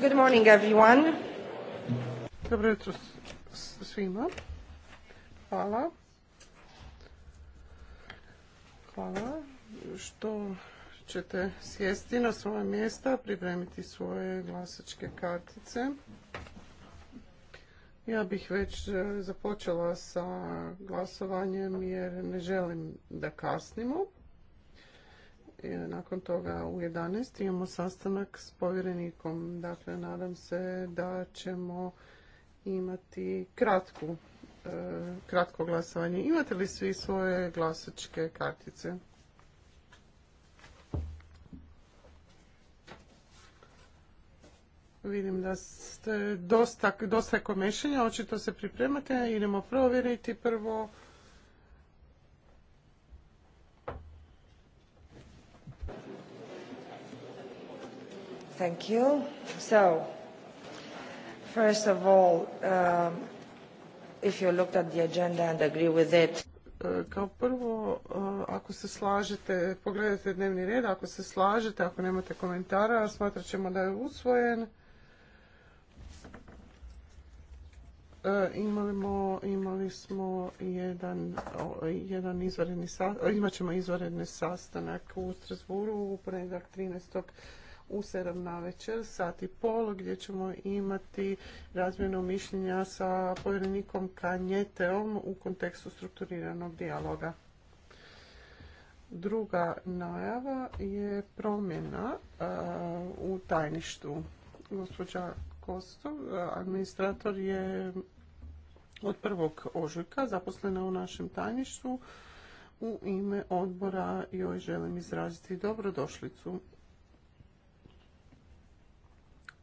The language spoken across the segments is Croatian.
Good morning everyone. Dobro jutro svima. Hvala. Hvala što ćete sjesti na svoje mjesta, pripremiti svoje glasačke kartice. Ja bih već e, započela sa glasovanjem jer ne želim da kasnimo nakon toga u 11 imamo sastanak s povjerenikom. Dakle, nadam se da ćemo imati kratku, e, kratko glasovanje. Imate li svi svoje glasačke kartice? Vidim da ste dosta, dosta komešenja, očito se pripremate. Idemo provjeriti prvo Thank you. So, first of all, um, if you looked at the agenda and agree with it. E, kao prvo, e, ako se slažete, pogledajte dnevni red, ako se slažete, ako nemate komentara, smatrat ćemo da je usvojen. E, imali smo jedan, jedan sastanak, imat ćemo izvanredni sastanak u Strasburu u ponedjeljak 13 u 7 na večer, sat i pol, gdje ćemo imati razmjenu mišljenja sa povjerenikom Kanjeteom u kontekstu strukturiranog dijaloga. Druga najava je promjena u tajništu. Gospođa Kostov, administrator je od prvog ožujka zaposlena u našem tajništvu. U ime odbora joj želim izraziti dobrodošlicu.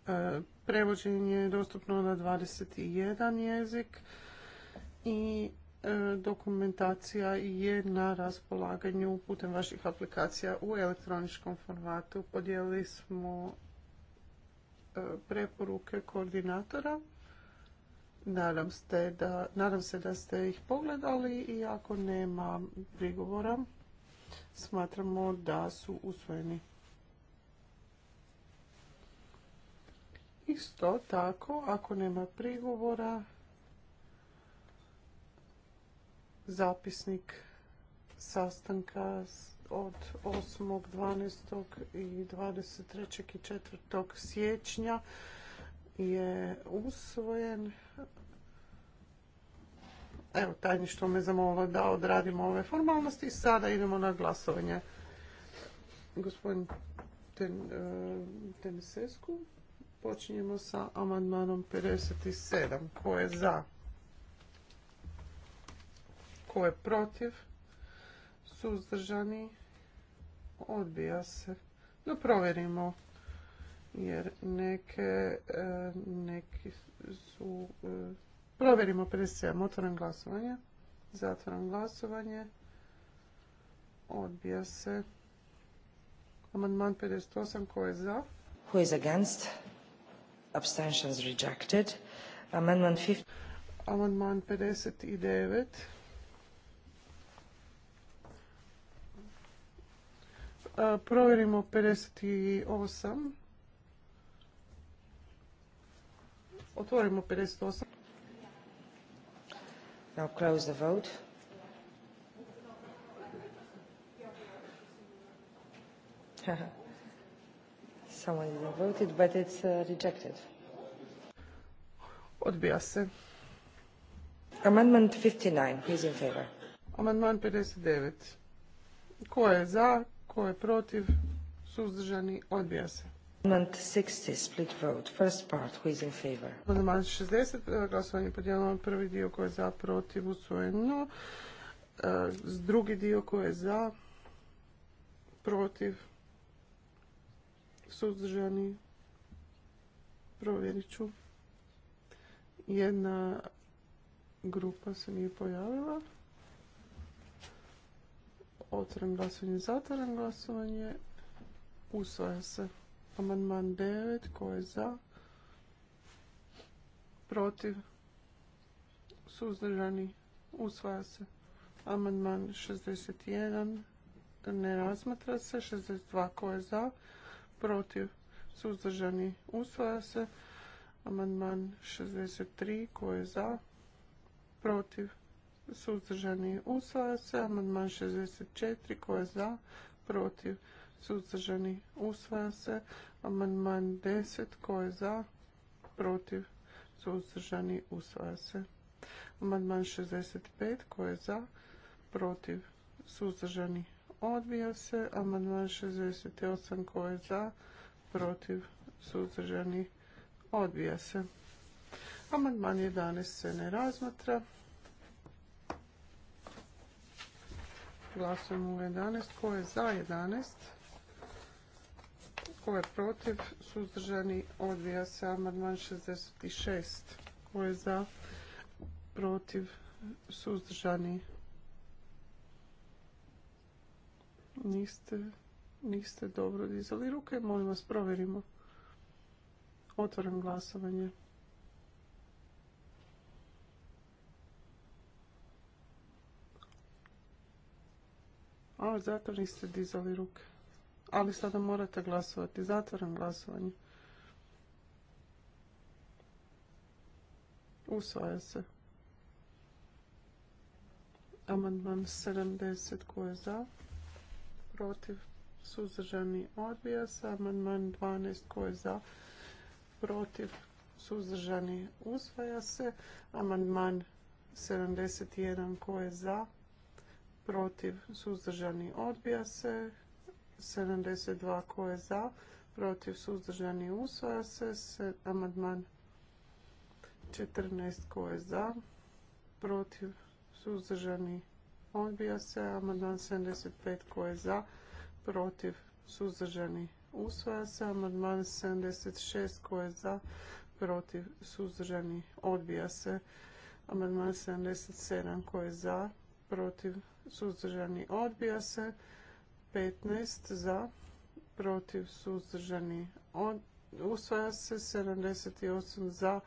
E, prevođenje je dostupno na 21 jezik i e, dokumentacija je na raspolaganju putem vaših aplikacija u elektroničkom formatu. Podijelili smo e, preporuke koordinatora. Nadam, nadam se da ste ih pogledali i ako nema prigovora, smatramo da su usvojeni. Isto tako, ako nema prigovora, zapisnik sastanka od 8., 12. i 23. i 4. siječnja je usvojen. Evo, tajništvo me zamola da odradimo ove formalnosti. Sada idemo na glasovanje. Gospodin Ten, eh, Počinjemo sa amandmanom 57. Ko je za? Ko je protiv? Suzdržani? Odbija se. No provjerimo jer neke, e, neki su... E, provjerimo 57. Otvoram glasovanje. Zatvoram glasovanje. Odbija se. Amandman 58. Ko je za? Ko je za abstentions rejected. Amendment 50. Amandman 59. Provjerimo 58. Otvorimo 58. Now close the vote. someone is voted, but it's uh, rejected. Odbija se. Amendment 59, who is in favor? Amendment 59. Ko je za, ko je protiv, suzdržani, odbija se. Amendment 60, split vote, first part, who is in favor? Amendment 60, e, glasovanje podijelimo prvi dio ko je za, protiv, usvojeno. E, drugi dio ko je za, protiv, suzdržani, provjerit ću. Jedna grupa se nije pojavila. Otvoren glasovanje, zatvoren glasovanje. Usvaja se. Amandman 9, ko je za? Protiv? Suzdržani? Usvaja se. Amandman 61, ne razmatra se. 62, ko je za? protiv, suzdržani, usvaja se. Amandman 63 koji je za, protiv, suzdržani, usvaja se. Amandman 64 koji je za, protiv, suzdržani, usvaja se. Amandman 10 koji je za, protiv, suzdržani, usvaja se. Amandman 65 koji je za, protiv, suzdržani, odbija se. Amandman 68 koje je za, protiv, suzdržani, odbija se. Amandman 11 se ne razmatra. Glasujemo u 11. Ko je za 11? Ko je protiv? Suzdržani odvija se amandman 66. Ko je za? Protiv? Suzdržani Niste, niste dobro dizali ruke. Molim vas, provjerimo. Otvaram glasovanje. A, zato niste dizali ruke. Ali sada morate glasovati. Zatvaram glasovanje. Usvaja se. Amandman 70 ko je za? protiv, suzdržani, odbija se. Amandman 12 tko je za, protiv, suzdržani, usvaja se. Amandman 71 tko je za, protiv, suzdržani, odbija se. 72 tko je za, protiv, suzdržani, usvaja se. Amandman 14 tko je za, protiv, suzdržani, odbija se. Amandman 75 koje je za, protiv, suzdržani, usvaja se. Amandman 76 koje je za, protiv, suzdržani, odbija se. Amandman 77 koje je za, protiv, suzdržani, odbija se. 15 za, protiv, suzdržani, usvaja se. 78 za,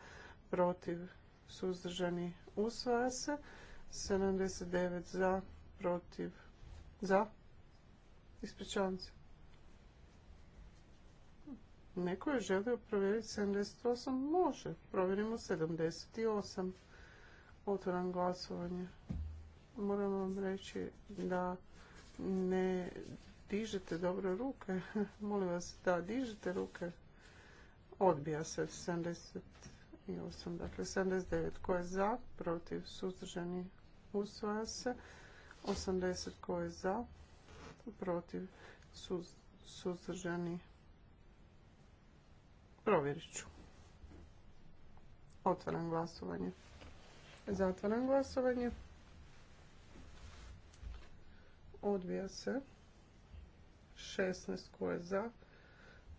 protiv, suzdržani, usvaja se. 79 za, protiv, za, ispričavam se. Neko je želio provjeriti 78, može, provjerimo 78. Otvoram glasovanje. Moram vam reći da ne dižete dobro ruke. Molim vas da dižete ruke. Odbija se 78, dakle 79 ko je za, protiv, suzdržani, usvaja se. 80 koje je za, protiv, suzdržani. Provjerit ću. Otvaram glasovanje. Zatvaram glasovanje. Odbija se. 16 koje je za,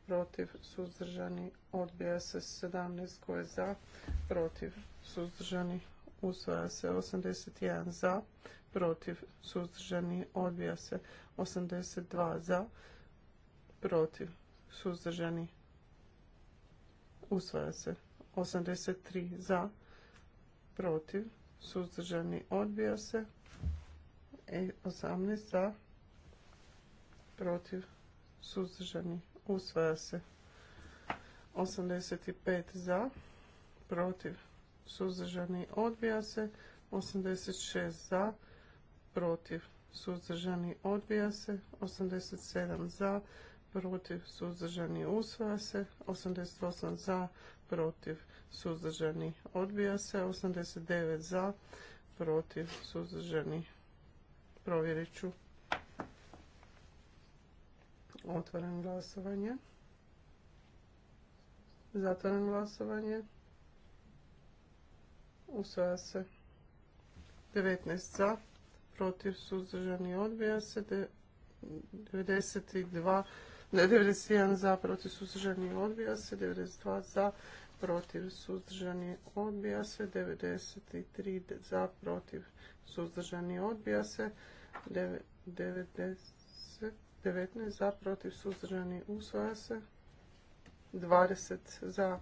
protiv, suzdržani. Odbija se 17 koje je za, protiv, suzdržani usvaja se 81 za, protiv, suzdržani, odbija se 82 za, protiv, suzdržani, usvaja se 83 za, protiv, suzdržani, odbija se 18 e, za, protiv, suzdržani, usvaja se 85 za, protiv, suzdržani, odbija se. 86 za, protiv, suzdržani, odbija se. 87 za, protiv, suzdržani, usvaja se. 88 za, protiv, suzdržani, odbija se. 89 za, protiv, suzdržani, provjerit ću. Otvaram glasovanje. Zatvaram glasovanje usvaja se 19 za, protiv suzdržani odbija se 92 ne, 91 za, protiv suzdržani odbija se, 92 za, protiv suzdržani odbija se, 93 za, protiv suzdržani odbija se, 19 za, protiv suzdržani usvaja se, 20 za,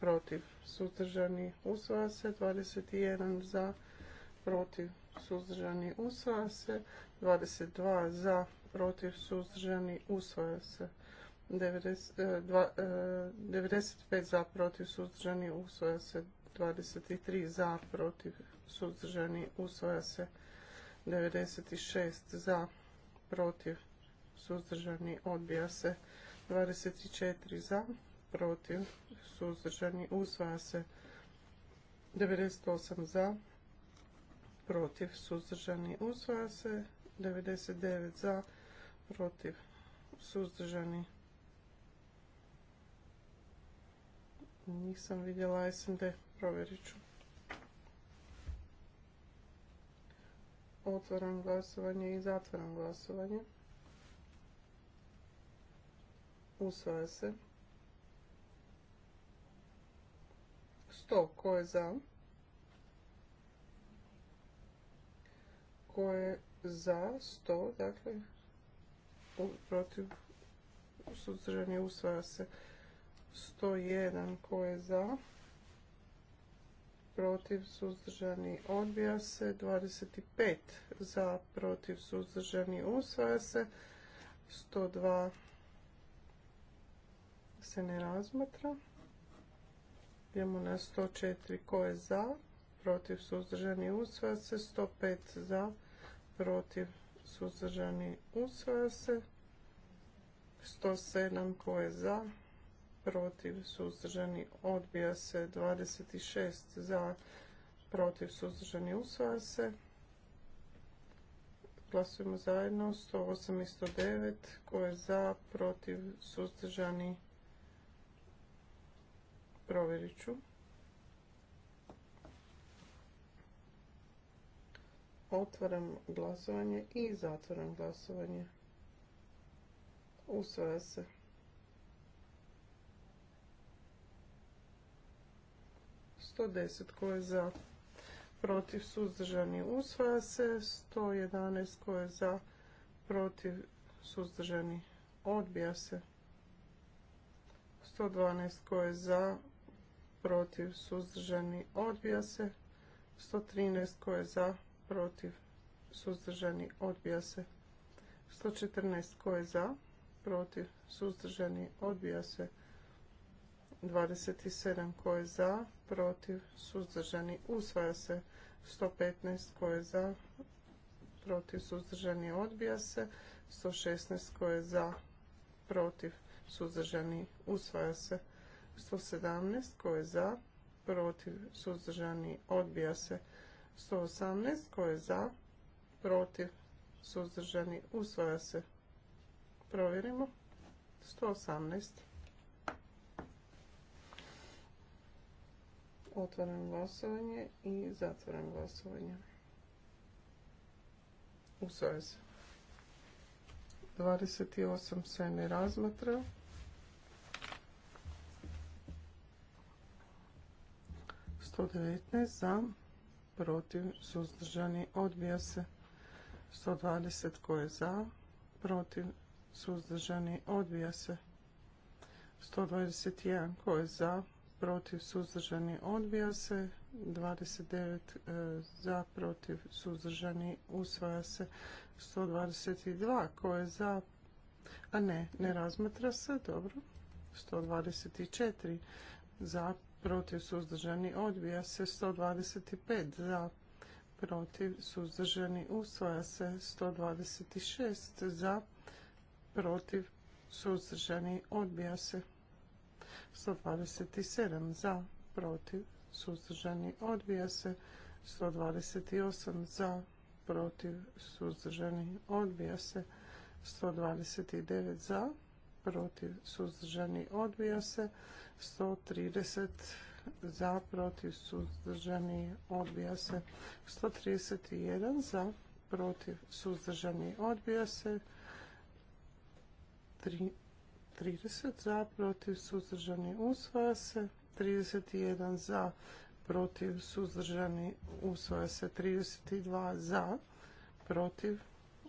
protiv, suzdržani, usvaja se. 21 za, protiv, suzdržani, usvaja se. 22 za, protiv, suzdržani, usvaja se. 95 e, e, za, protiv, suzdržani, usvaja se. 23 za, protiv, suzdržani, usvaja se. 96 za, protiv, suzdržani, odbija se. 24 za, protiv, suzdržani, usvaja se. 98 za, protiv, suzdržani, usvaja se. 99 za, protiv, suzdržani. Nisam vidjela SMD, provjerit ću. Otvaram glasovanje i zatvaram glasovanje. Usvaja se. 100. Ko je za? Ko je za 100? Dakle, protiv suzdržanje usvaja se 101. Ko je za? Protiv suzdržani odbija se 25. Za protiv suzdržani usvaja se 102 se ne razmatra. Idemo na 104 ko je za, protiv suzdržani usvaja se, 105 za, protiv suzdržani usvaja se, 107 ko je za, protiv suzdržani odbija se, 26 za, protiv suzdržani usvaja se, glasujemo zajedno, 108 i 109 ko je za, protiv suzdržani usvaja se. Provjerit ću. Otvaram glasovanje i zatvaram glasovanje. Usvaja se. Sto deset je za protiv suzdržani usvaja se. Sto jedanaest ko je za protiv suzdržani odbija se. 112 koje za, protiv, suzdržani, odbija se. 113 tko je za, protiv, suzdržani, odbija se. 114 tko je za, protiv, suzdržani, odbija se. 27 koje je za, protiv, suzdržani, usvaja se. 115 koje je za, protiv, suzdržani, odbija se. 116 koje je za, protiv, suzdržani, usvaja se. 117 tko je za, protiv, suzdržani, odbija se. 118 tko je za, protiv, suzdržani, usvaja se. Provjerimo. 118. Otvaram glasovanje i zatvaram glasovanje. Usvaja se. 28 se ne razmatra. 119 za, protiv, suzdržani, odbija se. 120 tko je za, protiv, suzdržani, odbija se. 121 tko je za, protiv, suzdržani, odbija se. 29 e, za, protiv, suzdržani, usvaja se. 122 tko je za, a ne, ne razmatra se, dobro. 124 za, protiv suzdržani odbija se 125 za protiv suzdržani usvaja se 126 za protiv suzdržani odbija se 127 za protiv suzdržani odbija se 128 za protiv suzdržani odbija se 129 za protiv suzdržani odbija se 130 za protiv suzdržani odbija se 131 za protiv suzdržani odbija se 30 za protiv suzdržani usvaja se 31 za protiv suzdržani usvaja se 32 za protiv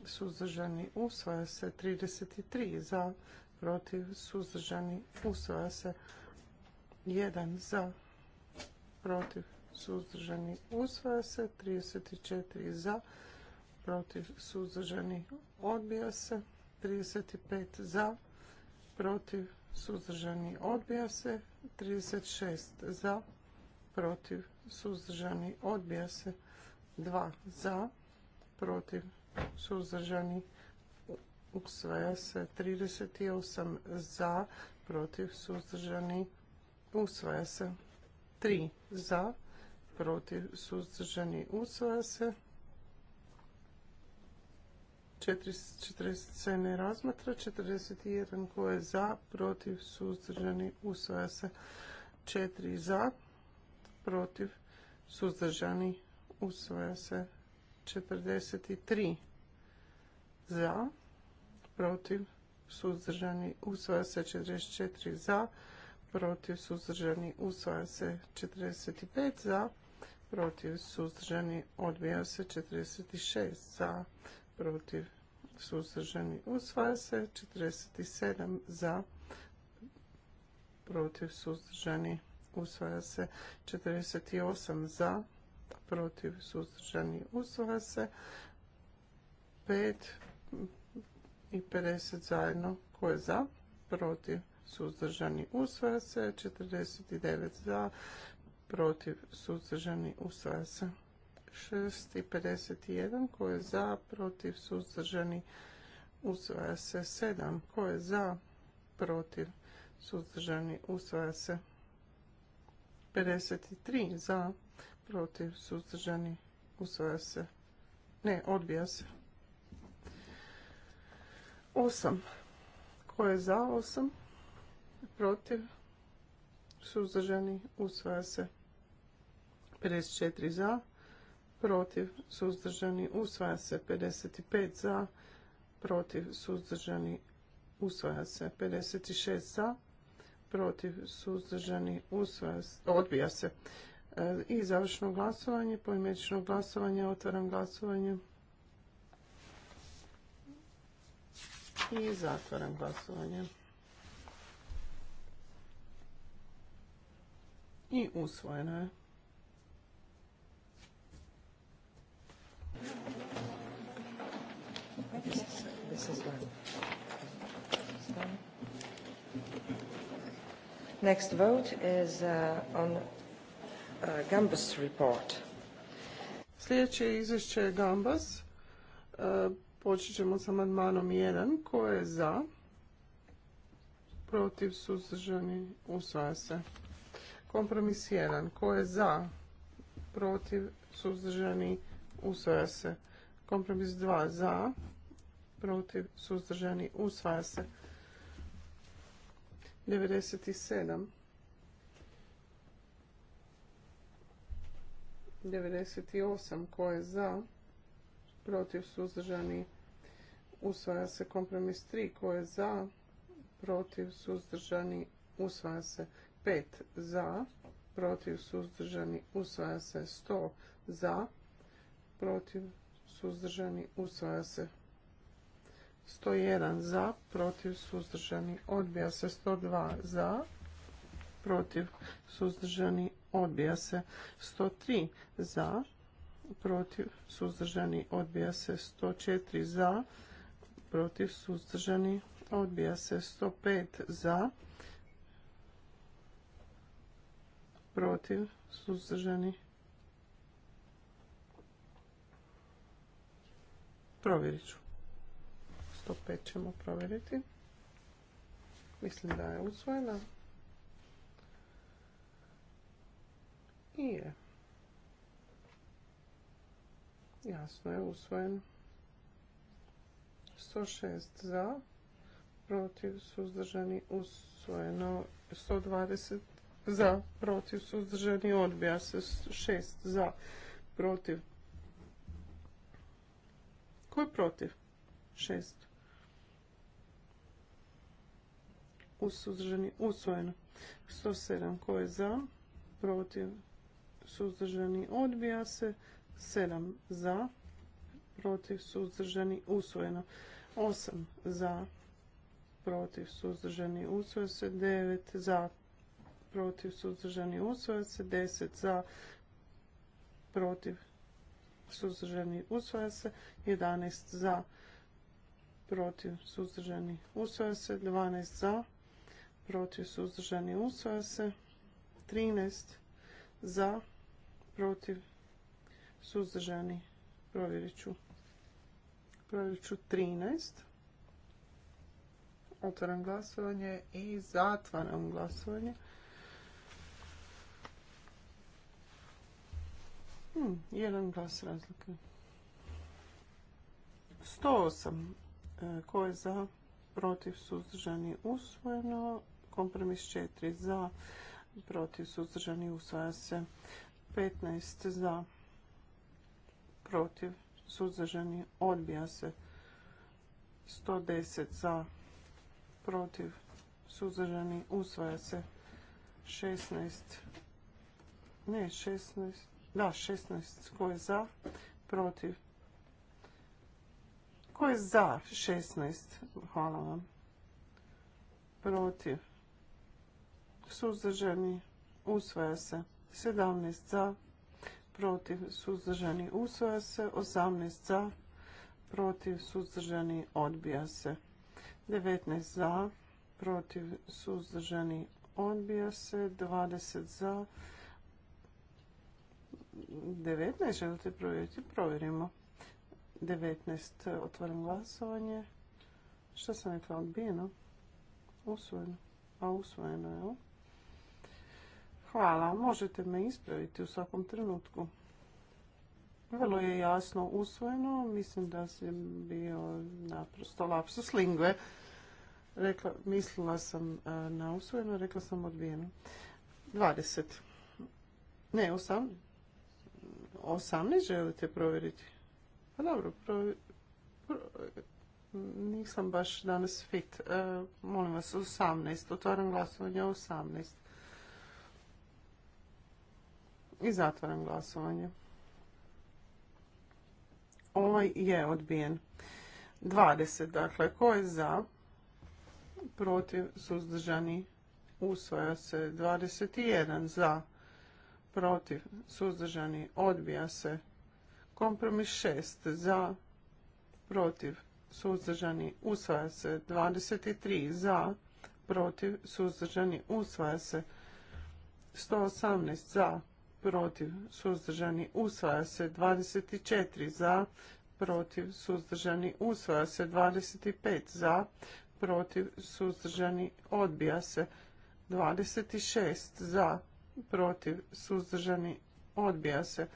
suzdržani usvaja se 33 za protiv, suzdržani, usvaja se. 1 za, protiv, suzdržani, usvaja se. 34 za, protiv, suzdržani, odbija se. 35 za, protiv, suzdržani, odbija se. 36 za, protiv, suzdržani, odbija se. 2 za, protiv, suzdržani, odbija se usvaja se 38 za, protiv, suzdržani, usvaja se 3 za, protiv, suzdržani, usvaja se 40 ne razmatra, 41 ko je za, protiv, suzdržani, usvaja se 4 za, protiv, suzdržani, usvaja se 43 za, protiv, suzdržani, usvaja se 44 za, protiv, suzdržani, usvaja se 45 za, protiv, suzdržani, odbija se 46 za, protiv, suzdržani, usvaja se 47 za, protiv, suzdržani, usvaja se 48 za, protiv, suzdržani, usvaja se 5 i 50 zajedno. Ko je za? Protiv? Suzdržani? Usvaja se. 49 za? Protiv? Suzdržani? Usvaja se. 6 i 51. Ko je za? Protiv? Suzdržani? Usvaja se. 7. Ko je za? Protiv? Suzdržani? Usvaja se. 53 za, protiv, suzdržani, usvaja se. Ne, odbija se. Osam. Ko je za osam? Protiv? Suzdržani? Usvaja se. 54 za. Protiv? Suzdržani? Usvaja se. 55 za. Protiv? Suzdržani? Usvaja se. 56 za. Protiv? Suzdržani? Usvaja se. Odbija se. E, I završno glasovanje. Poimenično glasovanje. Otvaram glasovanje. I zatvaram glasovanje. I usvojeno je. Next vote is uh, on uh, Gambas report. Sljedeće izvješće je Gambas. Uh, Počet ćemo s amandmanom 1. Ko je za? Protiv suzdržani usvaja se. Kompromis 1. Ko je za? Protiv suzdržani usvaja se. Kompromis 2. Za? Protiv suzdržani usvaja se. 97. 98. Ko je za? protiv, suzdržani, usvaja se. Kompromis 3 koje je za, protiv, suzdržani, usvaja se. 5 za, protiv, suzdržani, usvaja se. 100 za, protiv, suzdržani, usvaja se. 101 za, protiv, suzdržani, odbija se. 102 za, protiv, suzdržani, odbija se. 103 za, protiv, suzdržani, odbija se 104 za, protiv, suzdržani, odbija se 105 za, protiv, suzdržani, provjerit ću. 105 ćemo provjeriti. Mislim da je usvojena. I je. Jasno je usvojeno. 106 za, protiv suzdržani usvojeno. 120 za, protiv suzdržani odbija se. 6 za, protiv. Ko je protiv? 6. Usuzdržani usvojeno. 107 ko je za, protiv suzdržani odbija se. 7 za, protiv suzdržani usvojeno. 8 za, protiv suzdržani Usvojeno. se. 9 za, protiv suzdržani usvojeno se. 10 za, protiv suzdržani usvojeno se. 11 za, protiv suzdržani usvojeno se. 12 za, protiv suzdržani usvojeno se. 13 za, protiv suzdržani, provjerit ću. Provjerit ću 13. Otvaram glasovanje i zatvaram glasovanje. Hmm, jedan glas razlike. 108. E, ko je za? Protiv suzdržani usvojeno. Kompromis 4 za. Protiv suzdržani usvaja se. 15 za protiv, suzdržani, odbija se. 110 za, protiv, suzdržani, usvaja se. 16, ne 16, da 16, ko je za, protiv. Ko je za 16? Hvala vam. Protiv. Suzdržani. Usvaja se. 17 za protiv suzdržani usvaja se, 18 za, protiv suzdržani odbija se, 19 za, protiv suzdržani odbija se, 20 za, 19 želite provjeriti, provjerimo. 19 otvorim glasovanje. Šta sam rekla, odbijeno? Usvojeno. A usvojeno je, Hvala, možete me ispraviti u svakom trenutku. Vrlo je jasno usvojeno, mislim da se bio naprosto lapsus lingve. Rekla, mislila sam e, na usvojeno, rekla sam odbijeno. 20. Ne, 18. 18 želite provjeriti? Pa dobro, nisam baš danas fit. E, molim vas, 18. Otvaram glasovanje 18. I zatvaram glasovanje. Ovaj je odbijen. 20. Dakle, ko je za? Protiv suzdržani usvaja se. 21. Za. Protiv suzdržani odbija se. Kompromis 6. Za. Protiv suzdržani usvaja se. 23. Za. Protiv suzdržani usvaja se. 118. Za protiv, suzdržani, usvaja se 24 za, protiv, suzdržani, usvaja se 25 za, protiv, suzdržani, odbija se 26 za, protiv, suzdržani, odbija se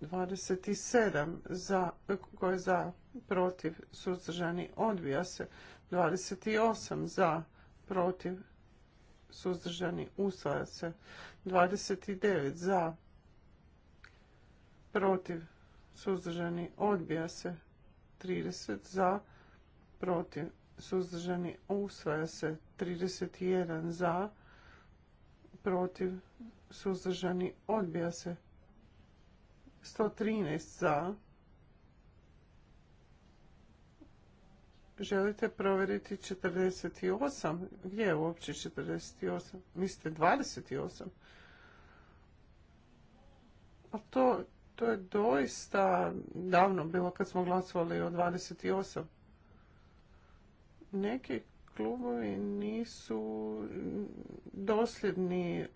27 za, tko je za, protiv, suzdržani, odbija se 28 za, protiv, suzdržani, usvaja se. 29 za, protiv, suzdržani, odbija se. 30 za, protiv, suzdržani, usvaja se. 31 za, protiv, suzdržani, odbija se. 113 za, Želite provjeriti 48? Gdje je uopće 48? Mislite 28? A pa to, to je doista davno bilo kad smo glasovali o 28. Neki klubovi nisu dosljedni, e,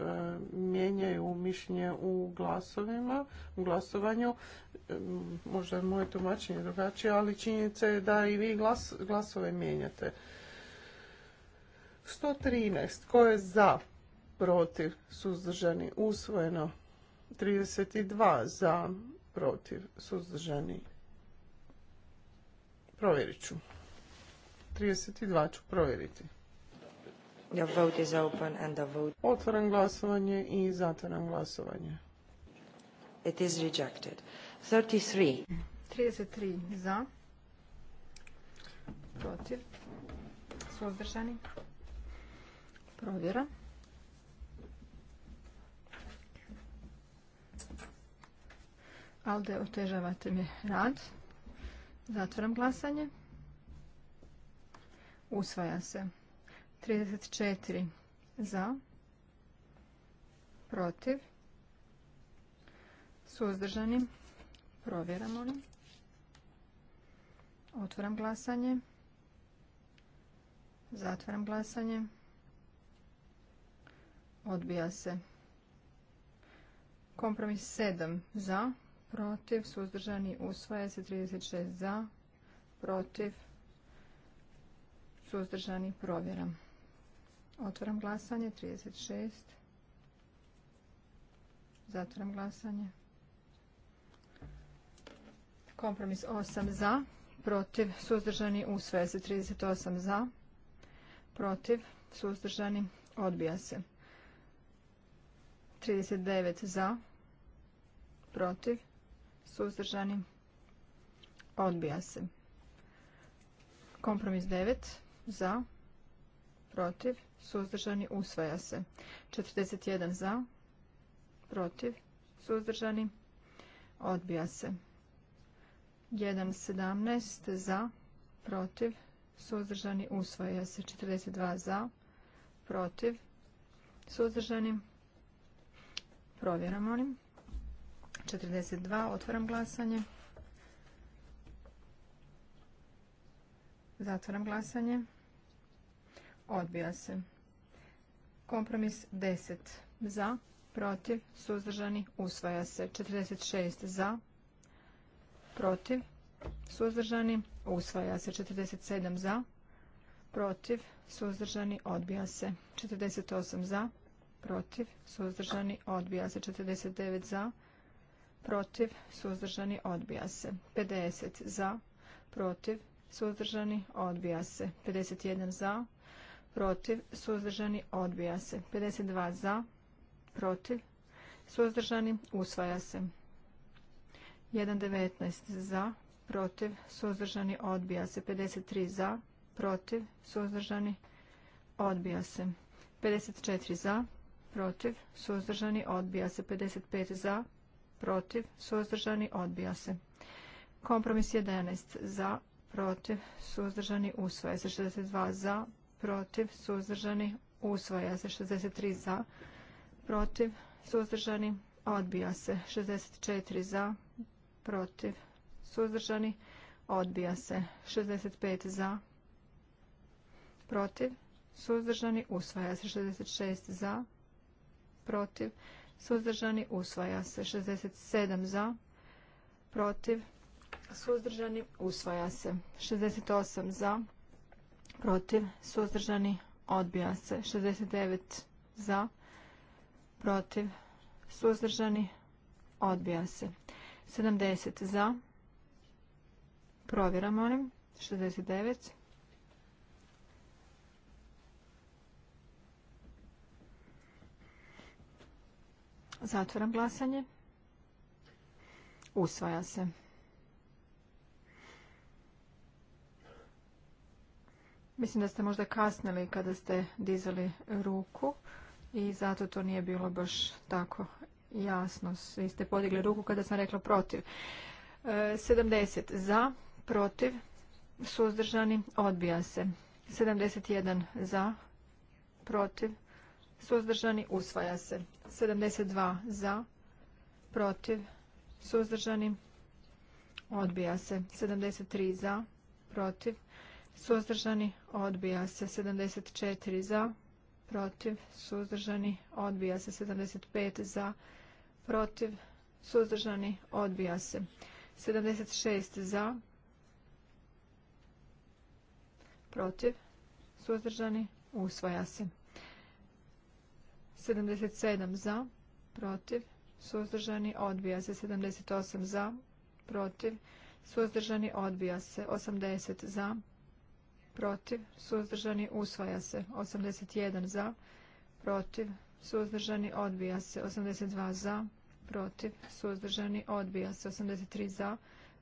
mijenjaju mišljenje u glasovima, u glasovanju možda je moje tumačenje drugačije, ali činjenica je da i vi glas, glasove mijenjate. 113. Ko je za? Protiv? Suzdržani? Usvojeno. 32. Za? Protiv? Suzdržani? Provjerit ću. 32 ću provjeriti. The vote is open and the vote... glasovanje i zatvoram glasovanje. It is rejected. 33. 33 za. Protiv. Suzdržani. Provjera. Alde, otežavate mi rad. Zatvoram glasanje. Usvaja se. 34 za. Protiv. Suzdržani. Provjeramo li. Otvaram glasanje. Zatvaram glasanje. Odbija se. Kompromis 7 za, protiv, suzdržani, usvaja se 36 za, protiv, suzdržani, provjeram. Otvaram glasanje, 36. Zatvoram glasanje. Kompromis 8 za, protiv, suzdržani, usvaja se. 38 za, protiv, suzdržani, odbija se. 39 za, protiv, suzdržani, odbija se. Kompromis 9 za, protiv, suzdržani, usvaja se. 41 za, protiv, suzdržani, odbija se. 1.17 za, protiv, suzdržani, usvaja se. 42 za, protiv, suzdržani, provjeram molim. 42, otvaram glasanje. Zatvaram glasanje. Odbija se. Kompromis 10 za, protiv, suzdržani, usvaja se. 46 za, protiv, suzdržani, usvaja se. 47 za, protiv, suzdržani, odbija se. 48 za, protiv, suzdržani, odbija se. 49 za, protiv, suzdržani, odbija se. 50 za, protiv, suzdržani, odbija se. 51 za, protiv, suzdržani, odbija se. 52 za, protiv, suzdržani, usvaja se. 1.19 za, protiv, suzdržani, odbija se. 53 za, protiv, suzdržani, odbija se. 54 za, protiv, suzdržani, odbija se. 55 za, protiv, suzdržani, odbija se. Kompromis 11 za, protiv, suzdržani, usvaja se. 62 za, protiv, suzdržani, usvaja se. 63 za, protiv, suzdržani, odbija se. 64 za, protiv, suzdržani, odbija se. 65 za, protiv, suzdržani, usvaja se. 66 za, protiv, suzdržani, usvaja se. 67 za, protiv, suzdržani, usvaja se. 68 za, protiv, suzdržani, odbija se. 69 za, protiv, suzdržani, odbija se. 70 za. Provjera, molim. 69. Zatvoram glasanje. Usvaja se. Mislim da ste možda kasnili kada ste dizali ruku i zato to nije bilo baš tako Jasno, svi ste podigli ruku kada sam rekla protiv. 70 e, za, protiv, suzdržani, odbija se. 71 za, protiv, suzdržani, usvaja se. 72 za, protiv, suzdržani, odbija se. 73 za, protiv, suzdržani, odbija se. 74 za, protiv, suzdržani, odbija se. 75 za, protiv, suzdržani, odbija se. 76 za, protiv, suzdržani, usvaja se. 77 za, protiv, suzdržani, odbija se. 78 za, protiv, suzdržani, odbija se. 80 za, protiv, suzdržani, usvaja se. 81 za, protiv, suzdržani, odbija se. 82 za, protiv, protiv, suzdržani, odbija se. 83 za,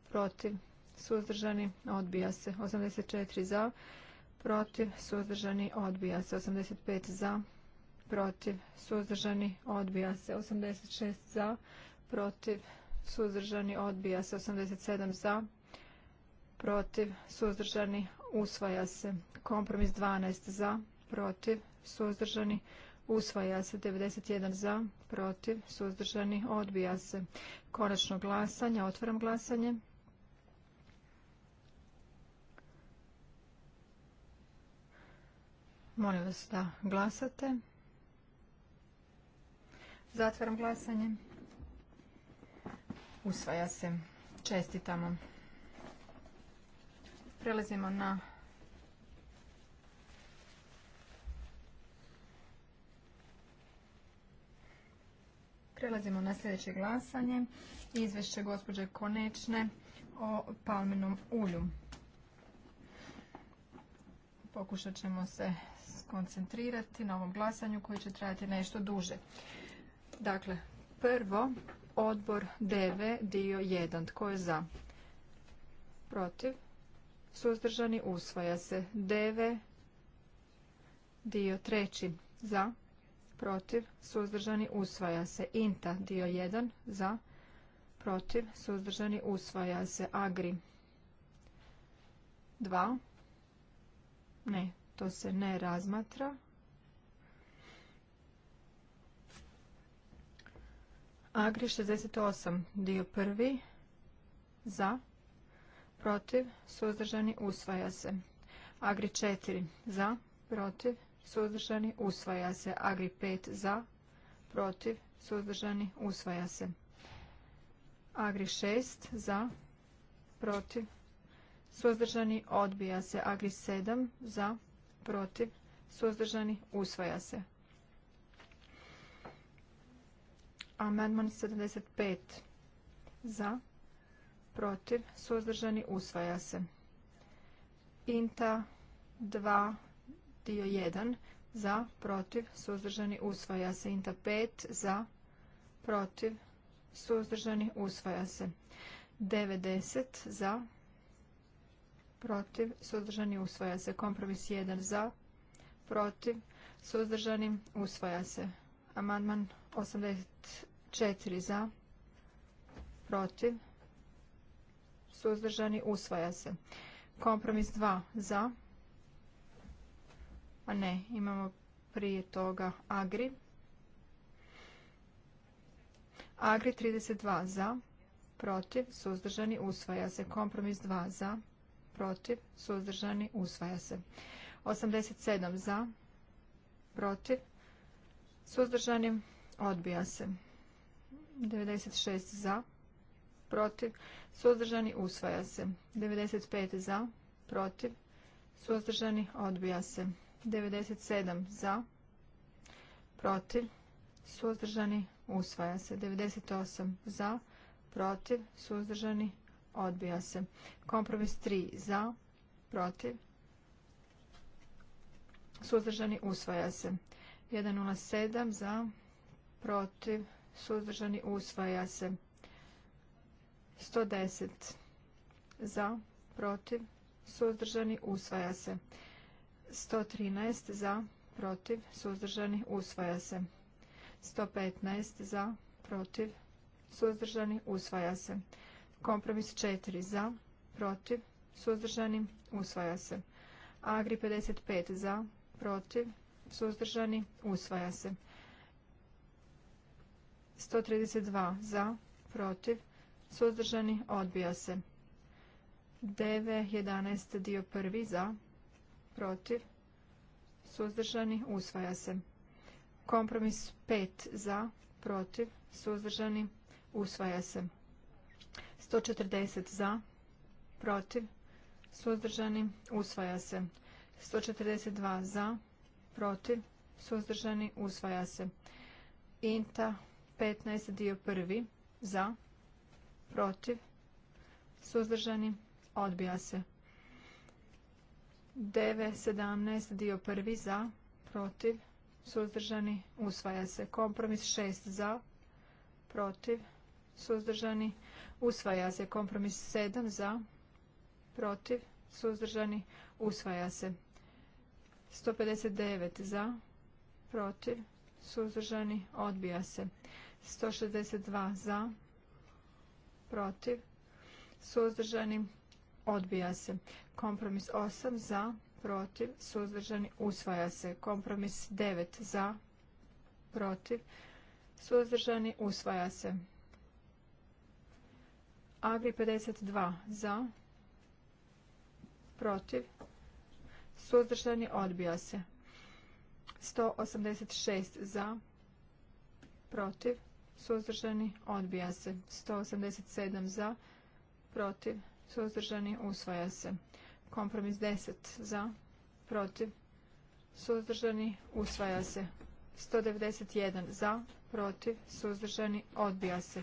protiv, suzdržani, odbija se. 84 za, protiv, suzdržani, odbija se. 85 za, protiv, suzdržani, odbija se. 86 za, protiv, suzdržani, odbija se. 87 za, protiv, suzdržani, usvaja se. Kompromis 12 za, protiv, suzdržani, Usvaja se 91 za, protiv, suzdržani, odbija se. Konačno glasanje, otvaram glasanje. Molim vas da glasate. Zatvaram glasanje. Usvaja se. Čestitamo. Prelazimo na Prelazimo na sljedeće glasanje. Izvešće gospođe Konečne o palminom ulju. Pokušat ćemo se skoncentrirati na ovom glasanju koji će trajati nešto duže. Dakle, prvo odbor DV dio 1. Tko je za? Protiv? Suzdržani usvaja se. DV dio 3. Za? protiv, suzdržani, usvaja se. Inta, dio 1, za, protiv, suzdržani, usvaja se. Agri, 2, ne, to se ne razmatra. Agri 68, dio 1, za, protiv, suzdržani, usvaja se. Agri 4, za, protiv, suzdržani, usvaja se. Agri 5 za, protiv, suzdržani, usvaja se. Agri 6 za, protiv, suzdržani, odbija se. Agri 7 za, protiv, suzdržani, usvaja se. Amandman 75 za, protiv, suzdržani, usvaja se. Inta 2 dio 1 za, protiv, suzdržani, usvaja se. Inta 5 za, protiv, suzdržani, usvaja se. 90 za, protiv, suzdržani, usvaja se. Kompromis 1 za, protiv, suzdržani, usvaja se. Amandman 84 za, protiv, suzdržani, usvaja se. Kompromis 2 za, protiv, a ne, imamo prije toga Agri. Agri 32 za, protiv, suzdržani, usvaja se. Kompromis 2 za, protiv, suzdržani, usvaja se. 87 za, protiv, suzdržani, odbija se. 96 za, protiv, suzdržani, usvaja se. 95 za, protiv, suzdržani, odbija se. 97 za, protiv, suzdržani, usvaja se. 98 za, protiv, suzdržani, odbija se. Kompromis 3 za, protiv, suzdržani, usvaja se. 107 za, protiv, suzdržani, usvaja se. 110 za, protiv, suzdržani, usvaja se. 113 za, protiv, suzdržani, usvaja se. 115 za, protiv, suzdržani, usvaja se. Kompromis 4 za, protiv, suzdržani, usvaja se. Agri 55 za, protiv, suzdržani, usvaja se. 132 za, protiv, suzdržani, odbija se. 9, 11 dio prvi za, protiv, suzdržani, usvaja se. Kompromis 5 za, protiv, suzdržani, usvaja se. 140 za, protiv, suzdržani, usvaja se. 142 za, protiv, suzdržani, usvaja se. Inta 15 dio prvi, za, protiv, suzdržani, odbija se. 17, dio prvi za, protiv, suzdržani, usvaja se. Kompromis 6 za, protiv, suzdržani, usvaja se. Kompromis 7 za, protiv, suzdržani, usvaja se. 159 za, protiv, suzdržani, odbija se. 162 za, protiv, suzdržani, odbija se. Kompromis 8 za, protiv, suzdržani, usvaja se. Kompromis 9 za, protiv, suzdržani, usvaja se. Agri 52 za, protiv, suzdržani, odbija se. 186 za, protiv, suzdržani, odbija se. 187 za, protiv, suzdržani, usvaja se. Kompromis 10 za, protiv, suzdržani, usvaja se. 191 za, protiv, suzdržani, odbija se.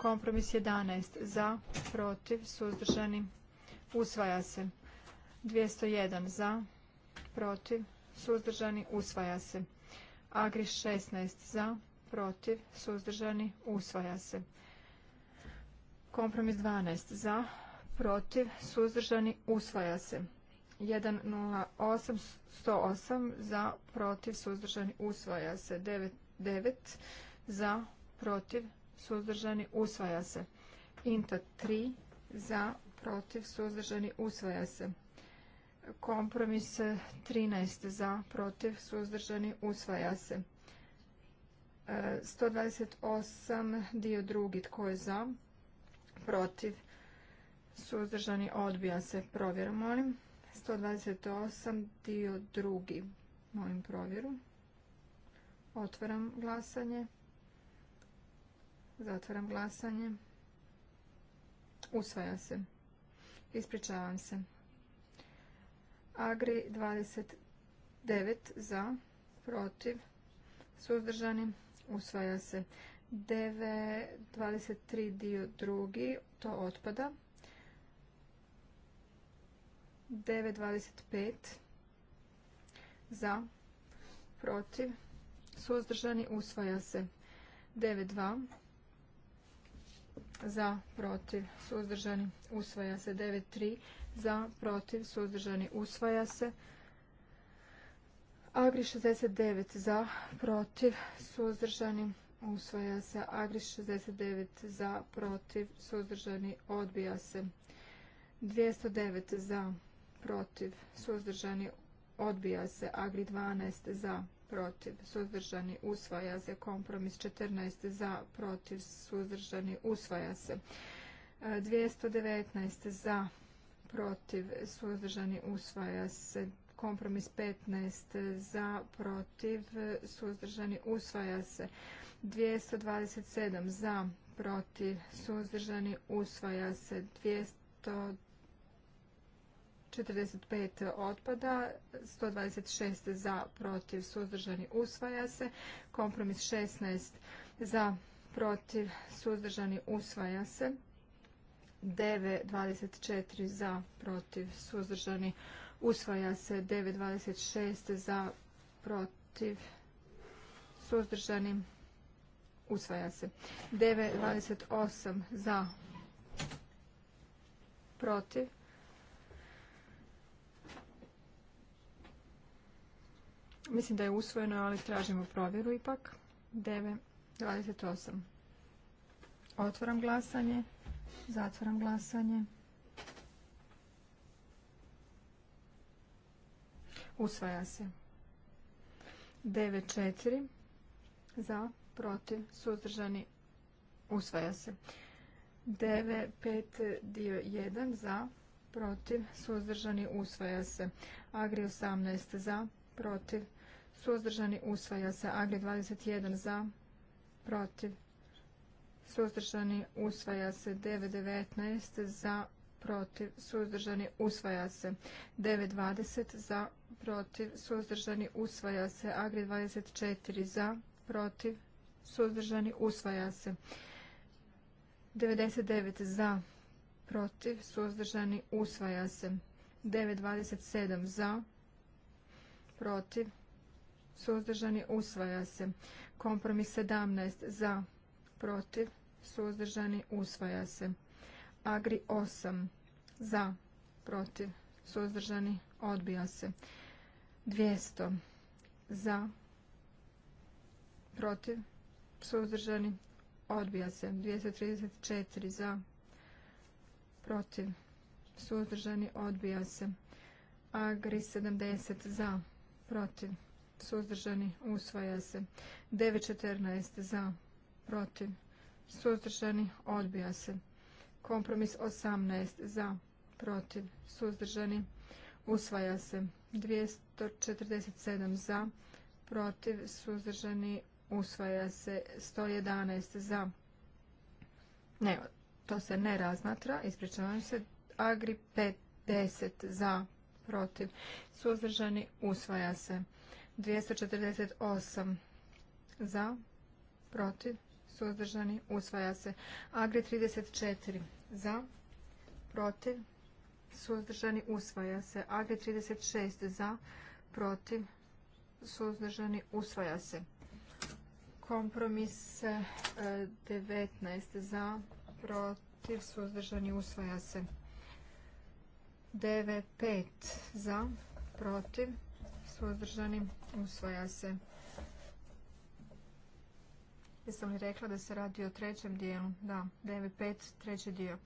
Kompromis 11 za, protiv, suzdržani, usvaja se. 201 za, protiv, suzdržani, usvaja se. Agri 16 za, protiv, suzdržani, usvaja se. Kompromis 12 za, protiv, suzdržani, usvaja se. 108, 108 za, protiv, suzdržani, usvaja se. 9, 9 za, protiv, suzdržani, usvaja se. Inta 3 za, protiv, suzdržani, usvaja se. Kompromis 13 za, protiv, suzdržani, usvaja se. 128 e, dio drugi, tko je za, protiv, suzdržani, odbija se. Provjeru, molim. 128, dio drugi. Molim provjeru. Otvaram glasanje. Zatvaram glasanje. Usvaja se. Ispričavam se. Agri 29 za, protiv, suzdržani, usvaja se. 9, 23 dio drugi, to otpada. 9.25 za, protiv, suzdržani, usvaja se. 9.2 za, protiv, suzdržani, usvaja se. 9.3 za, protiv, suzdržani, usvaja se. Agri 69 za, protiv, suzdržani, usvaja se. Agri 69 za, protiv, suzdržani, odbija se. 209 za, protiv, suzdržani, odbija se. Agri 12 za, protiv, suzdržani, usvaja se. Kompromis 14 za, protiv, suzdržani, usvaja se. 219 za, protiv, suzdržani, usvaja se. Kompromis 15 za, protiv, suzdržani, usvaja se. 227 za, protiv, suzdržani, usvaja se. 200 45 otpada, 126 za, protiv, suzdržani, usvaja se. Kompromis 16 za, protiv, suzdržani, usvaja se. 9, 24 za, protiv, suzdržani, usvaja se. 9, 26 za, protiv, suzdržani, usvaja se. 9, 28 za, protiv, Mislim da je usvojeno, ali tražimo provjeru ipak. 9, 28. Otvoram glasanje. Zatvoram glasanje. Usvaja se. 9, 4. Za, protiv, suzdržani. Usvaja se. 9, 5, dio 1. Za, protiv, suzdržani. Usvaja se. Agri 18. Za, protiv, suzdržani usvaja se. Agri 21 za, protiv, suzdržani usvaja se. 9.19 za, protiv, suzdržani usvaja se. 9.20 za, protiv, suzdržani usvaja se. Agri 24 za, protiv, suzdržani usvaja se. 99 za, protiv, suzdržani usvaja se. 9.27 za, protiv, suzdržani, usvaja se. Kompromis 17 za, protiv, suzdržani, usvaja se. Agri 8 za, protiv, suzdržani, odbija se. 200 za, protiv, suzdržani, odbija se. 234 za, protiv, suzdržani, odbija se. Agri 70 za, protiv, suzdržani, usvaja se. 9.14 za, protiv, suzdržani, odbija se. Kompromis 18 za, protiv, suzdržani, usvaja se. 247 za, protiv, suzdržani, usvaja se. 111 za, ne, to se ne razmatra, ispričavam se. Agri 50 za, protiv, suzdržani, usvaja se. 248 za, protiv, suzdržani, usvaja se. Agri 34 za, protiv, suzdržani, usvaja se. Agri 36 za, protiv, suzdržani, usvaja se. Kompromis 19 e, za, protiv, suzdržani, usvaja se. 9.5 za, protiv, suzdržani, usvaja se. Jesam li rekla da se radi o trećem dijelu? Da, 9.5, treći dio.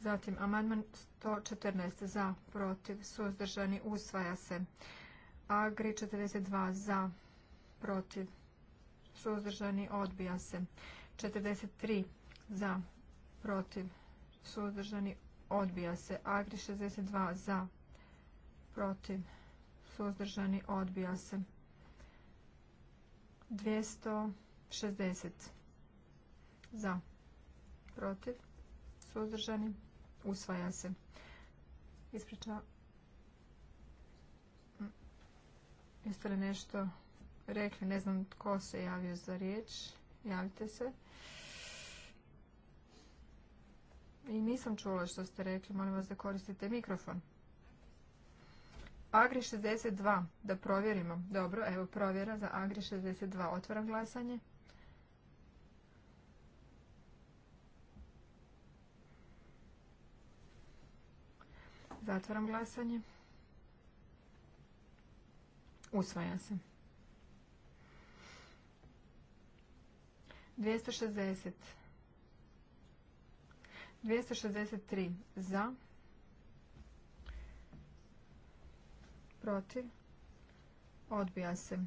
Zatim, amandman 114 za, protiv, suzdržani, usvaja se. Agri 42 za, protiv, suzdržani, odbija se. 43 za, protiv, suzdržani, odbija se. Agri 62 za, protiv, suzdržani, odbija se. 260 za, protiv, suzdržani, usvaja se. Ispriča. Jeste li nešto rekli? Ne znam tko se javio za riječ. Javite se. I nisam čula što ste rekli, molim vas da koristite mikrofon. Agri 62, da provjerimo. Dobro, evo provjera za Agri 62. Otvaram glasanje. Zatvaram glasanje. Usvaja se. 260. 263 za, protiv, odbija se.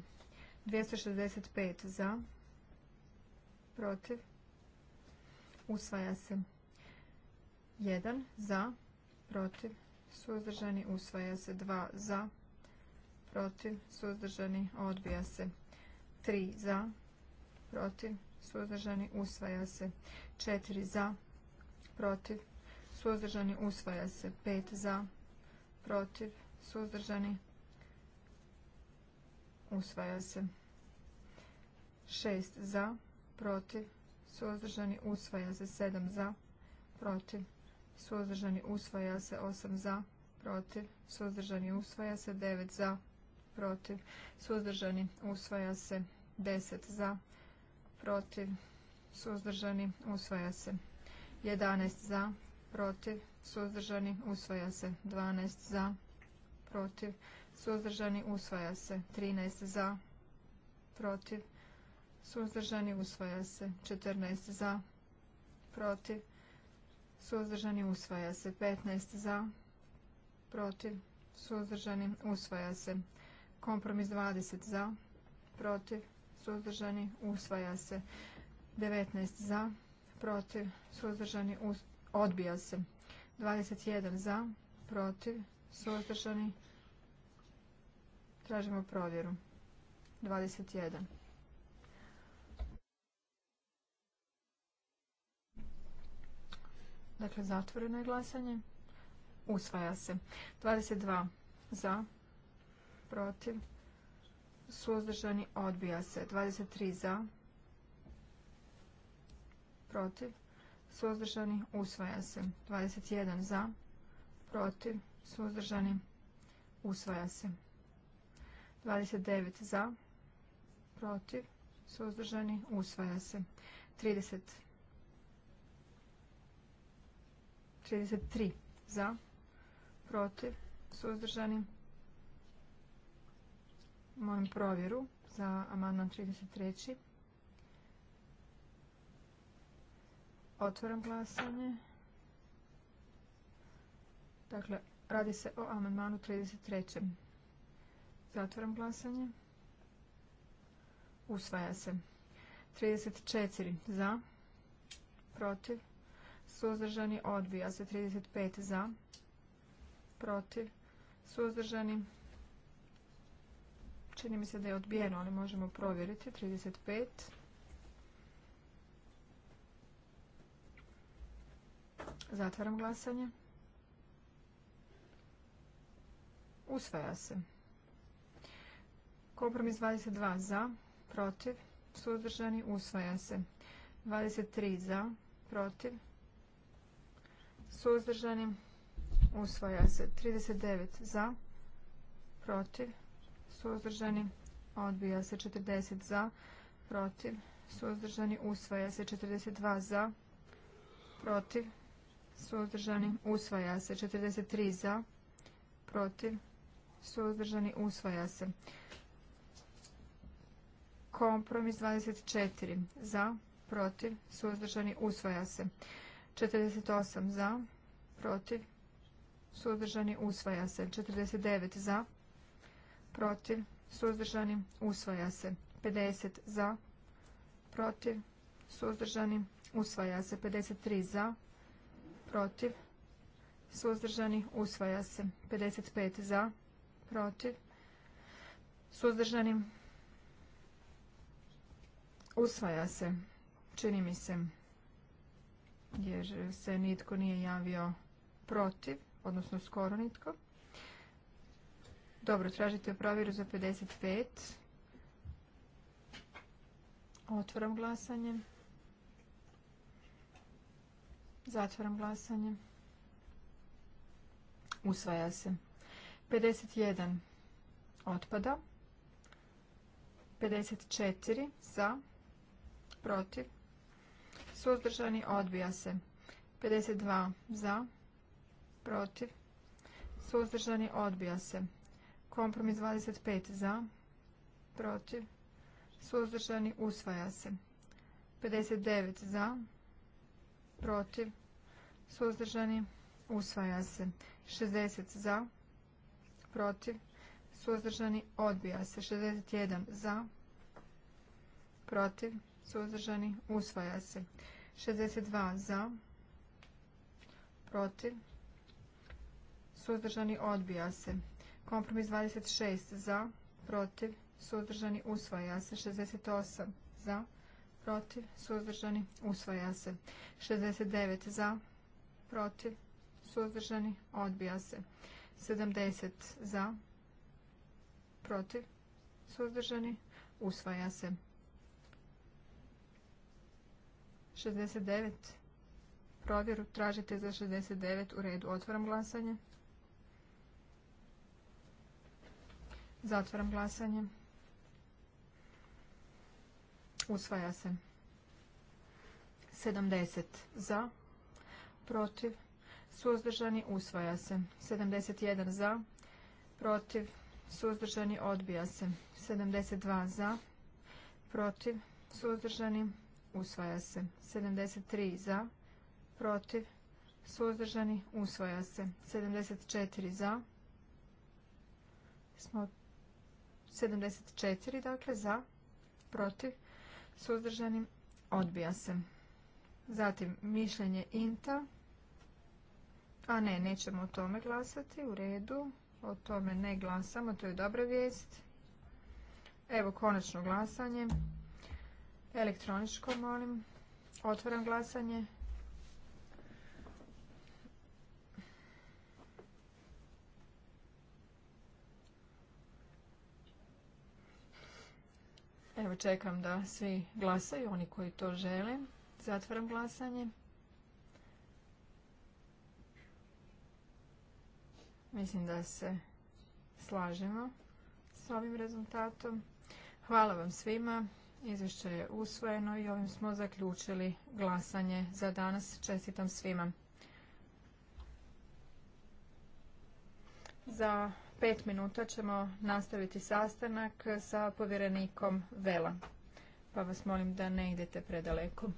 265 za, protiv, usvaja se. 1 za, protiv, suzdržani, usvaja se. 2 za, protiv, suzdržani, odbija se. 3 za, protiv, suzdržani, usvaja se. 4 za, protiv, suzdržani, usvaja se. pet za, protiv, suzdržani, usvaja se. šest za, protiv, suzdržani, usvaja se. 7 za, protiv, suzdržani, usvaja se. Osam za, protiv, suzdržani, usvaja se. 9 za, protiv, suzdržani, usvaja se. deset za, protiv, suzdržani, usvaja se. 11 za, protiv, suzdržani, usvaja se. 12 za, protiv, suzdržani, usvaja se. 13 za, protiv, suzdržani, usvaja se. 14 za, protiv, suzdržani, usvaja se. 15 za, protiv, suzdržani, usvaja se. Kompromis 20 za, protiv, suzdržani, usvaja se. 19 za, protiv, suzdržani, odbija se. 21 za, protiv, suzdržani, tražimo provjeru. 21. Dakle, zatvoreno je glasanje. Usvaja se. 22 za, protiv, suzdržani, odbija se. 23 za, protiv, suzdržani, usvaja se. 21 za, protiv, suzdržani, usvaja se. 29 za, protiv, suzdržani, usvaja se. 30 33 za, protiv, suzdržani. Molim provjeru za amandman 33. Otvaram glasanje. Dakle, radi se o amandmanu 33. Zatvaram glasanje. Usvaja se. 34 za, protiv, suzdržani, odbija se. 35 za, protiv, suzdržani. Čini mi se da je odbijeno, ali možemo provjeriti. 35 Zatvaram glasanje. Usvaja se. Kompromis 22 za, protiv, suzdržani, usvaja se. 23 za, protiv, suzdržani, usvaja se. 39 za, protiv, suzdržani, odbija se. 40 za, protiv, suzdržani, usvaja se. 42 za, protiv, suzdržani, usvaja se. 43 za, protiv, suzdržani, usvaja se. Kompromis 24 za, protiv, suzdržani, usvaja se. 48 za, protiv, suzdržani, usvaja se. 49 za, protiv, suzdržani, usvaja se. 50 za, protiv, suzdržani, usvaja se. 53 za, protiv, suzdržani, usvaja se. 55 za, protiv, suzdržani, usvaja se, čini mi se, jer se nitko nije javio protiv, odnosno skoro nitko. Dobro, tražite provjeru za 55. Otvoram glasanje. Zatvoram glasanje. Usvaja se. 51 otpada. 54 za, protiv, suzdržani, odbija se. 52 za, protiv, suzdržani, odbija se. Kompromis 25 za, protiv, suzdržani, usvaja se. 59 za, protiv, suzdržani, usvaja se. 60 za, protiv, suzdržani, odbija se. 61 za, protiv, suzdržani, usvaja se. 62 za, protiv, suzdržani, odbija se. Kompromis 26 za, protiv, suzdržani, usvaja se. 68 za, protiv, suzdržani, usvaja se. 69 za, protiv, suzdržani, odbija se. 70 za, protiv, suzdržani, usvaja se. 69. Provjeru tražite za 69 u redu. Otvaram glasanje. Zatvaram glasanje. Usvaja se. 70 za, protiv, suzdržani, usvaja se. 71 za, protiv, suzdržani, odbija se. 72 za, protiv, suzdržani, usvaja se. 73 za, protiv, suzdržani, usvaja se. 74 za, smo 74 dakle za, protiv, suzdržanim. odbija se. Zatim mišljenje INTA, a ne, nećemo o tome glasati, u redu, o tome ne glasamo, to je dobra vijest. Evo konačno glasanje, elektroničko molim, otvoram glasanje. Evo čekam da svi glasaju, oni koji to žele. Zatvaram glasanje. Mislim da se slažemo s ovim rezultatom. Hvala vam svima. Izvješće je usvojeno i ovim smo zaključili glasanje za danas. Čestitam svima. Za pet minuta ćemo nastaviti sastanak sa povjerenikom Vela. Pa vas molim da ne idete predaleko.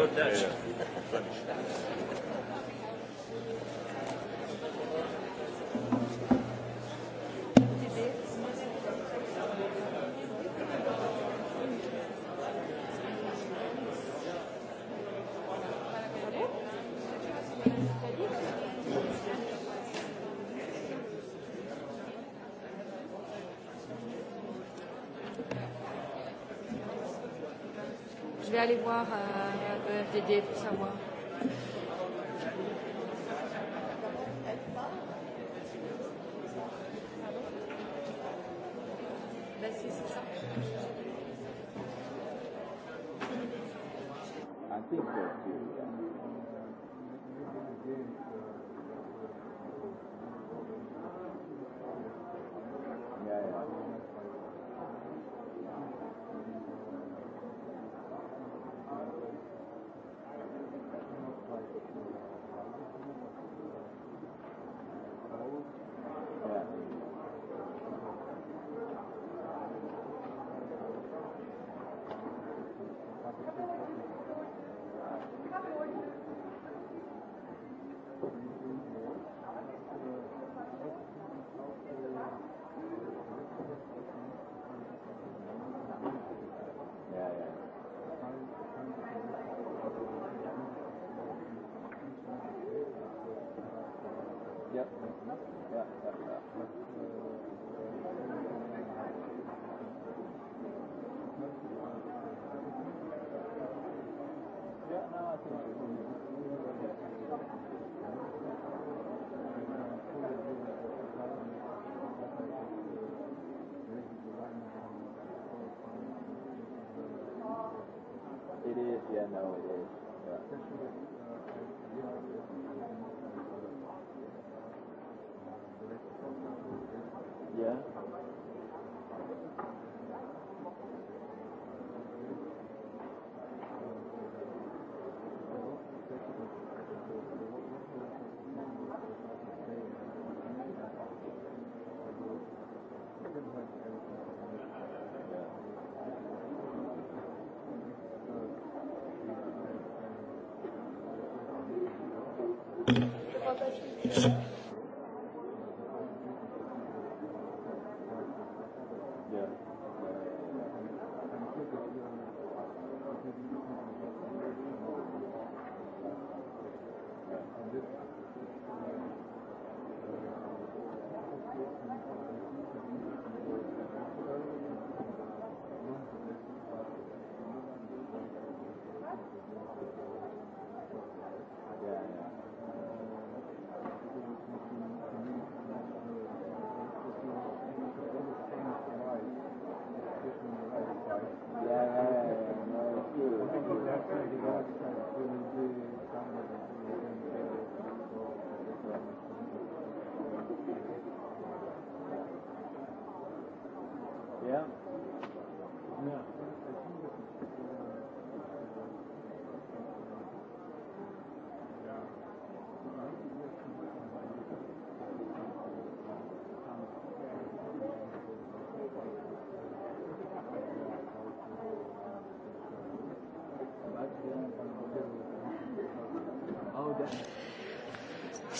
not Je vais aller voir euh, vedere, someone Yeah. Yeah. ja. Hvala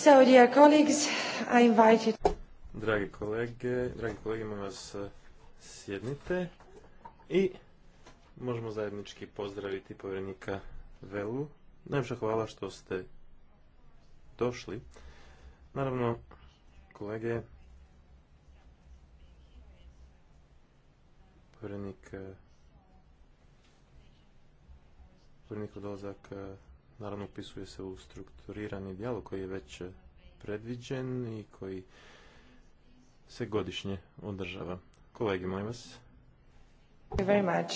So, dear colleagues, Dragi kolege, dragi kolege, molim vas e, sjednite i možemo zajednički pozdraviti povjerenika Velu. Najviše hvala što ste došli. Naravno, kolege, povjerenik e, povjerenik odlazak e, naravno upisuje se u strukturirani dijalog koji je već predviđen i koji se godišnje održava. Kolegi, molim vas. Thank you very much.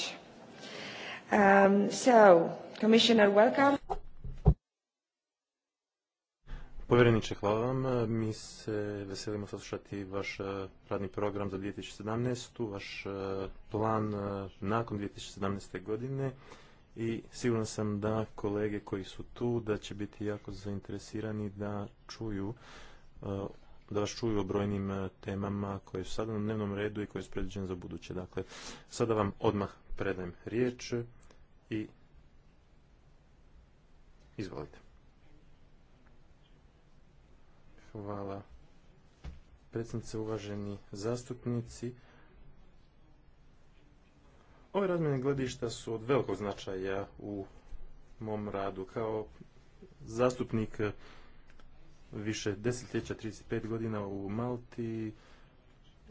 Um, so, Commissioner, welcome. Povjereniče, hvala vam. Mi se veselimo saslušati vaš eh, radni program za 2017. Vaš eh, plan eh, nakon 2017. godine i siguran sam da kolege koji su tu da će biti jako zainteresirani da čuju e, da vas čuju o brojnim e, temama koje su sada na dnevnom redu i koje su predviđene za buduće. Dakle, sada vam odmah predajem riječ i izvolite. Hvala. Predsjednice, uvaženi zastupnici, Ove razmjene gledišta su od velikog značaja u mom radu. Kao zastupnik više desetljeća, 35 godina u Malti,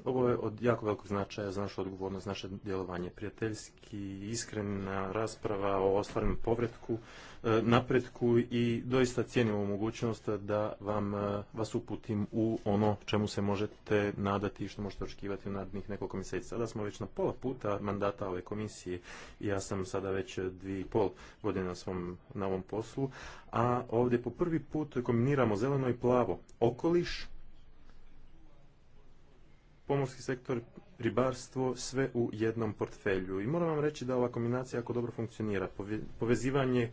ovo je od jako velikog značaja za našu odgovornost, naše djelovanje. Prijateljski, iskrena rasprava o ostvarenom povretku, e, napretku i doista cijenimo mogućnost da vam, e, vas uputim u ono čemu se možete nadati i što možete očekivati u narednih nekoliko mjeseci. Sada smo već na pola puta mandata ove komisije i ja sam sada već dvije i pol godine na, svom, na ovom poslu, a ovdje po prvi put kombiniramo zeleno i plavo. Okoliš, pomorski sektor, ribarstvo, sve u jednom portfelju. I moram vam reći da ova kombinacija jako dobro funkcionira. Povezivanje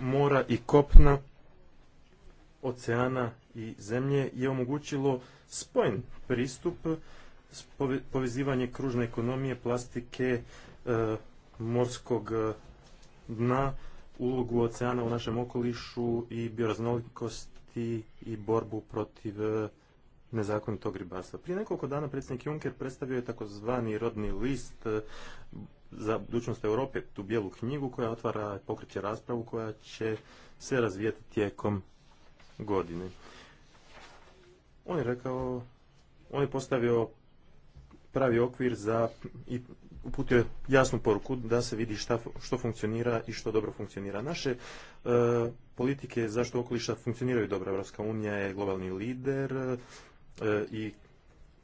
mora i kopna, oceana i zemlje je omogućilo spojen pristup, povezivanje kružne ekonomije, plastike, e, morskog e, dna, ulogu oceana u našem okolišu i bioraznolikosti i borbu protiv e, nezakonitog ribarstva. Prije nekoliko dana predsjednik Juncker predstavio je takozvani rodni list eh, za budućnost Europe, tu bijelu knjigu koja otvara pokreće raspravu koja će se razvijeti tijekom godine. On je rekao, on je postavio pravi okvir za i uputio jasnu poruku da se vidi šta, što funkcionira i što dobro funkcionira. Naše eh, politike zašto okoliša funkcioniraju dobro. Evropska unija je globalni lider, E, i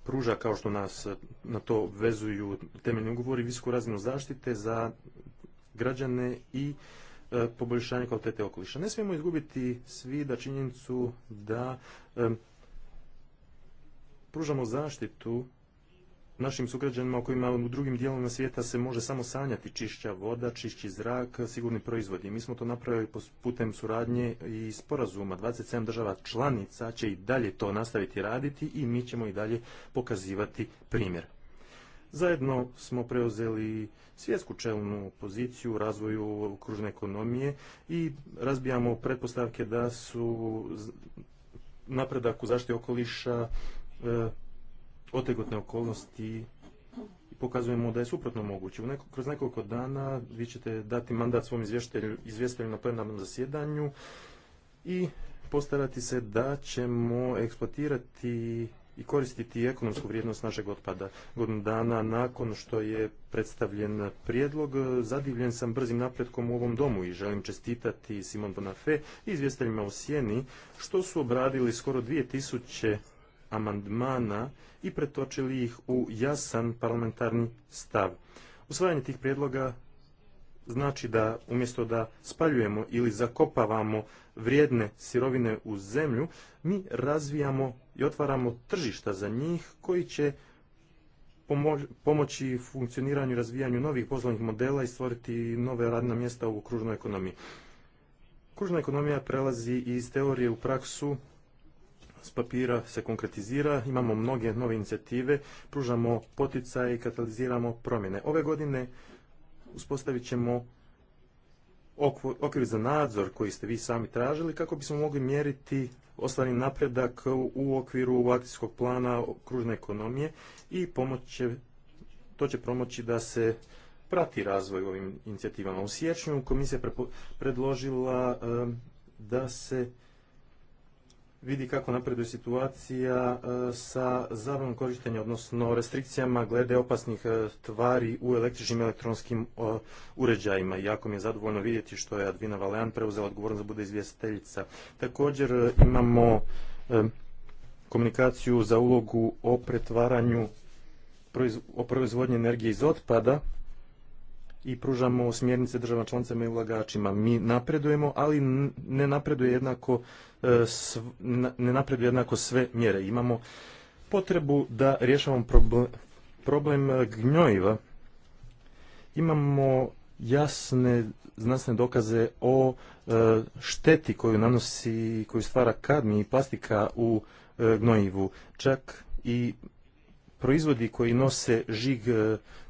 pruža kao što nas e, na to vezuju temeljni ugovori visku razinu zaštite za građane i e, poboljšanje kvalitete okoliša. Ne smijemo izgubiti svi da činjenicu da pružamo zaštitu našim sugrađanima o kojima u drugim dijelovima svijeta se može samo sanjati čišća voda, čišći zrak, sigurni proizvodi. Mi smo to napravili putem suradnje i sporazuma. 27 država članica će i dalje to nastaviti raditi i mi ćemo i dalje pokazivati primjer. Zajedno smo preuzeli svjetsku čelnu poziciju u razvoju kružne ekonomije i razbijamo pretpostavke da su napredak u zaštiti okoliša e, otegotne okolnosti i pokazujemo da je suprotno moguće. kroz nekoliko dana vi ćete dati mandat svom izvjestitelju na plenarnom zasjedanju i postarati se da ćemo eksploatirati i koristiti ekonomsku vrijednost našeg otpada. Godinu dana nakon što je predstavljen prijedlog, zadivljen sam brzim napretkom u ovom domu i želim čestitati Simon Bonafé i izvjestiteljima u Sjeni, što su obradili skoro 2000 amandmana i pretočili ih u jasan parlamentarni stav. Usvajanje tih prijedloga znači da umjesto da spaljujemo ili zakopavamo vrijedne sirovine u zemlju, mi razvijamo i otvaramo tržišta za njih koji će pomoći funkcioniranju i razvijanju novih poslovnih modela i stvoriti nove radna mjesta u kružnoj ekonomiji. Kružna ekonomija prelazi iz teorije u praksu s papira se konkretizira, imamo mnoge nove inicijative, pružamo poticaje i kataliziramo promjene. Ove godine uspostavit ćemo okvir za nadzor koji ste vi sami tražili kako bismo mogli mjeriti ostvareni napredak u okviru akcijskog plana kružne ekonomije i to će promoći da se prati razvoj ovim inicijativama. U siječnju komisija predložila da se vidi kako napreduje situacija e, sa zabranom korištenja, odnosno restrikcijama glede opasnih e, tvari u električnim elektronskim uređajima. Jako mi je zadovoljno vidjeti što je Advina Valean preuzela odgovornost da bude izvjestiteljica. Također e, imamo komunikaciju za ulogu o pretvaranju o proizvodnji energije iz otpada i pružamo smjernice državama članicama i ulagačima. Mi napredujemo, ali ne napreduje jednako E, ne napreduje jednako sve mjere. Imamo potrebu da rješavamo problem gnojiva. Imamo jasne znanstvene dokaze o e, šteti koju nanosi, koju stvara kadmi i plastika u e, gnojivu. Čak i proizvodi koji nose žig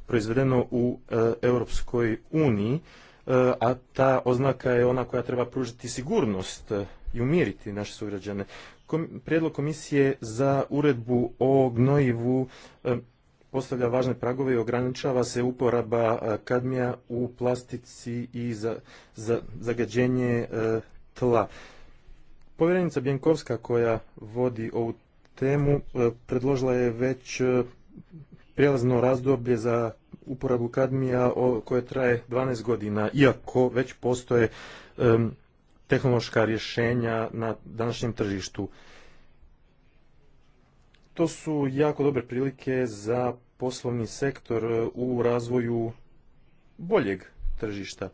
proizvedeno u Europskoj uniji, a ta oznaka je ona koja treba pružiti sigurnost i umiriti naše sugrađane. Prijedlog komisije za uredbu o gnojivu e, postavlja važne pragove i ograničava se uporaba e, kadmija u plastici i za, za zagađenje e, tla. Povjerenica Bjenkovska koja vodi ovu temu predložila je već prijelazno razdoblje za uporabu kadmija koje traje 12 godina, iako već postoje tehnološka rješenja na današnjem tržištu. To su jako dobre prilike za poslovni sektor u razvoju boljeg tržišta.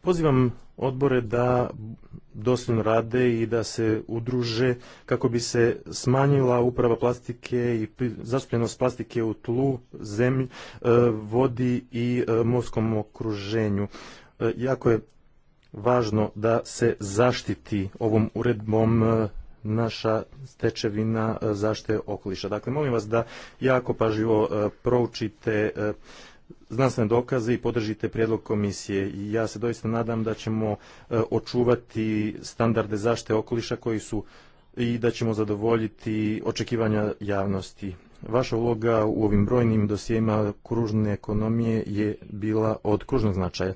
Pozivam odbore da dosljedno rade i da se udruže kako bi se smanjila uprava plastike i zastupljenost plastike u tlu, zemlji, e, vodi i e, morskom okruženju. E, jako je važno da se zaštiti ovom uredbom e, naša stečevina e, zaštite okoliša. Dakle, molim vas da jako pažljivo e, proučite znanstvene dokaze i podržite prijedlog komisije. I ja se doista nadam da ćemo očuvati standarde zaštite okoliša koji su i da ćemo zadovoljiti očekivanja javnosti. Vaša uloga u ovim brojnim dosijema kružne ekonomije je bila od kružnog značaja.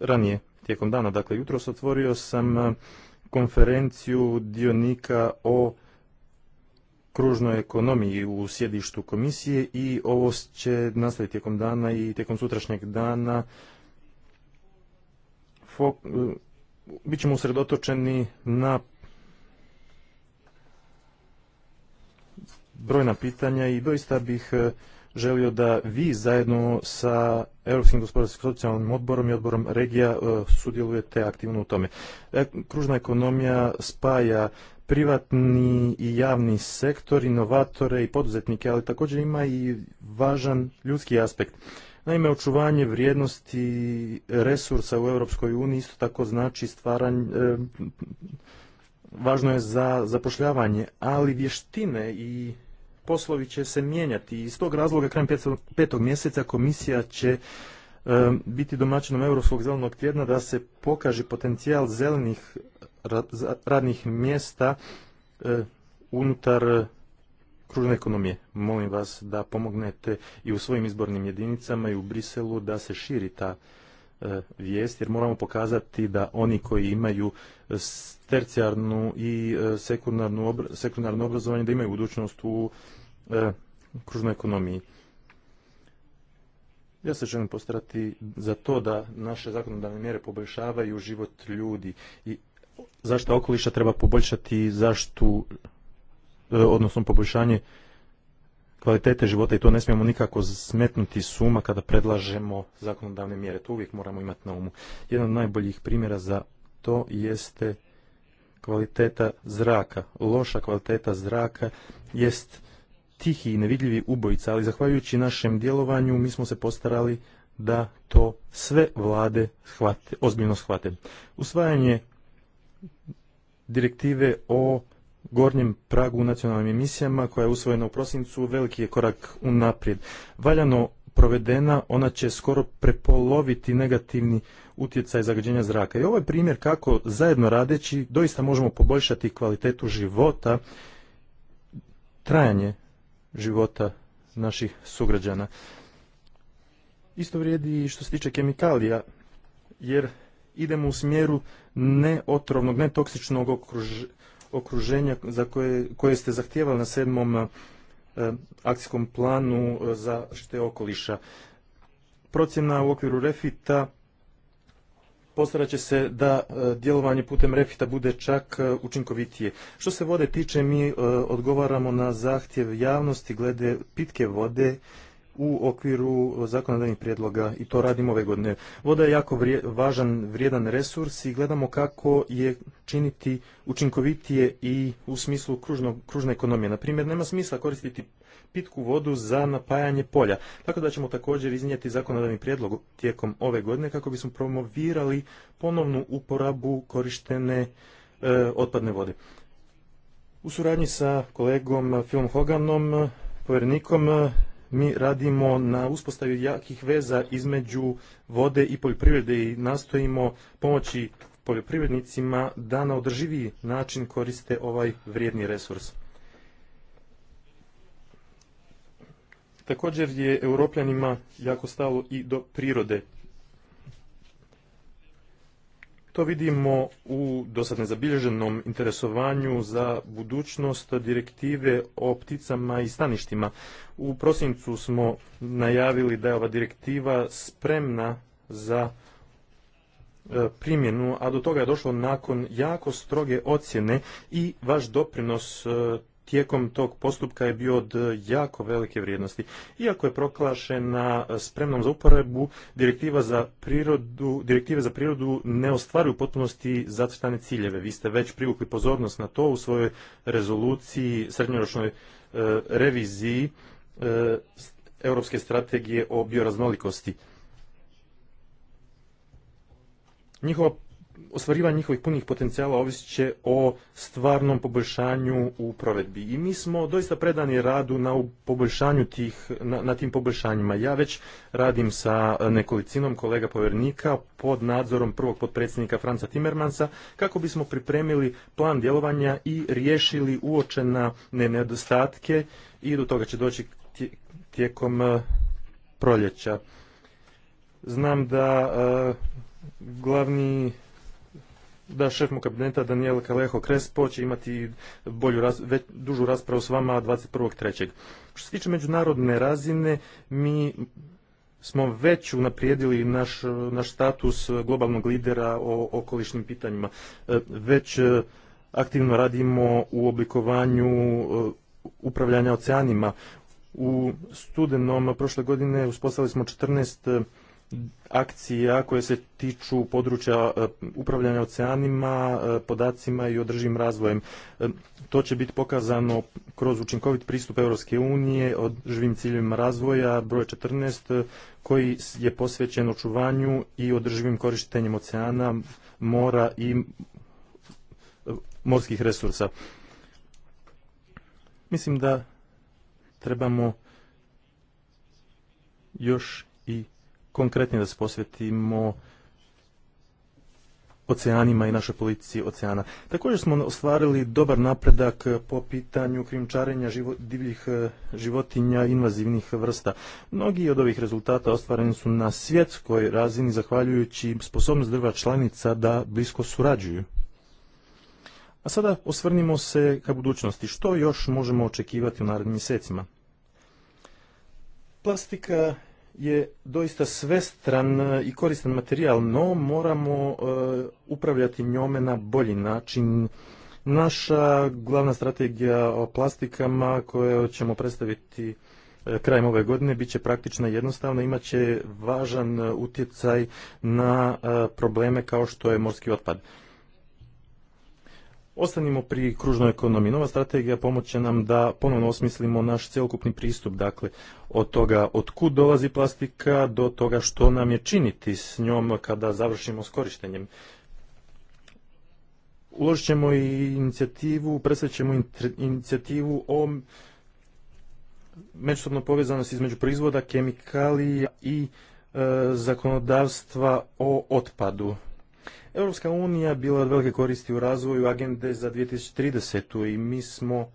Ranije tijekom dana. Dakle, jutros otvorio sam e, konferenciju dionika o kružnoj ekonomiji u sjedištu komisije i ovo će nastaviti tijekom dana i tijekom sutrašnjeg dana. Fok... E, Bićemo usredotočeni na brojna pitanja i doista bih e, želio da vi zajedno sa Europskim gospodarskim socijalnim odborom i odborom regija e, sudjelujete aktivno u tome. E, kružna ekonomija spaja privatni i javni sektor, inovatore i poduzetnike, ali također ima i važan ljudski aspekt. Naime, očuvanje vrijednosti resursa u Europskoj uniji isto tako znači stvaranje, važno je za zapošljavanje, ali vještine i poslovi će se mijenjati i iz tog razloga krajem petog mjeseca komisija će biti domaćinom Europskog zelenog tjedna da se pokaže potencijal zelenih radnih mjesta e, unutar e, kružne ekonomije. Molim vas da pomognete i u svojim izbornim jedinicama i u Briselu da se širi ta e, vijest jer moramo pokazati da oni koji imaju tercijarnu i sekundarnu, sekundarno obrazovanje da imaju budućnost u E, kružnoj ekonomiji. Ja se želim postarati za to da naše zakonodavne mjere poboljšavaju život ljudi i zašto okoliša treba poboljšati zaštitu, e, odnosno poboljšanje kvalitete života i to ne smijemo nikako smetnuti suma kada predlažemo zakonodavne mjere. To uvijek moramo imati na umu. Jedan od najboljih primjera za to jeste kvaliteta zraka. Loša kvaliteta zraka jest tihi i nevidljivi ubojica, ali zahvaljujući našem djelovanju mi smo se postarali da to sve vlade shvate, ozbiljno shvate. Usvajanje direktive o gornjem pragu u nacionalnim emisijama koja je usvojena u prosincu veliki je korak unaprijed. Valjano provedena, ona će skoro prepoloviti negativni utjecaj zagađenja zraka. I ovo je primjer kako zajedno radeći doista možemo poboljšati kvalitetu života, trajanje života naših sugrađana. Isto vrijedi i što se tiče kemikalija, jer idemo u smjeru neotrovnog, netoksičnog okruženja za koje, koje ste zahtijevali na sedmom e, akcijskom planu e, zaštite okoliša. Procjena u okviru refita postarat će se da e, djelovanje putem refita bude čak e, učinkovitije. Što se vode tiče, mi e, odgovaramo na zahtjev javnosti glede pitke vode u okviru zakonodavnih prijedloga i to radimo ove godine. Voda je jako važan, vrijedan resurs i gledamo kako je činiti učinkovitije i u smislu kružno, kružne ekonomije. Na primjer, nema smisla koristiti pitku vodu za napajanje polja. Tako da ćemo također iznijeti zakonodavni prijedlog tijekom ove godine kako bismo promovirali ponovnu uporabu korištene e, otpadne vode. U suradnji sa kolegom Filom Hoganom, povjerenikom, mi radimo na uspostavi jakih veza između vode i poljoprivrede i nastojimo pomoći poljoprivrednicima da na održiviji način koriste ovaj vrijedni resurs. Također je europljanima jako stalo i do prirode. To vidimo u dosad nezabilježenom interesovanju za budućnost direktive o pticama i staništima. U prosincu smo najavili da je ova direktiva spremna za e, primjenu, a do toga je došlo nakon jako stroge ocjene i vaš doprinos e, tijekom tog postupka je bio od jako velike vrijednosti. Iako je proklašena spremnom za uporabu, direktiva za prirodu, direktive za prirodu ne ostvaruju potpunosti zacrtane ciljeve. Vi ste već privukli pozornost na to u svojoj rezoluciji, srednjoročnoj e, reviziji e, Europske strategije o bioraznolikosti. Njihova ostvarivanje njihovih punih potencijala ovisit će o stvarnom poboljšanju u provedbi. I mi smo doista predani radu na poboljšanju tih, na, tim poboljšanjima. Ja već radim sa nekolicinom kolega povjernika pod nadzorom prvog potpredsjednika Franca Timmermansa kako bismo pripremili plan djelovanja i riješili uočena nedostatke i do toga će doći tijekom e, proljeća. Znam da e, glavni da šef mu kabineta Daniela Kaleho Krespo će imati bolju, već, dužu raspravu s vama 21.3. Što se tiče međunarodne razine, mi smo već unaprijedili naš, naš status globalnog lidera o okolišnim pitanjima. Već aktivno radimo u oblikovanju e, upravljanja oceanima. U studenom prošle godine uspostavili smo 14 akcija koje se tiču područja e, upravljanja oceanima, e, podacima i održivim razvojem. E, to će biti pokazano kroz učinkovit pristup Europske unije od živim ciljevima razvoja, broj 14, koji je posvećen očuvanju i održivim korištenjem oceana, mora i morskih resursa. Mislim da trebamo još i konkretnije da se posvetimo oceanima i našoj politici oceana. Također smo ostvarili dobar napredak po pitanju krimčarenja divljih eh, životinja invazivnih vrsta. Mnogi od ovih rezultata ostvareni su na svjetskoj razini zahvaljujući sposobnost drva članica da blisko surađuju. A sada osvrnimo se ka budućnosti. Što još možemo očekivati u narednim mjesecima? Plastika je doista svestran i koristan materijal, no moramo e, upravljati njome na bolji način. Naša glavna strategija o plastikama koju ćemo predstaviti e, krajem ove godine bit će praktična i jednostavna, imat će važan utjecaj na e, probleme kao što je morski otpad. Ostanimo pri kružnoj ekonomiji. Nova strategija pomoće nam da ponovno osmislimo naš cjelokupni pristup, dakle od toga od kud dolazi plastika do toga što nam je činiti s njom kada završimo s korištenjem. Uložit ćemo i inicijativu, presvećemo inicijativu o međusobno povezanosti između proizvoda, kemikalija i e, zakonodavstva o otpadu. Europska unija bila od velike koristi u razvoju agende za 2030. i mi smo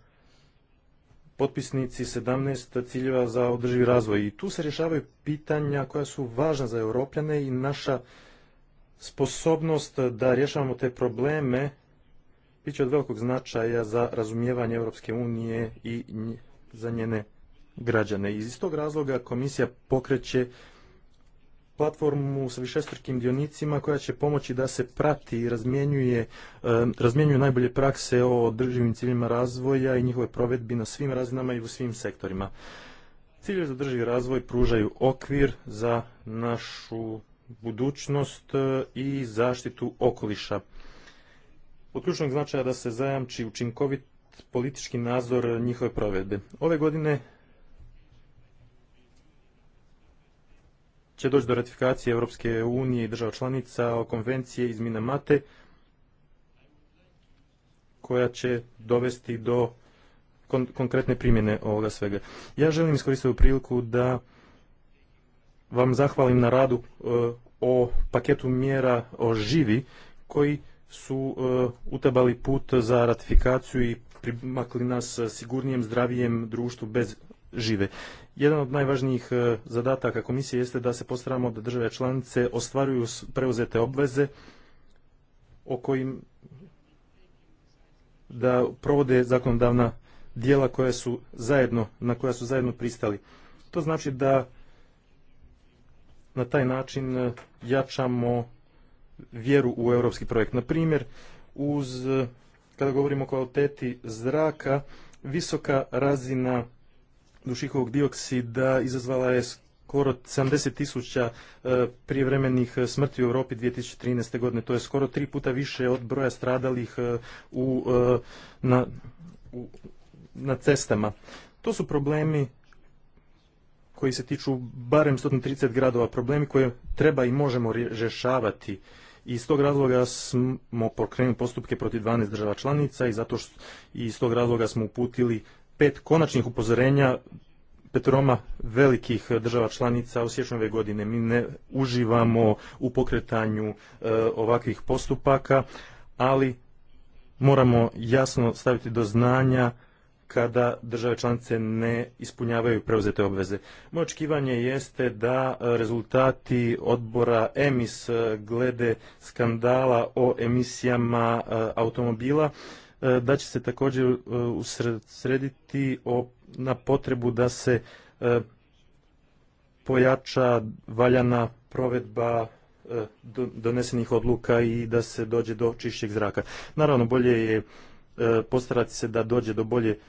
potpisnici 17 ciljeva za održivi razvoj. I tu se rješavaju pitanja koja su važna za europljane i naša sposobnost da rješavamo te probleme bit će od velikog značaja za razumijevanje Europske unije i za njene građane. Iz tog razloga komisija pokreće platformu sa višestrukim dionicima koja će pomoći da se prati i razmjenjuje, razmjenjuju najbolje prakse o održivim ciljima razvoja i njihove provedbi na svim razinama i u svim sektorima. Cilje za održivi razvoj pružaju okvir za našu budućnost e, i zaštitu okoliša. Od ključnog značaja da se zajamči učinkovit politički nadzor njihove provedbe. Ove godine će doći do ratifikacije Europske unije i država članica o konvencije iz Minamate koja će dovesti do konkretne primjene ovoga svega. Ja želim iskoristiti priliku da vam zahvalim na radu e, o paketu mjera o živi koji su e, utabali put za ratifikaciju i primakli nas sigurnijem, zdravijem društvu bez žive. Jedan od najvažnijih e, zadataka komisije jeste da se postaramo da države članice ostvaruju preuzete obveze o kojim da provode zakonodavna dijela koja su zajedno, na koja su zajedno pristali. To znači da na taj način e, jačamo vjeru u europski projekt. Na primjer, uz, e, kada govorimo o kvaliteti zraka, visoka razina dušikovog dioksida izazvala je skoro 70 tisuća e, prijevremenih e, smrti u Europi 2013. godine. To je skoro tri puta više od broja stradalih e, u, na, na cestama. To su problemi koji se tiču barem 130 gradova, problemi koje treba i možemo rješavati. I iz tog razloga smo pokrenuli postupke protiv 12 država članica i, zato što, i iz tog razloga smo uputili pet konačnih upozorenja Petroma velikih država članica u siječnju ove godine. Mi ne uživamo u pokretanju e, ovakvih postupaka, ali moramo jasno staviti do znanja kada države članice ne ispunjavaju preuzete obveze. Moje očekivanje jeste da rezultati odbora EMIS glede skandala o emisijama e, automobila E, da će se također e, usrediti na potrebu da se e, pojača valjana provedba donesenih odluka i da se dođe do čišćeg zraka. Naravno, bolje je postarati se da dođe do bolje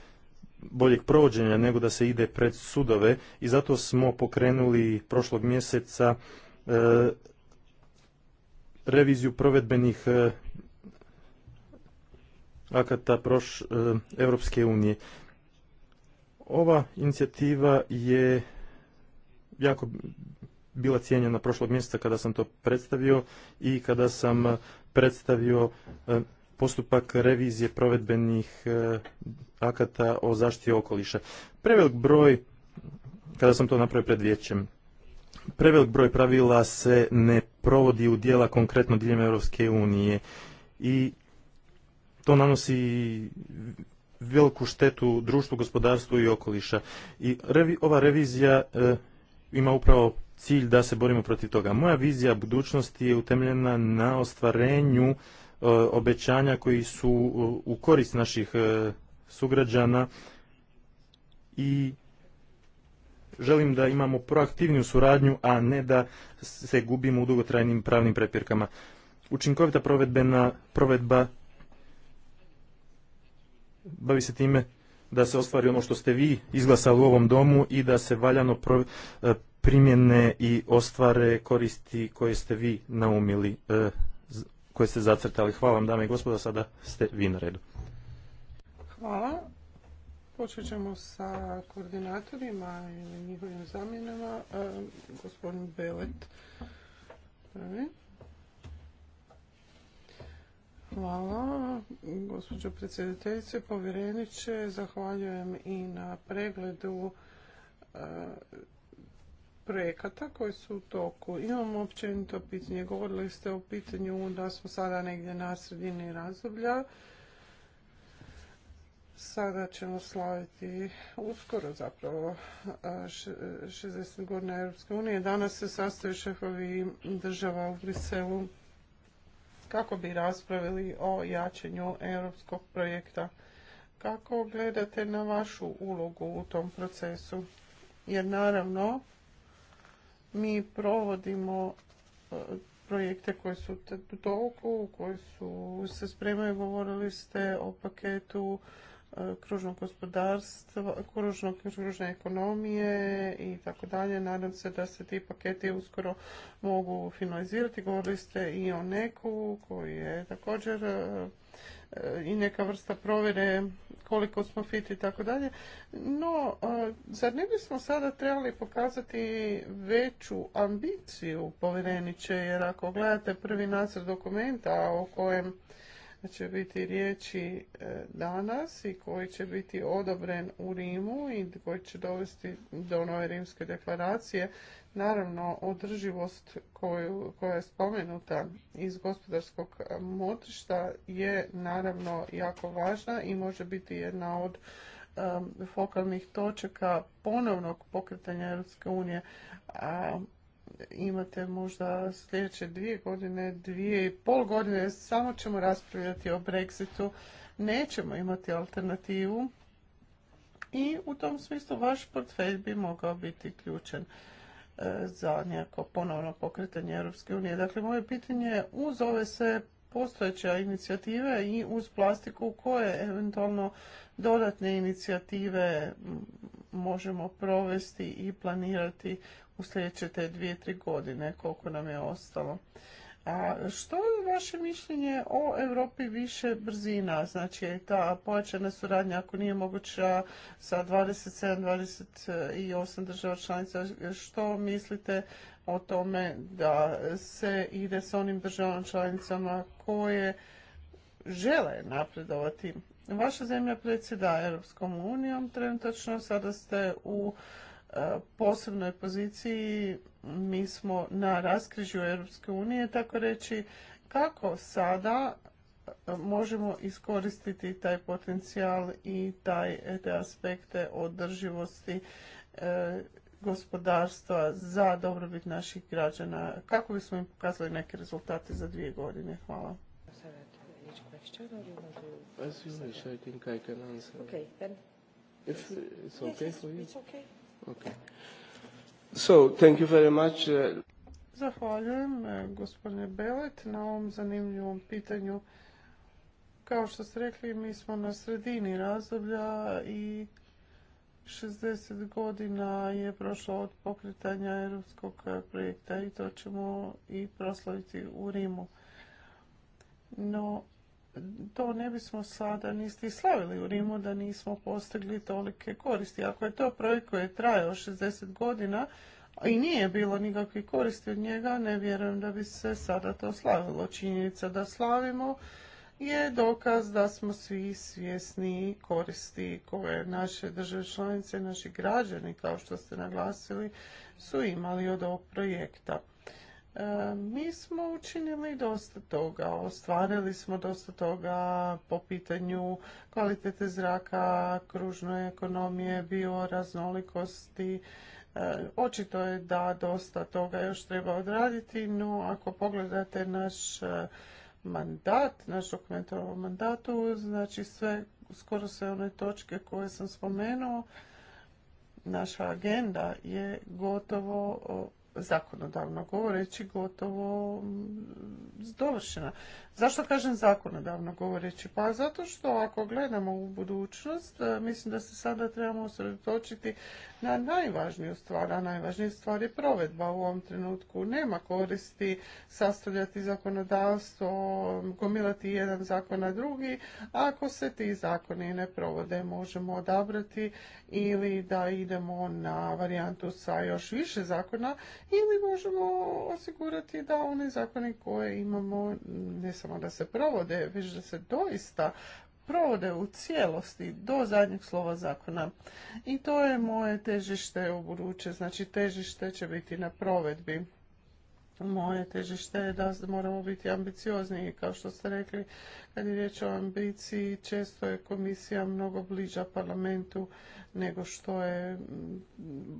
boljeg provođenja nego da se ide pred sudove i zato smo pokrenuli prošlog mjeseca reviziju provedbenih akata proš, e, unije. Ova inicijativa je jako bila cijenjena prošlog mjeseca kada sam to predstavio i kada sam predstavio e, postupak revizije provedbenih e, akata o zaštiti okoliša. Prevelik broj, kada sam to napravio pred vijećem, prevelik broj pravila se ne provodi u dijela konkretno diljem Europske unije i to nanosi veliku štetu društvu, gospodarstvu i okoliša. I ova revizija eh, ima upravo cilj da se borimo protiv toga. Moja vizija budućnosti je utemljena na ostvarenju eh, obećanja koji su u, eh, u korist naših sugrađana i želim da imamo proaktivniju suradnju, a ne da se gubimo u dugotrajnim pravnim prepirkama. Učinkovita provedbena, provedba bavi se time da se ostvari ono što ste vi izglasali u ovom domu i da se valjano e, primjene i ostvare koristi koje ste vi naumili, e, koje ste zacrtali. Hvala vam dame i gospoda, sada ste vi na redu. Hvala. Počet ćemo sa koordinatorima i njihovim zamjenama. E, gospodin Belet prvi. Hvala, gospođo predsjedateljice, povjereniče. Zahvaljujem i na pregledu e, projekata koji su u toku. Imamo općenito pitanje. Govorili ste o pitanju da smo sada negdje na sredini razdoblja. Sada ćemo slaviti uskoro zapravo 60 e, godina Europske unije. Danas se sastaju šefovi država u Briselu kako bi raspravili o jačanju europskog projekta. Kako gledate na vašu ulogu u tom procesu? Jer naravno mi provodimo e, projekte koji su u toku, koji su, se spremaju, govorili ste o paketu kružnog gospodarstva, kružnog, kružne ekonomije i tako dalje. Nadam se da se ti paketi uskoro mogu finalizirati. Govorili ste i o neku koji je također e, i neka vrsta provjere koliko smo fit i tako dalje. No, e, zar ne bismo sada trebali pokazati veću ambiciju povjereniče, jer ako gledate prvi nacrt dokumenta o kojem će biti riječi e, danas i koji će biti odobren u Rimu i koji će dovesti do nove rimske deklaracije. Naravno, održivost koja je spomenuta iz gospodarskog motrišta je naravno jako važna i može biti jedna od fokalnih točaka ponovnog pokretanja Europske unije imate možda sljedeće dvije godine, dvije i pol godine, samo ćemo raspravljati o Brexitu, nećemo imati alternativu i u tom smislu vaš portfelj bi mogao biti ključan e, za nekako ponovno pokretanje Europske unije. Dakle, moje pitanje je uz ove se postojeće inicijative i uz plastiku koje eventualno dodatne inicijative možemo provesti i planirati u sljedeće te dvije, tri godine koliko nam je ostalo. A što je vaše mišljenje o Europi više brzina? Znači, ta pojačana suradnja, ako nije moguća sa 27, 28 država članica, što mislite o tome da se ide s onim državama članicama koje žele napredovati? Vaša zemlja predsjeda Europskom unijom, trenutačno sada ste u posebnoj poziciji. Mi smo na raskrižju Europske unije, tako reći, kako sada e, možemo iskoristiti taj potencijal i taj, e, te aspekte održivosti e, gospodarstva za dobrobit naših građana. Kako bismo im pokazali neke rezultate za dvije godine? Hvala. okay It's okay. Okay. Uh, Zahvaljujem e, gospodine Belet na ovom zanimljivom pitanju. Kao što ste rekli, mi smo na sredini razdoblja i 60 godina je prošlo od pokretanja europskog projekta i to ćemo i proslaviti u Rimu. No, to ne bismo sada niste slavili u Rimu da nismo postigli tolike koristi. Ako je to projekt koji je trajao 60 godina i nije bilo nikakve koristi od njega, ne vjerujem da bi se sada to slavilo. Činjenica da slavimo je dokaz da smo svi svjesni koristi koje naše države članice, naši građani, kao što ste naglasili, su imali od ovog projekta. E, mi smo učinili dosta toga, ostvarili smo dosta toga po pitanju kvalitete zraka, kružne ekonomije, bioraznolikosti. E, očito je da dosta toga još treba odraditi, no ako pogledate naš e, mandat, naš dokument o mandatu, znači sve, skoro sve one točke koje sam spomenuo, naša agenda je gotovo zakonodavno govoreći gotovo mm, dovršena. Zašto kažem zakonodavno govoreći? Pa zato što ako gledamo u budućnost, e, mislim da se sada trebamo osredotočiti na najvažniju stvar, a najvažnija stvar je provedba u ovom trenutku. Nema koristi sastavljati zakonodavstvo, gomilati jedan zakon na drugi, ako se ti zakoni ne provode možemo odabrati ili da idemo na varijantu sa još više zakona ili možemo osigurati da oni zakoni koje imamo ne samo da se provode, već da se doista provode u cijelosti do zadnjeg slova zakona. I to je moje težište u buduće, znači težište će biti na provedbi. Dakle, moje težište je da moramo biti ambiciozniji. Kao što ste rekli, kad je riječ o ambiciji, često je komisija mnogo bliža parlamentu nego što je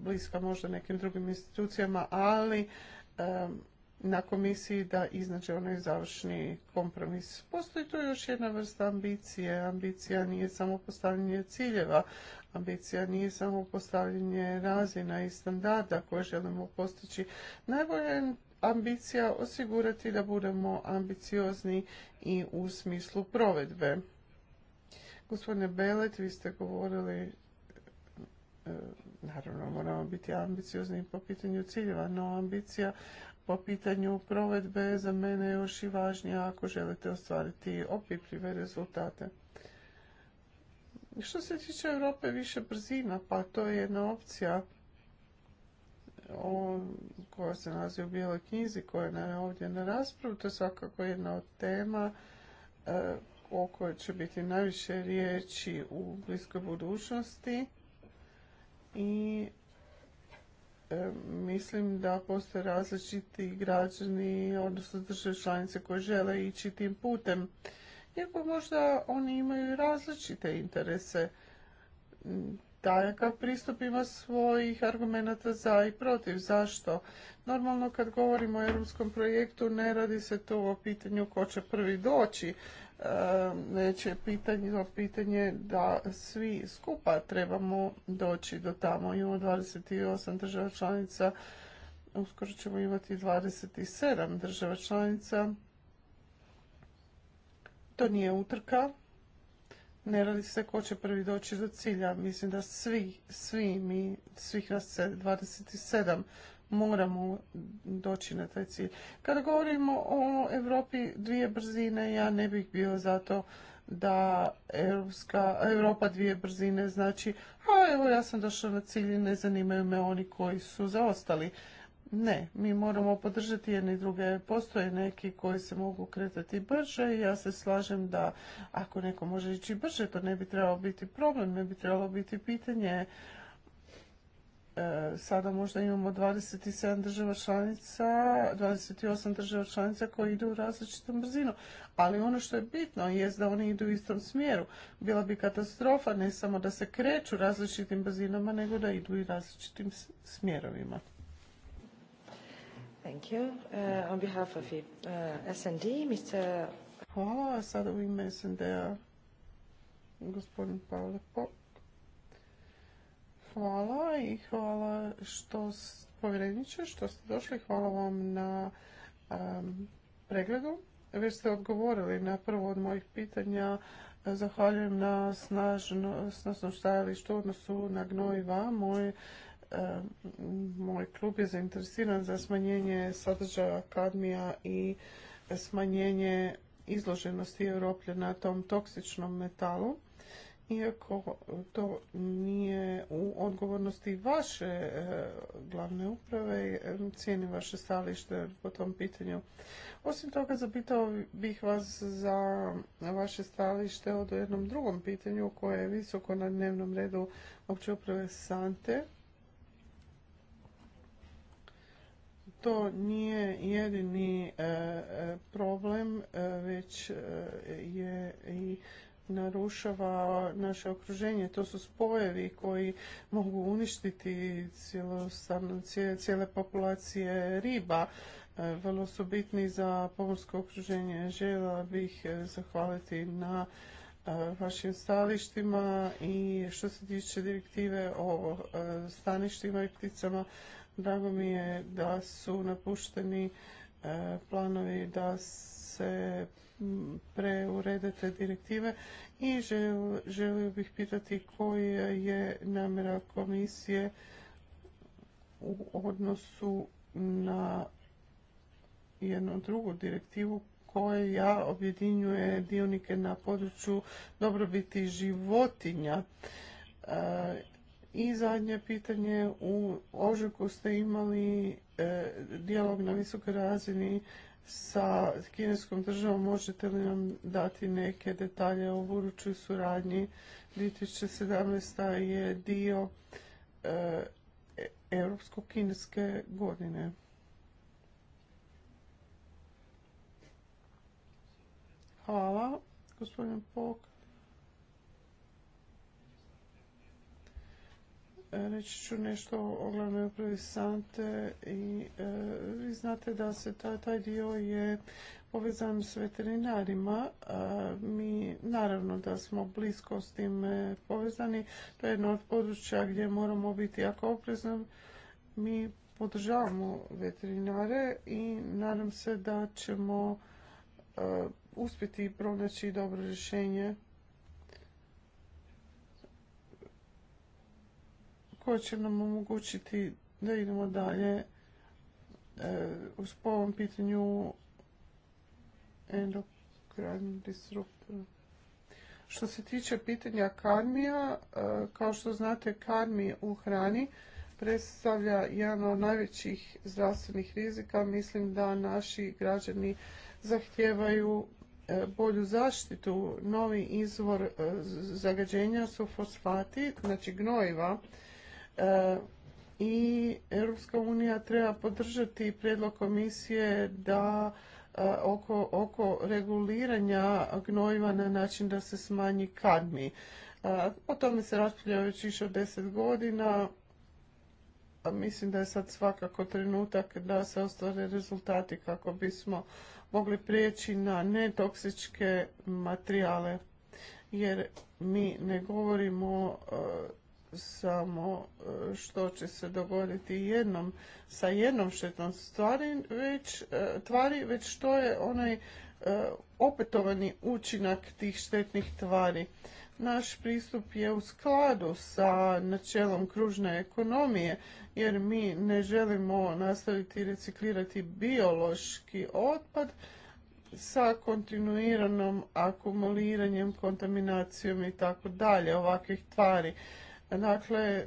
bliska možda nekim drugim institucijama, ali na komisiji da iznađe onaj završni kompromis. Postoji tu još jedna vrsta ambicije. Ambicija nije samo postavljanje ciljeva, ambicija nije samo postavljanje razina i standarda koje želimo postići. Najbolje ambicija osigurati da budemo ambiciozni i u smislu provedbe. Gospodine Belet, vi ste govorili, e, naravno moramo biti ambiciozni po pitanju ciljeva, no ambicija po pitanju provedbe za mene još i važnija ako želite ostvariti opipljive rezultate. Što se tiče Europe više brzina, pa to je jedna opcija o, koja se nalazi u bijeloj knjizi koja je ovdje na raspravu. To je svakako jedna od tema eh, o kojoj će biti najviše riječi u bliskoj budućnosti i eh, mislim da postoje različiti građani, odnosno države članice koje žele ići tim putem. Iako možda oni imaju različite interese takav pristup ima svojih argumenata za i protiv. Zašto? Normalno kad govorimo o europskom projektu ne radi se to o pitanju ko će prvi doći, e, već je pitanje, pitanje da svi skupa trebamo doći do tamo. Imamo 28 država članica, uskoro ćemo imati 27 država članica. To nije utrka, ne radi se ko će prvi doći do cilja. Mislim da svi, svi mi, svih nas 27, moramo doći na taj cilj. Kada govorimo o Europi dvije brzine, ja ne bih bio zato da Europska, Europa dvije brzine znači, a evo ja sam došao na cilj i ne zanimaju me oni koji su zaostali. Ne, mi moramo podržati i druge. Postoje neki koji se mogu kretati brže i ja se slažem da ako neko može ići brže, to ne bi trebalo biti problem, ne bi trebalo biti pitanje. E, sada možda imamo 27 država članica, 28 država članica koji idu u različitom brzinu. Ali ono što je bitno je da oni idu u istom smjeru. Bila bi katastrofa ne samo da se kreću različitim brzinama, nego da idu i različitim smjerovima. Thank you. Uh, on behalf of uh, Hvala, sada u ime SND-a gospodin Pavle Pop. Hvala i hvala što povjereniče, što ste došli. Hvala vam na um, pregledu. Već ste odgovorili na prvo od mojih pitanja. Zahvaljujem na snažno, snažnom stajalištu u odnosu na gnojiva. Moje Ehm, moj klub je zainteresiran za smanjenje sadržaja kadmija i smanjenje izloženosti na tom toksičnom metalu iako to nije u odgovornosti vaše eh, glavne uprave, ehm, cijenim vaše stalište po tom pitanju. Osim toga, zapitao bih vas za vaše stajalište o jednom drugom pitanju koje je visoko na dnevnom redu opće uprave Sante, to nije jedini e, e, problem, e, već je i narušava naše okruženje. To su spojevi koji mogu uništiti cijele populacije riba. Vrlo su bitni za pomorsko okruženje. Žela bih zahvaliti na vašim stalištima i što se tiče direktive o staništima i pticama, Drago mi je da su napušteni e, planovi da se preurede te direktive i želio, bih pitati koja je namjera komisije u odnosu na jednu drugu direktivu koja objedinjuje dionike na području dobrobiti životinja. E, i zadnje pitanje, u ožujku ste imali e, dijalog na visokoj razini sa kineskom državom. Možete li nam dati neke detalje o budućoj suradnji? 2017. je dio e, Europsko-kineske godine. Hvala, gospodin Pok. Reći ću nešto o glavnoj upravi Sante i e, vi znate da se taj, dio je povezan s veterinarima. mi naravno da smo blisko s tim e, povezani. To je jedno od područja gdje moramo biti jako oprezni. Mi podržavamo veterinare i nadam se da ćemo e, uspjeti pronaći dobro rješenje koje će nam omogućiti da idemo dalje e, uz po ovom pitanju endokrinih disruptora. Što se tiče pitanja karmija. E, kao što znate karmi u hrani predstavlja jedan od najvećih zdravstvenih rizika. Mislim da naši građani zahtijevaju e, bolju zaštitu. Novi izvor zagađenja su fosfati, znači gnojiva E, i Europska unija treba podržati prijedlog komisije da e, oko, oko reguliranja gnojiva na način da se smanji kadmi. E, o tome se raspravlja već više od deset godina. Mislim da je sad svakako trenutak da se ostvare rezultati kako bismo mogli prijeći na netoksičke materijale jer mi ne govorimo samo e, što će se dogoditi jednom sa jednom štetnom stvari, već, e, tvari, već što je onaj e, opetovani učinak tih štetnih tvari. Naš pristup je u skladu sa načelom kružne ekonomije, jer mi ne želimo nastaviti reciklirati biološki otpad sa kontinuiranom akumuliranjem, kontaminacijom i tako dalje ovakvih tvari. Dakle,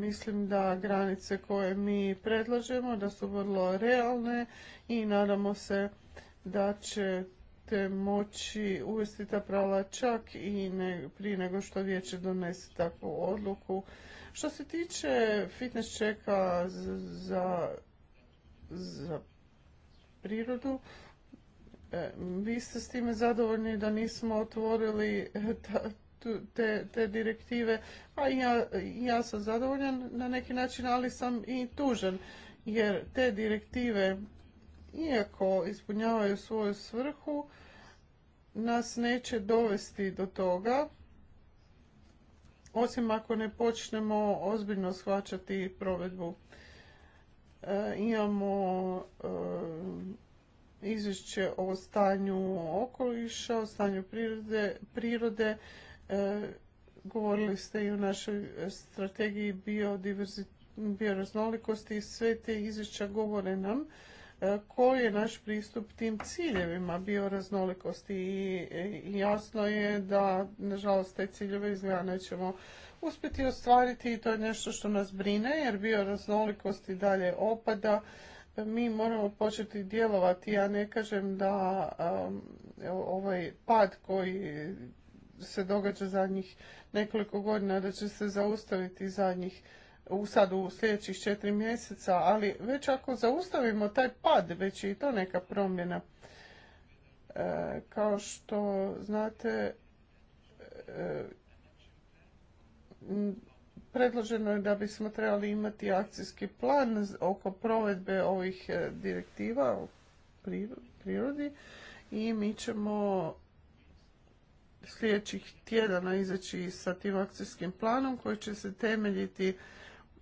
mislim da granice koje mi predlažemo da su vrlo realne i nadamo se da ćete moći uvesti ta prava čak i ne, prije nego što vijeće donese takvu odluku. Što se tiče fitness čeka za, za prirodu, e, vi ste s time zadovoljni da nismo otvorili te, te direktive. Pa ja, ja sam zadovoljan na neki način, ali sam i tužan jer te direktive iako ispunjavaju svoju svrhu nas neće dovesti do toga osim ako ne počnemo ozbiljno shvaćati provedbu. E, imamo e, izvješće o stanju okoliša, o stanju prirode, prirode E, govorili ste i u našoj strategiji bioraznolikosti i sve te izvješća govore nam e, koji je naš pristup tim ciljevima bioraznolikosti i e, jasno je da nažalost te ciljeve izgleda nećemo uspjeti ostvariti i to je nešto što nas brine jer bioraznolikost i dalje opada. Mi moramo početi djelovati. Ja ne kažem da ovaj pad koji se događa zadnjih nekoliko godina, da će se zaustaviti zadnjih u sad u sljedećih četiri mjeseca, ali već ako zaustavimo taj pad, već je i to neka promjena. E, kao što znate, e, predloženo je da bismo trebali imati akcijski plan oko provedbe ovih e, direktiva u prirodi i mi ćemo sljedećih tjedana izaći sa tim akcijskim planom koji će se temeljiti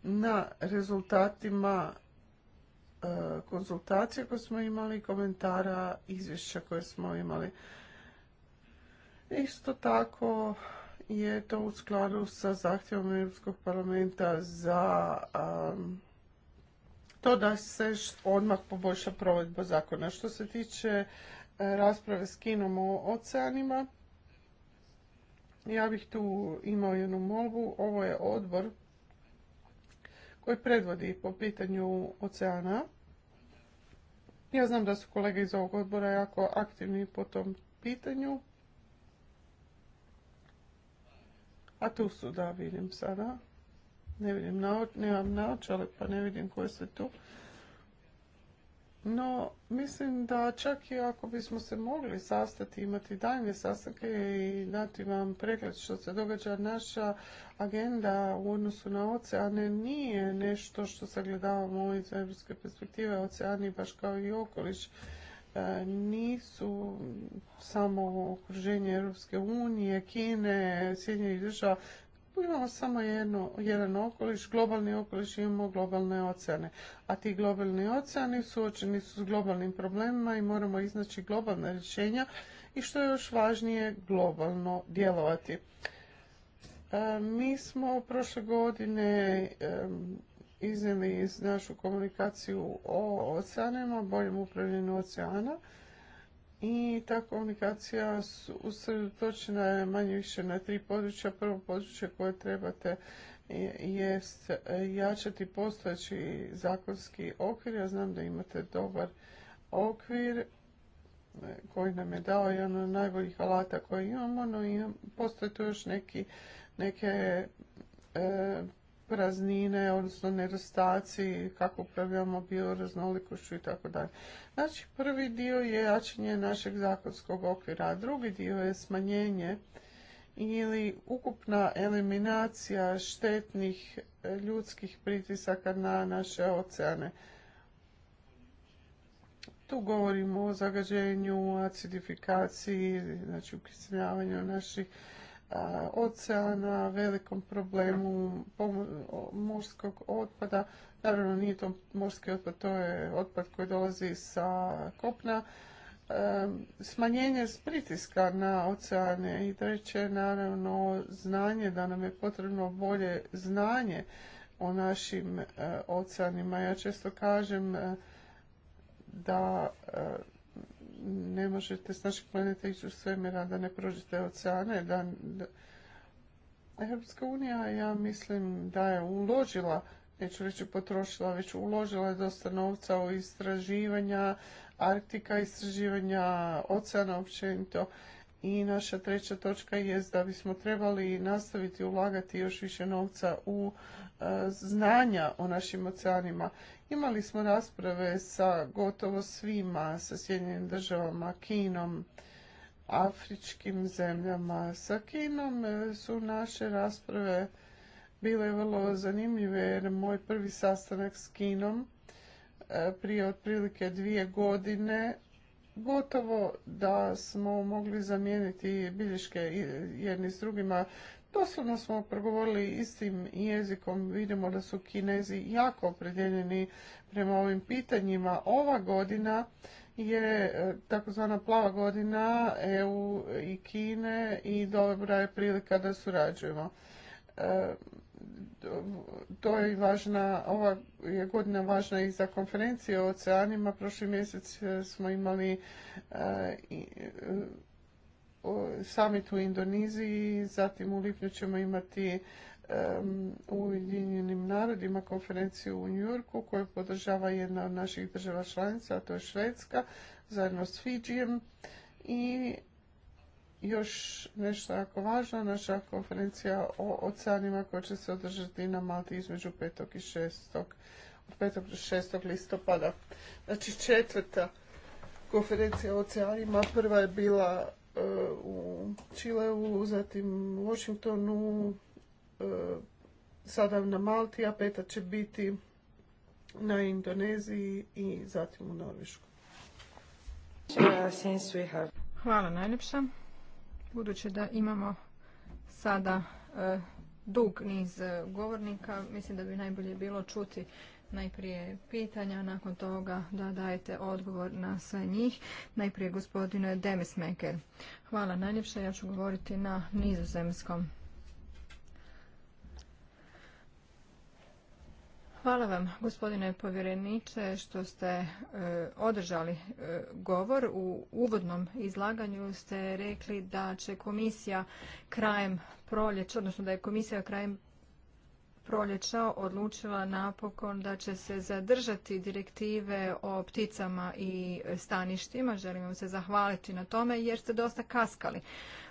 na rezultatima e, konzultacije koje smo imali, komentara, izvješća koje smo imali. Isto tako je to u skladu sa zahtjevom Europskog parlamenta za to da se odmah poboljša provedba zakona. Što se tiče e, rasprave s Kinom o oceanima, ja bih tu imao jednu molbu. Ovo je odbor koji predvodi po pitanju oceana. Ja znam da su kolege iz ovog odbora jako aktivni po tom pitanju. A tu su, da, vidim sada. Ne vidim, nemam naočale, pa ne vidim koje su tu. No, mislim da čak i ako bismo se mogli sastati, imati daljnje sastanke i dati vam pregled što se događa, naša agenda u odnosu na oceane nije nešto što sagledavamo iz europske perspektive. Oceani, baš kao i okoliš, e, nisu samo okruženje Europske unije, Kine, Sjedinjenih država, imamo samo jedan okoliš, globalni okoliš, imamo globalne oceane. A ti globalni oceani suočeni su s globalnim problemima i moramo iznaći globalna rješenja i što je još važnije, globalno djelovati. E, mi smo prošle godine e, iznijeli našu komunikaciju o oceanima, boljem upravljanju oceana i ta komunikacija usredotočena je manje više na tri područja. Prvo područje koje trebate jest e, jačati postojeći zakonski okvir. Ja znam da imate dobar okvir e, koji nam je dao jedan od najboljih alata koje imamo, no postoje tu još neki, neke e, praznine, odnosno nedostaci, kako upravljamo bioraznolikošću i tako dalje. Znači, prvi dio je jačanje našeg zakonskog okvira, a drugi dio je smanjenje ili ukupna eliminacija štetnih ljudskih pritisaka na naše oceane. Tu govorimo o zagađenju, acidifikaciji, znači ukisljavanju naših Uh, oceana, velikom problemu morskog otpada. Naravno nije to morski otpad, to je otpad koji dolazi sa kopna. Um, smanjenje pritiska na oceane i treće naravno znanje da nam je potrebno bolje znanje o našim uh, oceanima. Ja često kažem uh, da ne možete s našeg planeta ići u svemira, da ne prođete oceane, da, Europska unija, ja mislim da je uložila, neću reći potrošila, već uložila je dosta novca u istraživanja Arktika, istraživanja oceana općenito i naša treća točka je da bismo trebali nastaviti ulagati još više novca u e, znanja o našim oceanima. Imali smo rasprave sa gotovo svima, sa Sjedinjenim državama, Kinom, afričkim zemljama. Sa Kinom e, su naše rasprave bile vrlo zanimljive jer moj prvi sastanak s Kinom e, prije otprilike dvije godine gotovo da smo mogli zamijeniti bilješke jedni s drugima. Doslovno smo progovorili istim jezikom, vidimo da su kinezi jako opredjeljeni prema ovim pitanjima. Ova godina je e, takozvana plava godina EU i Kine i dobra je prilika da surađujemo. E, to je važna, ova je godina važna i za konferencije o oceanima. Prošli mjesec e, smo imali e, e, summit u Indoniziji, zatim u lipnju ćemo imati u Ujedinjenim narodima konferenciju u Njurku koju podržava jedna od naših država članica, a to je Švedska, zajedno s Fidžijem. I još nešto jako važno, naša konferencija o oceanima koja će se održati na Malti između 5. i 6. od 5. do 6. listopada. Znači četvrta konferencija o oceanima, prva je bila e, u Čileu, zatim u Washingtonu, e, sada na Malti, a peta će biti na Indoneziji i zatim u Norvišku. Uh, Hvala najljepša. Budući da imamo sada e, dug niz e, govornika, mislim da bi najbolje bilo čuti najprije pitanja, nakon toga da dajete odgovor na sve njih. Najprije gospodine Meker. Hvala najljepše, ja ću govoriti na nizozemskom. Hvala vam, gospodine povjereniče, što ste e, održali e, govor. U uvodnom izlaganju ste rekli da će komisija krajem proljeća, odnosno da je komisija krajem proljeća odlučila napokon da će se zadržati direktive o pticama i staništima. Želim vam se zahvaliti na tome jer ste dosta kaskali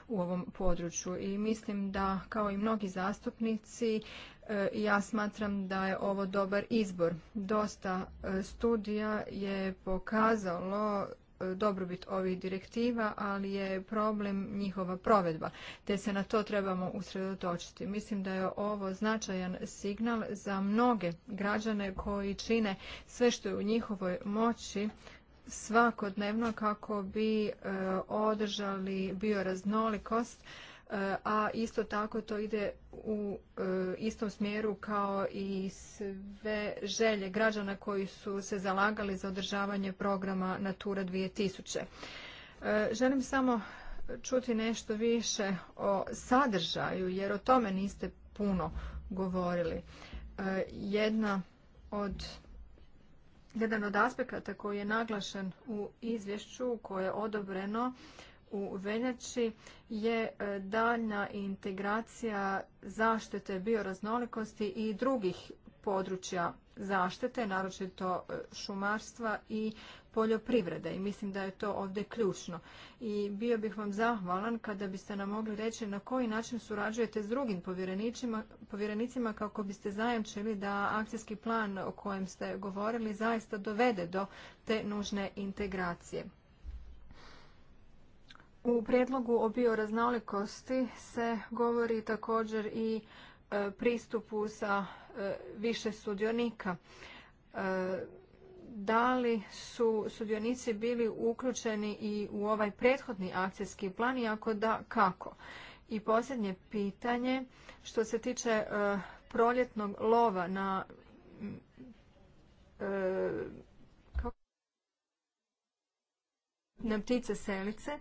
u ovom području i mislim da kao i mnogi zastupnici E, ja smatram da je ovo dobar izbor. Dosta e, studija je pokazalo e, dobrobit ovih direktiva, ali je problem njihova provedba, te se na to trebamo usredotočiti. Mislim da je ovo značajan signal za mnoge građane koji čine sve što je u njihovoj moći svakodnevno kako bi održali bioraznolikost E, a isto tako to ide u e, istom smjeru kao i sve želje građana koji su se zalagali za održavanje programa Natura 2000. E, želim samo čuti nešto više o sadržaju, jer o tome niste puno govorili. Jedna od jedan od aspekata koji je naglašen u izvješću koje je odobreno u veljači je e, daljna integracija zaštite bioraznolikosti i drugih područja zaštite, naročito e, šumarstva i poljoprivrede i mislim da je to ovdje ključno. I bio bih vam zahvalan kada biste nam mogli reći na koji način surađujete s drugim povjerenicima kako biste zajamčili da akcijski plan o kojem ste govorili zaista dovede do te nužne integracije. U prijedlogu o bioraznolikosti se govori također i e, pristupu sa e, više sudionika. E, da li su sudionici bili uključeni i u ovaj prethodni akcijski plan i ako da, kako? I posljednje pitanje, što se tiče proljetnog lova na na ptice selice.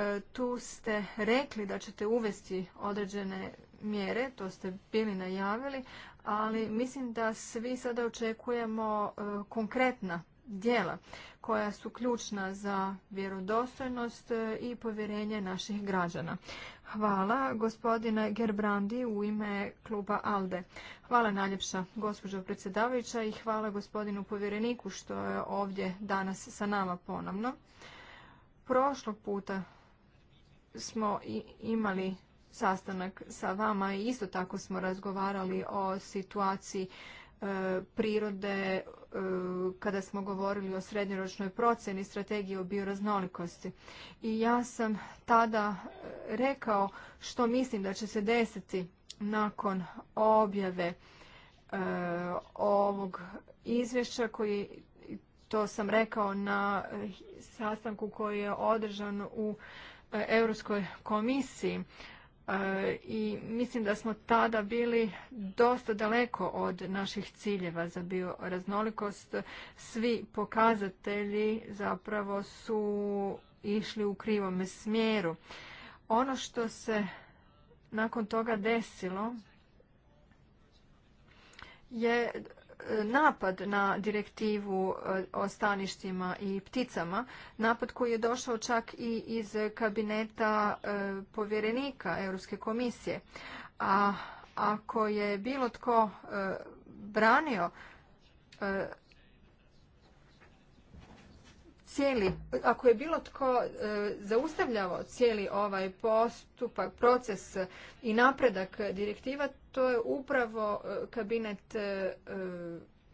E, tu ste rekli da ćete uvesti određene mjere, to ste bili najavili, ali mislim da svi sada očekujemo e, konkretna djela koja su ključna za vjerodostojnost e, i povjerenje naših građana. Hvala gospodine Gerbrandi u ime kluba ALDE. Hvala najljepša gospođo predsjedavajuća i hvala gospodinu povjereniku što je ovdje danas sa nama ponovno. Prošlog puta smo imali sastanak sa vama i isto tako smo razgovarali o situaciji e, prirode e, kada smo govorili o srednjoročnoj procjeni strategije o bioraznolikosti. I ja sam tada rekao što mislim da će se desiti nakon objave e, ovog izvješća koji to sam rekao na sastanku koji je održan u Europskoj komisiji e, i mislim da smo tada bili dosta daleko od naših ciljeva za bioraznolikost. Svi pokazatelji zapravo su išli u krivom smjeru. Ono što se nakon toga desilo je napad na direktivu e, o staništima i pticama, napad koji je došao čak i iz kabineta e, povjerenika Europske komisije. A ako je bilo tko e, branio cijeli, ako je bilo tko zaustavljao cijeli ovaj postupak, proces i napredak direktiva, to je upravo e, kabinet e, e,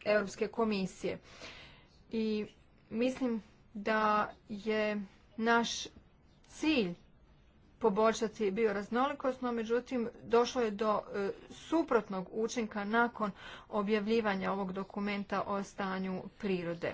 Europske komisije. I mislim da je naš cilj poboljšati bioraznolikost, no međutim došlo je do suprotnog učinka nakon objavljivanja ovog dokumenta o stanju prirode.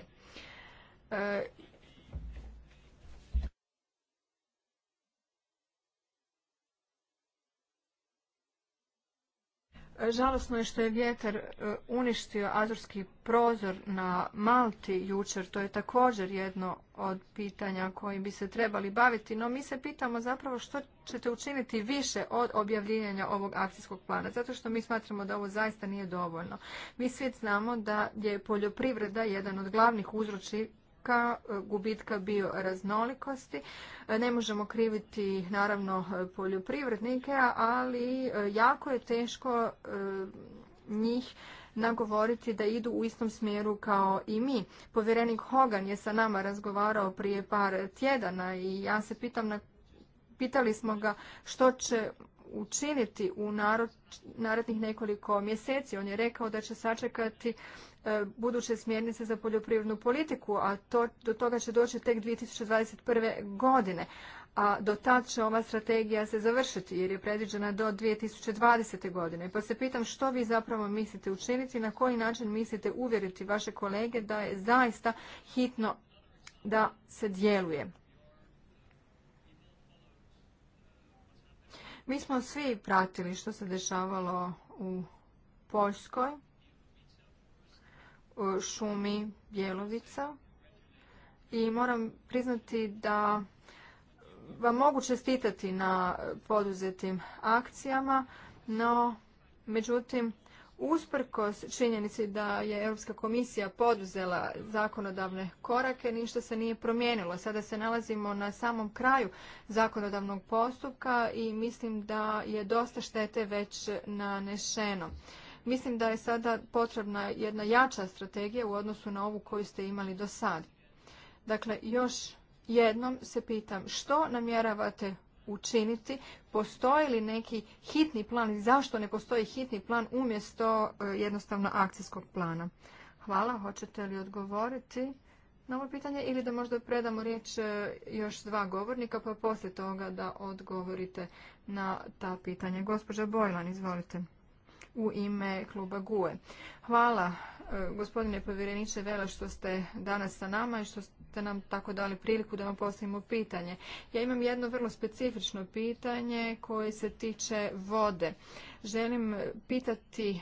Žalosno je što je vjetar e, uništio azorski prozor na Malti jučer. To je također jedno od pitanja kojim bi se trebali baviti. No mi se pitamo zapravo što ćete učiniti više od objavljivanja ovog akcijskog plana. Zato što mi smatramo da ovo zaista nije dovoljno. Mi svi znamo da je poljoprivreda jedan od glavnih uzročnika gubitka, e, gubitka bioraznolikosti. E, ne možemo kriviti naravno poljoprivrednike, ali e, jako je teško njih nagovoriti da idu u istom smjeru kao i mi. Povjerenik Hogan je sa nama razgovarao prije par tjedana i ja se pitam na Pitali smo ga što će učiniti u narednih nekoliko mjeseci. On je rekao da će sačekati e, buduće smjernice za poljoprivrednu politiku, a do toga će doći tek 2021. godine. A do tad će ova strategija se završiti jer je predviđena do 2020. godine. Pa se pitam što vi zapravo mislite učiniti, i na koji način mislite uvjeriti vaše kolege da je zaista hitno da se djeluje. Mi smo svi pratili što se dešavalo u Poljskoj, u šumi Bjelovica i moram priznati da vam mogu čestitati na poduzetim akcijama, no međutim Usprkos činjenici da je Europska komisija poduzela zakonodavne korake, ništa se nije promijenilo. Sada se nalazimo na samom kraju zakonodavnog postupka i mislim da je dosta štete već nanešeno. Mislim da je sada potrebna jedna jača strategija u odnosu na ovu koju ste imali do sad. Dakle, još jednom se pitam što namjeravate učiniti? Postoji li neki hitni plan i zašto ne postoji hitni plan umjesto e, jednostavno akcijskog plana? Hvala, hoćete li odgovoriti na ovo pitanje ili da možda predamo riječ e, još dva govornika pa poslije toga da odgovorite na ta pitanja. Gospođa Bojlan, izvolite u ime kluba GUE. Hvala e, gospodine povjereniče Vela što ste danas sa nama i što ste ste nam tako dali priliku da vam postavimo pitanje. Ja imam jedno vrlo specifično pitanje koje se tiče vode. Želim pitati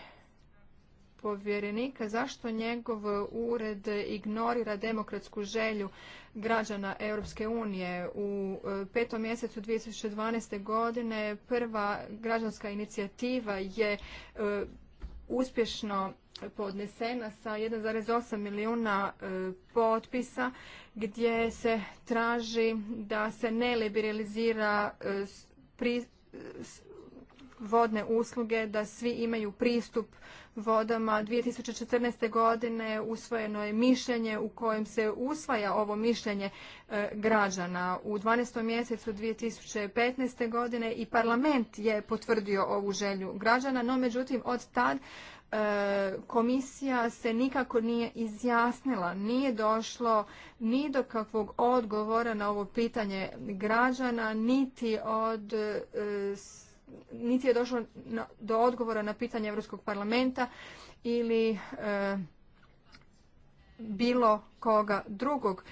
povjerenika zašto njegov ured ignorira demokratsku želju građana Europske unije. U e, petom mjesecu 2012. godine prva građanska inicijativa je e, uspješno podnesena sa 1,8 milijuna e, potpisa gdje se traži da se ne liberalizira e, e, vodne usluge, da svi imaju pristup vodama. 2014. godine usvojeno je mišljenje u kojem se usvaja ovo mišljenje građana. U 12. mjesecu 2015. godine i parlament je potvrdio ovu želju građana, no međutim od tad E, komisija se nikako nije izjasnila, nije došlo ni do kakvog odgovora na ovo pitanje građana, niti od e, niti je došlo do odgovora na pitanje Europskog parlamenta ili e, bilo koga drugog.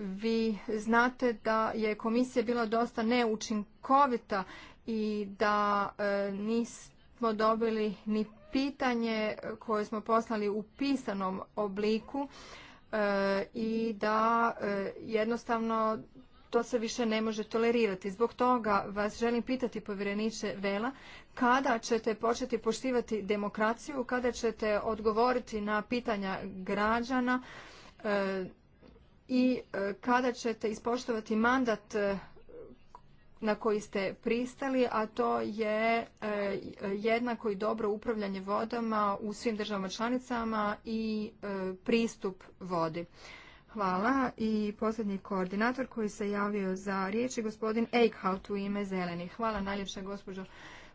Vi znate da je komisija bila dosta neučinkovita i da nismo dobili ni pitanje koje smo poslali u pisanom obliku e, i da e, jednostavno to se više ne može tolerirati. Zbog toga vas želim pitati, povjereniče Vela, kada ćete početi poštivati demokraciju, kada ćete odgovoriti na pitanja građana e, i kada ćete ispoštovati mandat na koji ste pristali, a to je e, jednako i dobro upravljanje vodama u svim državama članicama i e, pristup vodi. Hvala. I posljednji koordinator koji se javio za riječ je gospodin Eichhout u ime zeleni. Hvala najljepša gospođo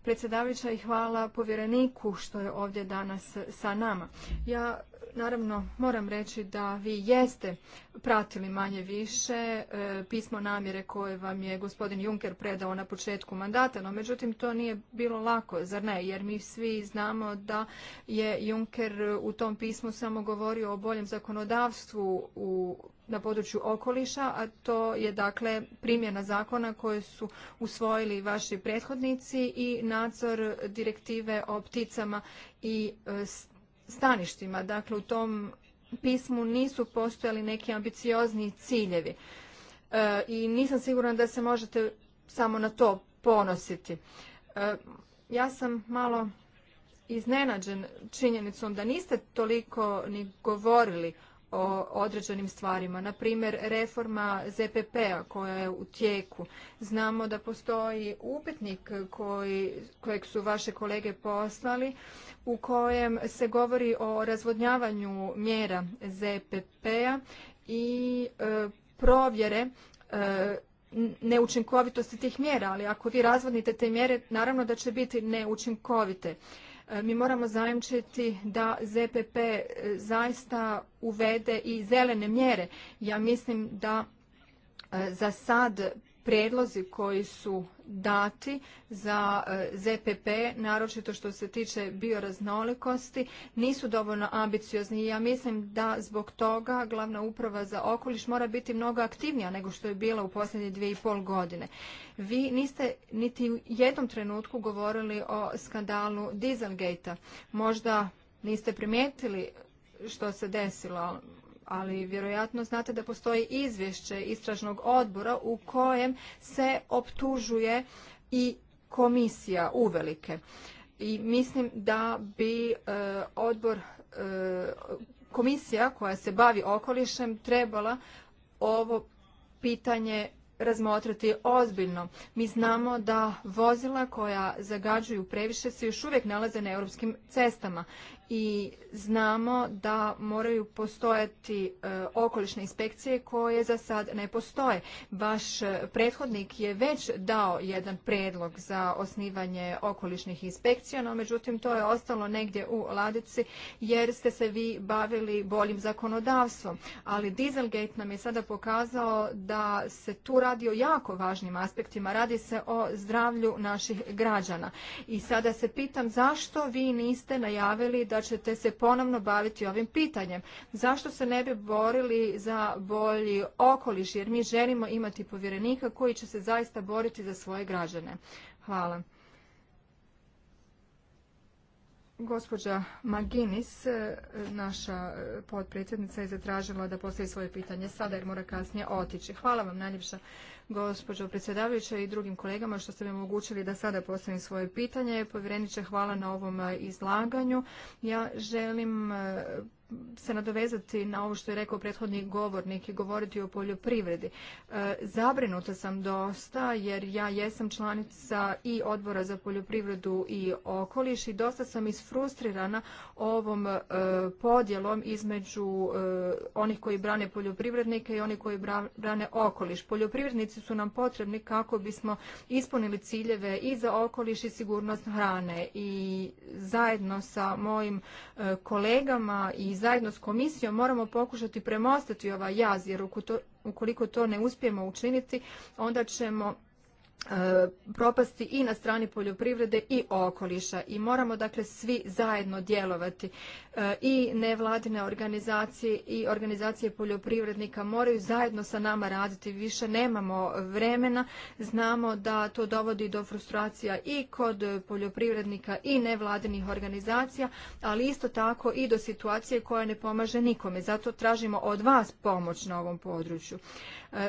predsjedavajuća i hvala povjereniku što je ovdje danas sa nama. Ja Naravno, moram reći da vi jeste pratili manje više e, pismo namjere koje vam je gospodin Juncker predao na početku mandata, no međutim to nije bilo lako, zar ne? Jer mi svi znamo da je Juncker u tom pismu samo govorio o boljem zakonodavstvu u na području okoliša, a to je dakle primjena zakona koje su usvojili vaši prethodnici i nadzor direktive o pticama i e, staništima. Dakle, u tom pismu nisu postojali neki ambiciozni ciljevi. E, I nisam sigurna da se možete samo na to ponositi. E, ja sam malo iznenađen činjenicom da niste toliko ni govorili o određenim stvarima. Na primjer, reforma ZPP-a koja je u tijeku. Znamo da postoji upitnik kojeg su vaše kolege poslali u kojem se govori o razvodnjavanju mjera ZPP-a i e, provjere e, neučinkovitosti tih mjera, ali ako vi razvodnite te mjere, naravno da će biti neučinkovite. E, mi moramo zajamčiti da ZPP e, zaista uvede i zelene mjere. Ja mislim da e, za sad prijedlozi koji su dati za e, ZPP, naročito što se tiče bioraznolikosti, nisu dovoljno ambiciozni i ja mislim da zbog toga glavna uprava za okoliš mora biti mnogo aktivnija nego što je bila u posljednje dvije i pol godine. Vi niste niti u jednom trenutku govorili o skandalu Dieselgate-a. Možda niste primijetili što se desilo, ali vjerojatno znate da postoji izvješće istražnog odbora u kojem se optužuje i komisija uvelike. I mislim da bi e, odbor, e, komisija koja se bavi okolišem trebala ovo pitanje razmotriti ozbiljno. Mi znamo da vozila koja zagađuju previše se još uvijek nalaze na europskim cestama i znamo da moraju postojati e, okolišne inspekcije koje za sad ne postoje. Vaš e, prethodnik je već dao jedan predlog za osnivanje okolišnih inspekcija, no međutim to je ostalo negdje u ladici jer ste se vi bavili boljim zakonodavstvom. Ali Dieselgate nam je sada pokazao da se tu radi o jako važnim aspektima. Radi se o zdravlju naših građana. I sada se pitam zašto vi niste najavili da da ćete se ponovno baviti ovim pitanjem. Zašto se ne bi borili za bolji okoliš jer mi želimo imati povjerenika koji će se zaista boriti za svoje građane. Hvala. Gospođa Maginis, naša potpredsjednica, je zatražila da postavi svoje pitanje sada jer mora kasnije otići. Hvala vam najljepša gospođo predsjedavajuća i drugim kolegama što ste mi omogućili da sada postavim svoje pitanje. Povjereniče, hvala na ovom izlaganju. Ja želim se nadovezati na ovo što je rekao prethodni govornik i govoriti o poljoprivredi. E, zabrinuta sam dosta jer ja jesam članica i odbora za poljoprivredu i okoliš i dosta sam isfrustrirana ovom e, podjelom između e, onih koji brane poljoprivrednike i oni koji brane okoliš. Poljoprivrednici su nam potrebni kako bismo ispunili ciljeve i za okoliš i sigurnost hrane i zajedno sa mojim kolegama i zajedno s komisijom moramo pokušati premostiti ovaj jaz jer ukoliko to ne uspijemo učiniti onda ćemo E, propasti i na strani poljoprivrede i okoliša i moramo dakle svi zajedno djelovati e, i nevladine organizacije i organizacije poljoprivrednika moraju zajedno sa nama raditi više nemamo vremena znamo da to dovodi do frustracija i kod poljoprivrednika i nevladinih organizacija ali isto tako i do situacije koja ne pomaže nikome zato tražimo od vas pomoć na ovom području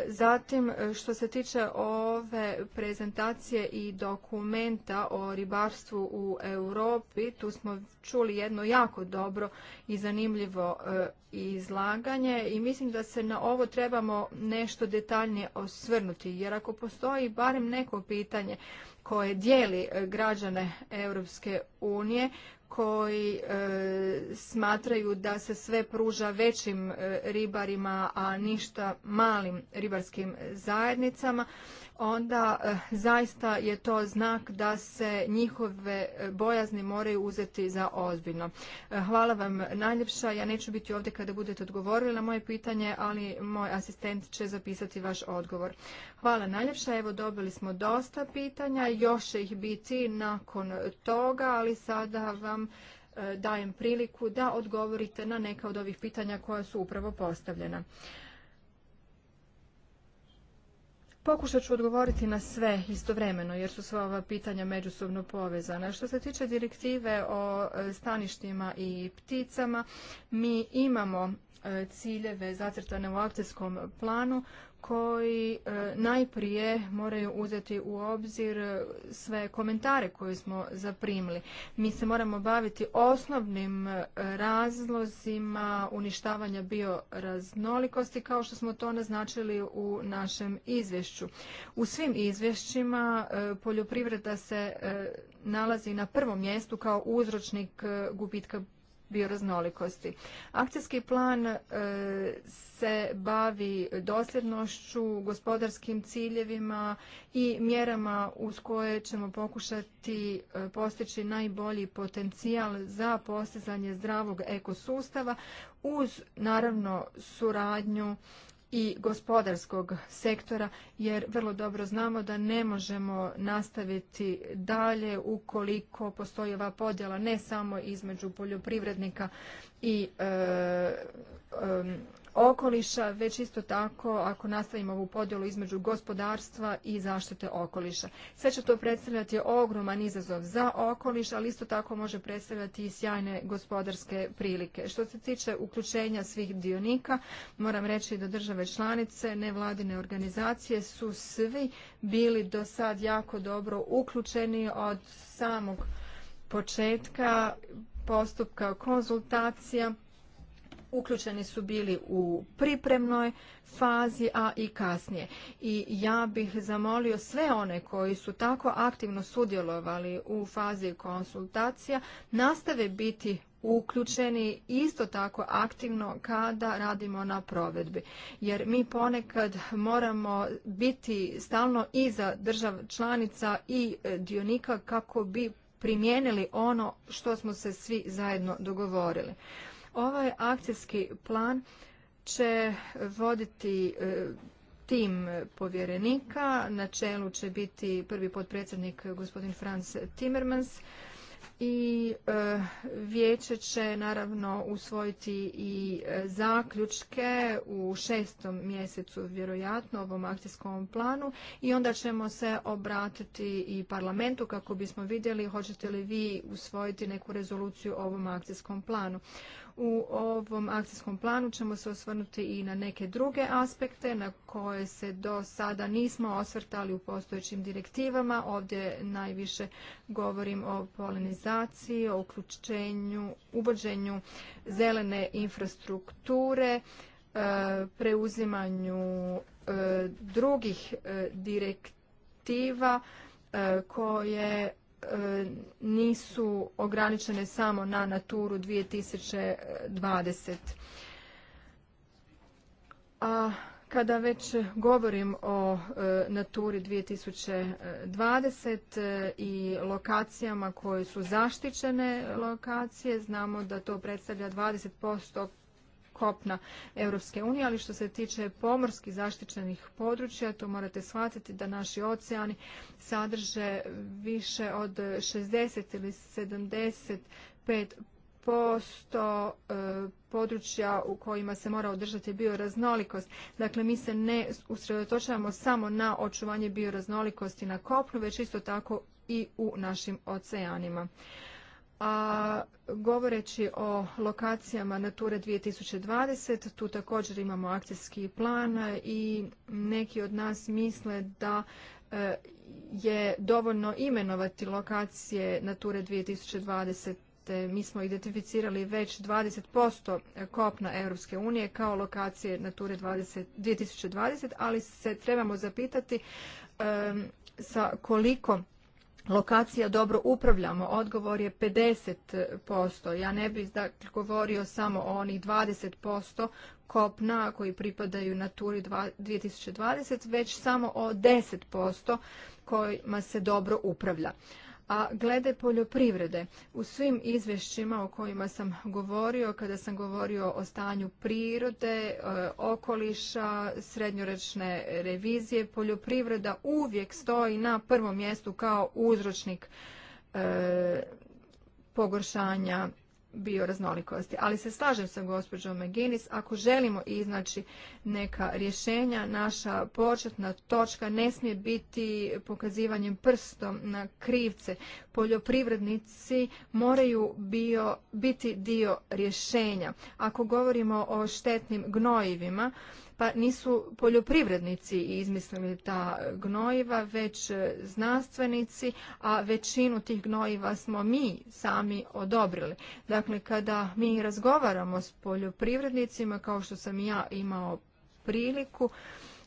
Zatim, što se tiče ove prezentacije i dokumenta o ribarstvu u Europi, tu smo čuli jedno jako dobro i zanimljivo e, izlaganje i mislim da se na ovo trebamo nešto detaljnije osvrnuti, jer ako postoji barem neko pitanje koje dijeli e, građane Europske unije, koji e, smatraju da se sve pruža većim e, ribarima, a ništa malim ribarskim zajednicama onda e, zaista je to znak da se njihove bojazni moraju uzeti za ozbiljno. E, hvala vam najljepša. Ja neću biti ovdje kada budete odgovorili na moje pitanje, ali moj asistent će zapisati vaš odgovor. Hvala najljepša. Evo dobili smo dosta pitanja. Još će ih biti nakon toga, ali sada vam e, dajem priliku da odgovorite na neka od ovih pitanja koja su upravo postavljena. Pokušat ću odgovoriti na sve istovremeno jer su sva ova pitanja međusobno povezana. Što se tiče direktive o e, staništima i pticama, mi imamo e, ciljeve zacrtane u akcijskom planu koji e, najprije moraju uzeti u obzir sve komentare koje smo zaprimili. Mi se moramo baviti osnovnim e, razlozima uništavanja bioraznolikosti kao što smo to naznačili u našem izvješću. U svim izvješćima e, poljoprivreda se nalazi na prvom mjestu kao uzročnik gubitka bioraznolikosti. Akcijski plan e, se bavi dosljednošću, gospodarskim ciljevima i mjerama uz koje ćemo pokušati e, postići najbolji potencijal za postizanje zdravog ekosustava uz naravno suradnju i gospodarskog sektora jer vrlo dobro znamo da ne možemo nastaviti dalje ukoliko postoji ova podjela ne samo između poljoprivrednika i e, e, okoliša, već isto tako ako nastavimo ovu podjelu između gospodarstva i zaštite okoliša. Sve će to predstavljati ogroman izazov za okoliš, ali isto tako može predstavljati i sjajne gospodarske prilike. Što se tiče uključenja svih dionika, moram reći da države članice, nevladine organizacije su svi bili do sad jako dobro uključeni od samog početka postupka konzultacija uključeni su bili u pripremnoj fazi, a i kasnije. I ja bih zamolio sve one koji su tako aktivno sudjelovali u fazi konsultacija, nastave biti uključeni isto tako aktivno kada radimo na provedbi. Jer mi ponekad moramo biti stalno iza država članica i e, dionika kako bi primijenili ono što smo se svi zajedno dogovorili. Ovaj akcijski plan će voditi e, tim povjerenika. Na čelu će biti prvi potpredsjednik gospodin Franz Timmermans i e, vijeće će naravno usvojiti i e, zaključke u šestom mjesecu vjerojatno ovom akcijskom planu i onda ćemo se obratiti i parlamentu kako bismo vidjeli hoćete li vi usvojiti neku rezoluciju ovom akcijskom planu. U ovom akcijskom planu ćemo se osvrnuti i na neke druge aspekte na koje se do sada nismo osvrtali u postojećim direktivama. Ovdje najviše govorim o polinizaciji, o uključenju, uvođenju zelene infrastrukture, e, preuzimanju e, drugih e, direktiva koje nisu ograničene samo na naturu 2020. A kada već govorim o e, naturi 2020 e, i lokacijama koje su zaštićene lokacije, znamo da to predstavlja 20% kopna Europske unije, ali što se tiče pomorski zaštićenih područja, to morate shvatiti da naši oceani sadrže više od 60 ili 75 posto e, područja u kojima se mora održati bioraznolikost. Dakle, mi se ne usredotočavamo samo na očuvanje bioraznolikosti na kopnu, već isto tako i u našim oceanima a govoreći o lokacijama Nature 2020, tu također imamo akcijski plan i neki od nas misle da e, je dovoljno imenovati lokacije Nature 2020. Mi smo identificirali već 20% kopna Europske unije kao lokacije Nature 2020, ali se trebamo zapitati e, sa koliko lokacija dobro upravljamo? Odgovor je 50%. Ja ne bih dakle, govorio samo o onih 20% kopna koji pripadaju Naturi 2020, već samo o 10% kojima se dobro upravlja. A glede poljoprivrede, u svim izvješćima o kojima sam govorio, kada sam govorio o stanju prirode, e, okoliša, srednjoročne revizije, poljoprivreda uvijek stoji na prvom mjestu kao uzročnik e, pogoršanja bioraznolikosti. Ali se slažem sa gospođom Meginis, ako želimo iznaći neka rješenja, naša početna točka ne smije biti pokazivanjem prstom na krivce. Poljoprivrednici moraju bio, biti dio rješenja. Ako govorimo o štetnim gnojivima, pa nisu poljoprivrednici izmislili ta gnojiva, već znanstvenici, a većinu tih gnojiva smo mi sami odobrili. Dakle, kada mi razgovaramo s poljoprivrednicima, kao što sam ja imao priliku,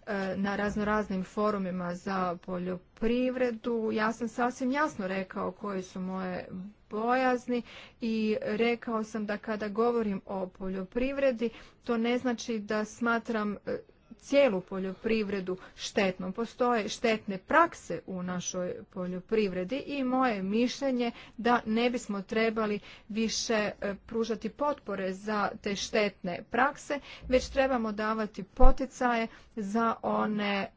E, na raznoraznim forumima za poljoprivredu. Ja sam sasvim jasno rekao koje su moje bojazni i rekao sam da kada govorim o poljoprivredi, to ne znači da smatram e, cijelu poljoprivredu štetnom. Postoje štetne prakse u našoj poljoprivredi i moje mišljenje da ne bismo trebali više e, pružati potpore za te štetne prakse, već trebamo davati poticaje za one e,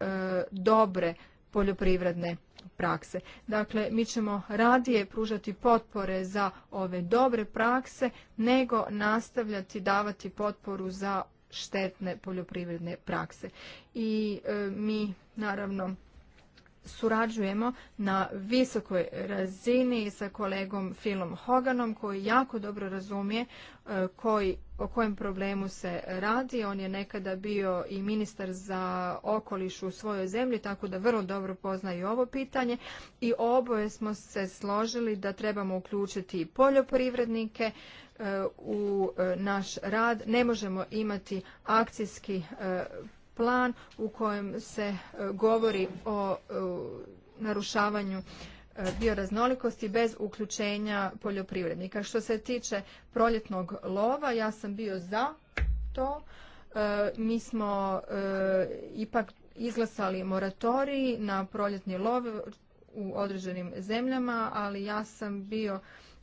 dobre poljoprivredne prakse. Dakle, mi ćemo radije pružati potpore za ove dobre prakse nego nastavljati davati potporu za štetne poljoprivredne prakse. I e, mi naravno surađujemo na visokoj razini sa kolegom Philom Hoganom koji jako dobro razumije e, koji, o kojem problemu se radi. On je nekada bio i ministar za okoliš u svojoj zemlji, tako da vrlo dobro poznaju ovo pitanje. I oboje smo se složili da trebamo uključiti poljoprivrednike, E, u e, naš rad. Ne možemo imati akcijski e, plan u kojem se govori o narušavanju bioraznolikosti bez uključenja poljoprivrednika. Što se tiče proljetnog lova, ja sam bio za to. Mi smo ipak izglasali moratorij na proljetni lov u određenim zemljama, ali ja sam bio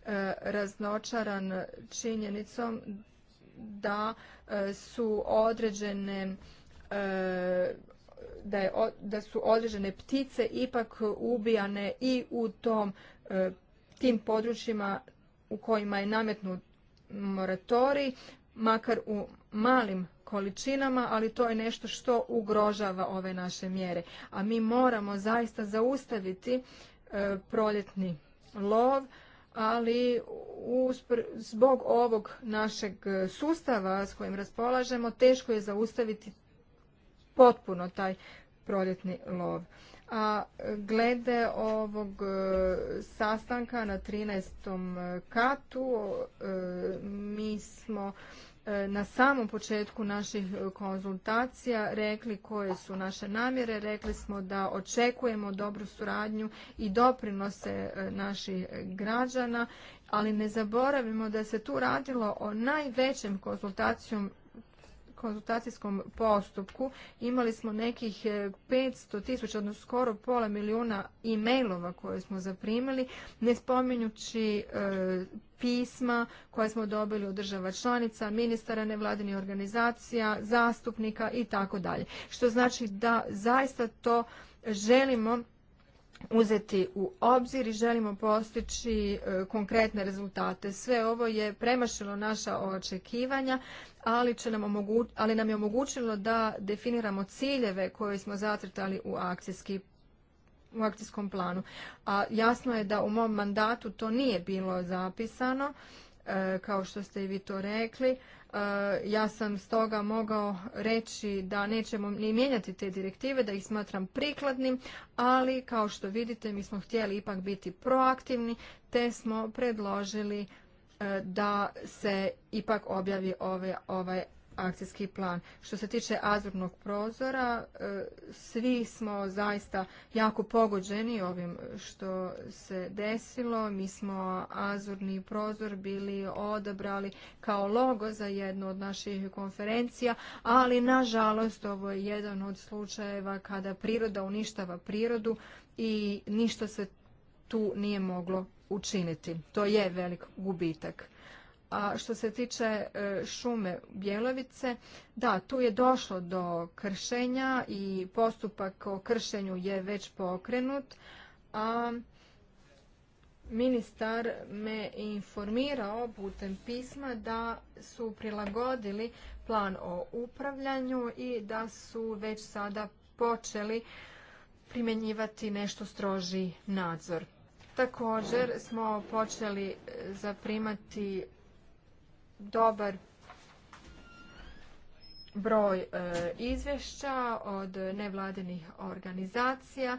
E, raznočaran činjenicom da e, su određene e, da, su određene ptice ipak ubijane i u tom tim područjima u kojima je nametnut moratorij, makar u malim količinama, ali to je nešto što ugrožava ove naše mjere. A mi moramo zaista zaustaviti proljetni lov ali uspr zbog ovog našeg sustava s kojim raspolažemo teško je zaustaviti potpuno taj proljetni lov. A glede ovog e, sastanka na 13. katu e, mi smo E, na samom početku naših e, konzultacija rekli koje su naše namjere, rekli smo da očekujemo dobru suradnju i doprinose e, naših građana, ali ne zaboravimo da se tu radilo o najvećem konzultacijom konzultacijskom postupku imali smo nekih 500 e, tisuća, odnosno skoro pola milijuna e-mailova koje smo zaprimili, ne spominjući e, pisma koje smo dobili od država članica, ministara nevladinih organizacija, zastupnika i tako dalje. Što znači da zaista to želimo uzeti u obzir i želimo postići e, konkretne rezultate. Sve ovo je premašilo naša očekivanja, ali, će nam ali nam je omogućilo da definiramo ciljeve koje smo zacrtali u u akcijskom planu. A jasno je da u mom mandatu to nije bilo zapisano, e, kao što ste i vi to rekli, E, ja sam stoga mogao reći da nećemo ni mijenjati te direktive, da ih smatram prikladnim, ali kao što vidite mi smo htjeli ipak biti proaktivni te smo predložili e, da se ipak objavi ove, ovaj akcijski plan. Što se tiče azurnog prozora, e, svi smo zaista jako pogođeni ovim što se desilo. Mi smo azurni prozor bili odabrali kao logo za jednu od naših konferencija, ali nažalost ovo je jedan od slučajeva kada priroda uništava prirodu i ništa se tu nije moglo učiniti. To je velik gubitak. A što se tiče e, šume Bjelovice, da, tu je došlo do kršenja i postupak o kršenju je već pokrenut, a ministar me informirao putem pisma da su prilagodili plan o upravljanju i da su već sada počeli primjenjivati nešto stroži nadzor. Također smo počeli e, zaprimati dobar broj e, izvješća od nevladinih organizacija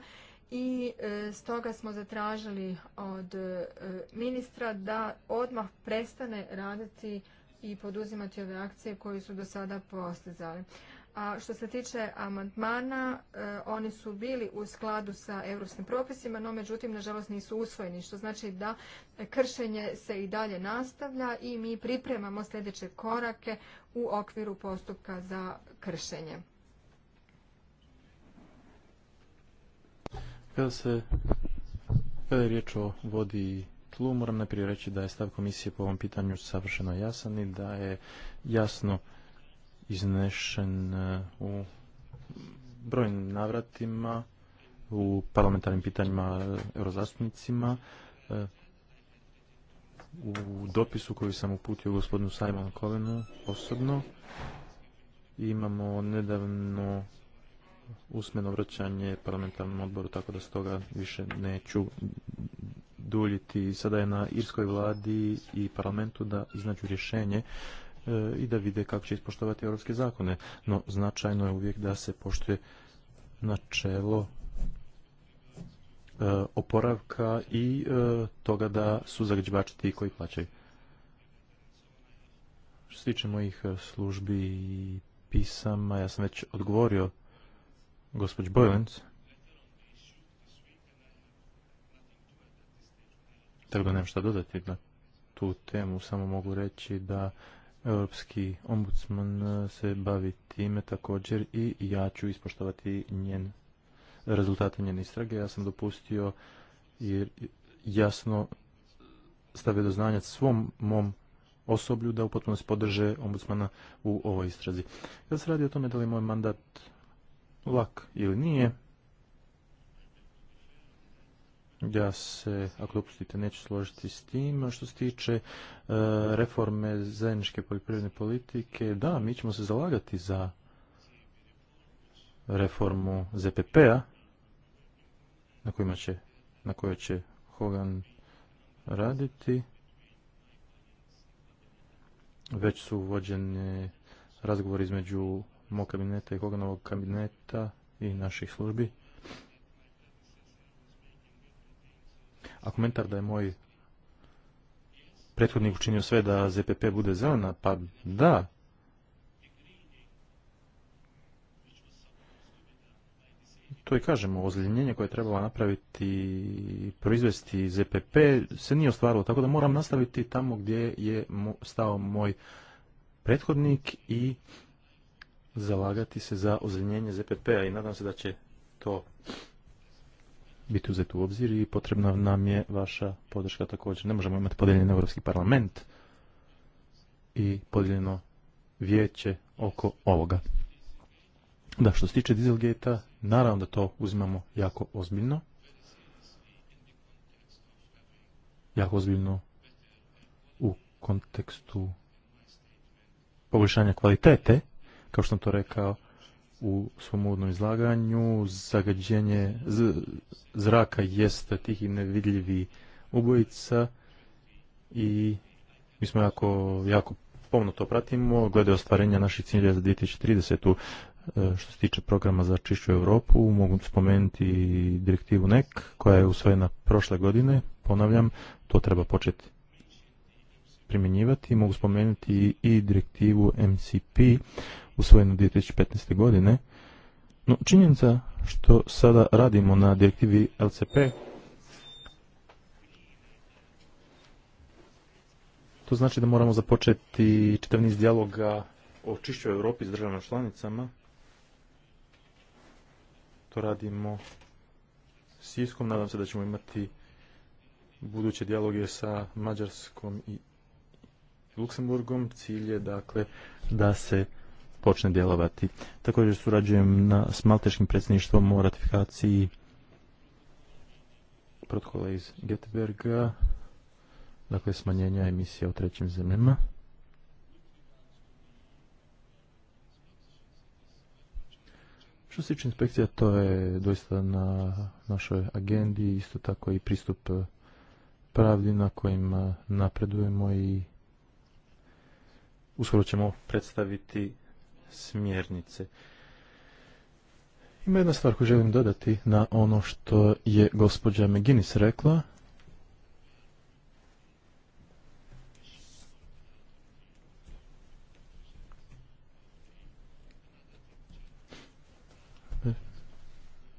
i e, stoga smo zatražili od e, ministra da odmah prestane raditi i poduzimati ove akcije koje su do sada postizali. A što se tiče amandmana, e, oni su bili u skladu sa europskim propisima, no međutim, nažalost, nisu usvojeni, što znači da kršenje se i dalje nastavlja i mi pripremamo sljedeće korake u okviru postupka za kršenje. Kada se kada je riječ o vodi tlu, moram najprije reći da je stav komisije po ovom pitanju savršeno jasan i da je jasno iznešen uh, u brojnim navratima u parlamentarnim pitanjima eurozastupnicima uh, u dopisu koji sam uputio gospodinu Simon Kovenu osobno imamo nedavno usmeno vraćanje parlamentarnom odboru tako da stoga više neću duljiti sada je na irskoj vladi i parlamentu da iznađu rješenje E, i da vide kako će ispoštovati europske zakone. No, značajno je uvijek da se poštuje načelo e, oporavka i e, toga da su zagađivači ti koji plaćaju. Što se tiče mojih službi i pisama, ja sam već odgovorio gospođ Bojlenc. Tako da nemam šta dodati na tu temu, samo mogu reći da Europski ombudsman e, se bavi time također i ja ću ispoštovati njen rezultate njene istrage. Ja sam dopustio jer jasno stavio do znanja svom mom osoblju da u potpunosti podrže ombudsmana u ovoj istrazi. Kad se radi o tome da li moj mandat lak ili nije, ja se, ako dopustite, neću složiti s tim. Što se tiče e, reforme zajedničke poljoprivredne politike, da, mi ćemo se zalagati za reformu ZPP-a, na, kojima će, na kojoj će Hogan raditi. Već su uvođene razgovori između mog kabineta i Hoganovog kabineta i naših službi. A komentar da je moj prethodnik učinio sve da ZPP bude zelena, pa da. To i kažemo, ozljenjenje koje je trebalo napraviti, proizvesti ZPP se nije ostvarilo, tako da moram nastaviti tamo gdje je stao moj prethodnik i zalagati se za ozljenjenje ZPP-a i nadam se da će to biti uzeti u obzir i potrebna nam je vaša podrška također. Ne možemo imati podijeljen Europski parlament i podijeljeno vijeće oko ovoga. Da, što se tiče Dieselgate-a, naravno da to uzimamo jako ozbiljno. Jako ozbiljno u kontekstu poboljšanja kvalitete, kao što sam to rekao, u svom uvodnom izlaganju, zagađenje zraka jeste tih nevidljivi ubojica i mi smo jako, jako pomno to pratimo, glede ostvarenja naših cilja za 2030. E, što se tiče programa za čišću Europu, mogu spomenuti direktivu NEC koja je usvojena prošle godine, ponavljam, to treba početi primjenjivati. Mogu spomenuti i direktivu MCP usvojeno 2015. godine. No, činjenica što sada radimo na direktivi LCP, to znači da moramo započeti čitav niz dijaloga o čišćoj Europi s državama članicama. To radimo s Iskom, nadam se da ćemo imati buduće dijaloge sa Mađarskom i Luksemburgom. Cilj je dakle da se počne djelovati. Također surađujem na, s malteškim predsjedništvom o ratifikaciji protokola iz Göteborga, dakle smanjenja emisija u trećim zemljama. Što se tiče inspekcija, to je doista na našoj agendi, isto tako i pristup pravdi na kojim napredujemo i uskoro ćemo predstaviti smjernice. Ima jedna stvar koju želim dodati na ono što je gospođa McGinnis rekla.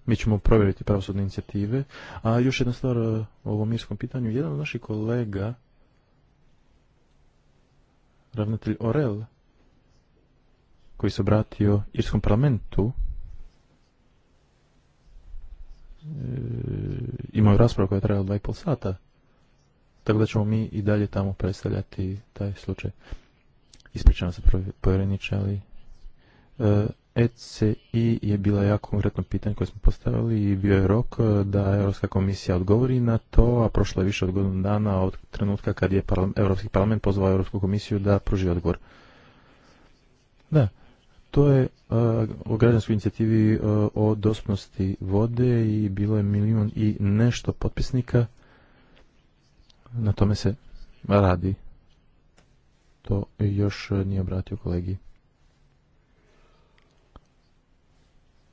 Mi ćemo provjeriti pravosudne inicijative. A još jedna stvar o ovom mirskom pitanju. Jedan od naših kolega, ravnatelj Orel, koji se obratio Irskom parlamentu e, imao raspravu koja je trajala dva i pol sata. Tako da ćemo mi i dalje tamo predstavljati taj slučaj. Ispričavam se povjereniče, ali e, ECI je bila jako konkretno pitanje koje smo postavili i bio je rok e, da Europska komisija odgovori na to, a prošlo je više od godinu dana od trenutka kad je Europski parlament pozvao Europsku komisiju da pruži odgovor. Da, to je e, o građanskoj inicijativi e, o dostupnosti vode i bilo je milijun i nešto potpisnika. Na tome se radi. To još nije obratio kolegi.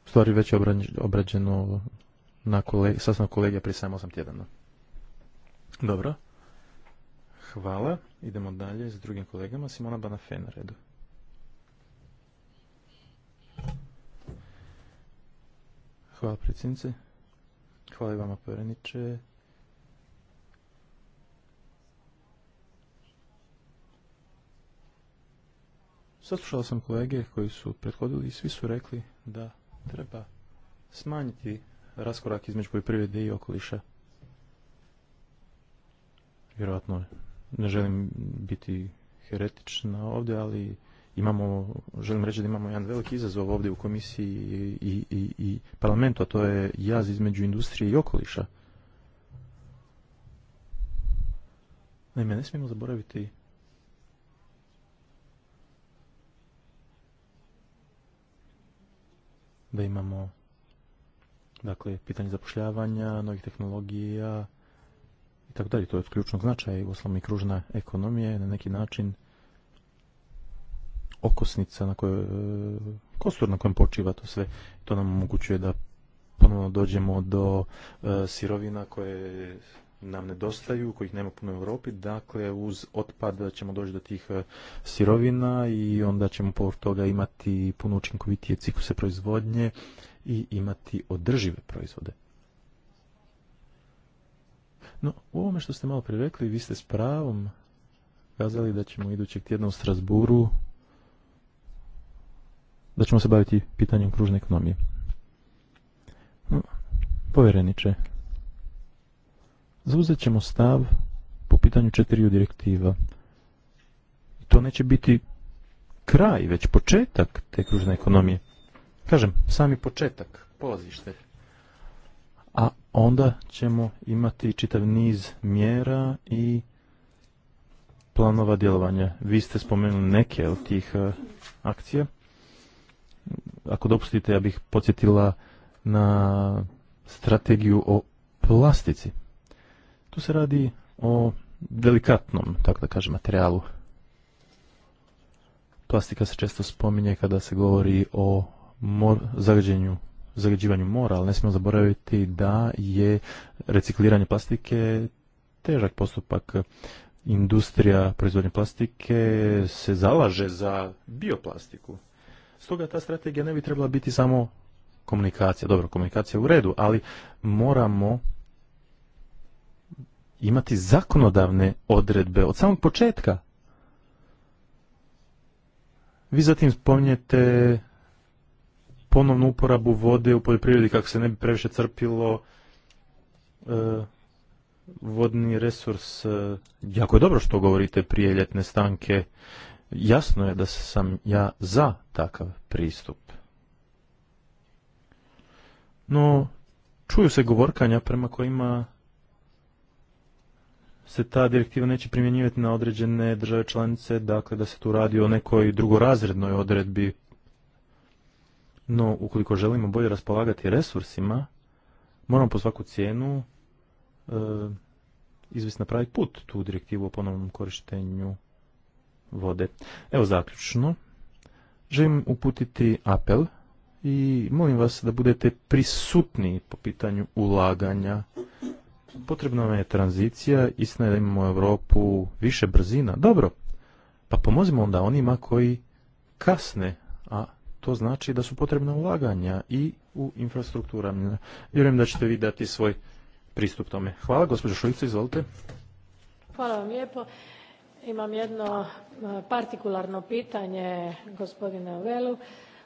U stvari već je obrađeno na kolegi, sasno kolegija prije samo sam tjedana. Dobro. Hvala. Idemo dalje s drugim kolegama. Simona na redu. Hvala predsjednice. Hvala i vama povjereniče. Saslušao sam kolege koji su prethodili i svi su rekli da treba smanjiti raskorak između poljoprivrede i okoliša. Vjerojatno ne želim biti heretična ovdje, ali imamo, želim reći da imamo jedan veliki izazov ovdje u komisiji i, i, i parlamentu, a to je jaz između industrije i okoliša. Naime, ne smijemo zaboraviti da imamo dakle, pitanje zapošljavanja, novih tehnologija i tako dalje. To je od ključnog značaja i osnovni kružna ekonomije na neki način okosnica na kojoj, e, kostur na kojem počiva to sve. To nam omogućuje da ponovno dođemo do e, sirovina koje nam nedostaju, kojih nema puno u Europi, dakle uz otpad ćemo doći do tih e, sirovina i onda ćemo po toga imati puno učinkovitije cikluse proizvodnje i imati održive proizvode. No, u ovome što ste malo prirekli, vi ste s pravom kazali da ćemo idućeg tjedna u Strasburu da ćemo se baviti pitanjem kružne ekonomije. Povjereniče, zauzet ćemo stav po pitanju četiriju direktiva. To neće biti kraj, već početak te kružne ekonomije. Kažem, sami početak, polazište. A onda ćemo imati čitav niz mjera i planova djelovanja. Vi ste spomenuli neke od tih eh, akcija ako dopustite, ja bih podsjetila na strategiju o plastici. Tu se radi o delikatnom, tako da kažem, materijalu. Plastika se često spominje kada se govori o zagađenju, zagađivanju mora, ali ne smijemo zaboraviti da je recikliranje plastike težak postupak. Industrija proizvodnje plastike se zalaže za bioplastiku. Stoga ta strategija ne bi trebala biti samo komunikacija. Dobro, komunikacija je u redu, ali moramo imati zakonodavne odredbe od samog početka. Vi zatim spominjete ponovnu uporabu vode u poljoprivredi kako se ne bi previše crpilo e, vodni resurs. E, jako je dobro što govorite prije ljetne stanke. Jasno je da sam ja za takav pristup. No, čuju se govorkanja prema kojima se ta direktiva neće primjenjivati na određene države članice, dakle da se tu radi o nekoj drugorazrednoj odredbi. No, ukoliko želimo bolje raspolagati resursima, moramo po svaku cijenu e, izvesti na put tu direktivu o ponovnom korištenju vode. Evo zaključno, želim uputiti apel i molim vas da budete prisutni po pitanju ulaganja. Potrebna vam je tranzicija, istina da imamo u Europu više brzina. Dobro, pa pomozimo onda onima koji kasne, a to znači da su potrebna ulaganja i u infrastruktura. Vjerujem da ćete vi dati svoj pristup tome. Hvala, gospođo Šulica, izvolite. Hvala vam lijepo imam jedno partikularno pitanje gospodinu velu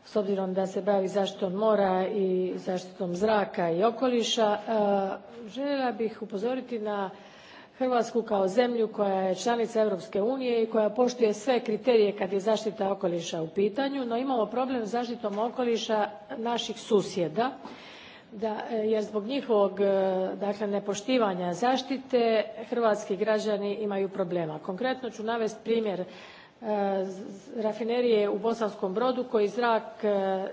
s obzirom da se bavi zaštitom mora i zaštitom zraka i okoliša željela bih upozoriti na hrvatsku kao zemlju koja je članica europske unije i koja poštuje sve kriterije kad je zaštita okoliša u pitanju no imamo problem s zaštitom okoliša naših susjeda da, e, jer zbog njihovog e, dakle, nepoštivanja zaštite hrvatski građani imaju problema. Konkretno ću navesti primjer e, rafinerije u Bosanskom Brodu koji zrak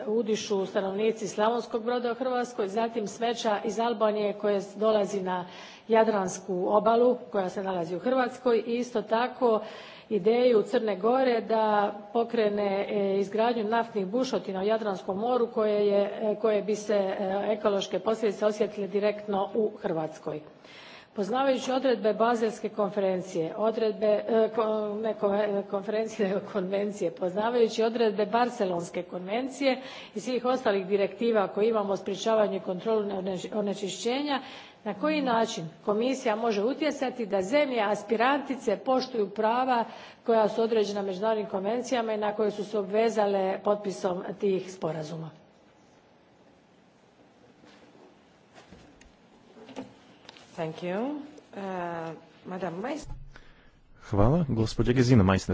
udišu stanovnici Slavonskog Broda u Hrvatskoj, zatim smeća iz Albanije koje dolazi na jadransku obalu koja se nalazi u Hrvatskoj i isto tako ideju Crne Gore da pokrene e, izgradnju naftnih bušotina u Jadranskom moru koje e, bi se e, ekološke posljedice osjetile direktno u Hrvatskoj. Poznavajući odredbe bazelske konferencije, odredbe, konferencije konvencije, poznavajući odredbe Barcelonske konvencije i svih ostalih direktiva koje imamo o sprječavanju i kontroli onečišćenja na koji način komisija može utjecati da zemlje aspirantice poštuju prava koja su određena međunarodnim konvencijama i na koje su se obvezale potpisom tih sporazuma? Uh,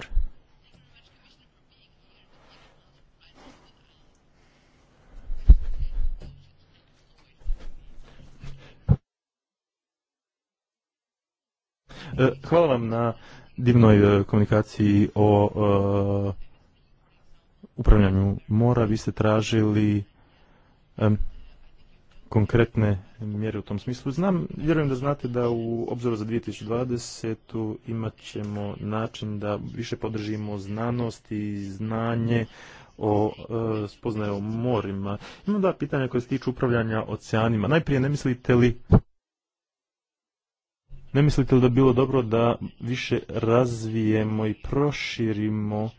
E, hvala vam na divnoj e, komunikaciji o e, upravljanju mora. Vi ste tražili konkretne mjere u tom smislu. Znam, vjerujem da znate da u obzoru za 2020. imat ćemo način da više podržimo znanost i znanje o e, o morima. Imam da pitanja koje se tiču upravljanja oceanima. Najprije ne mislite li ne mislite li da bilo dobro da više razvijemo i proširimo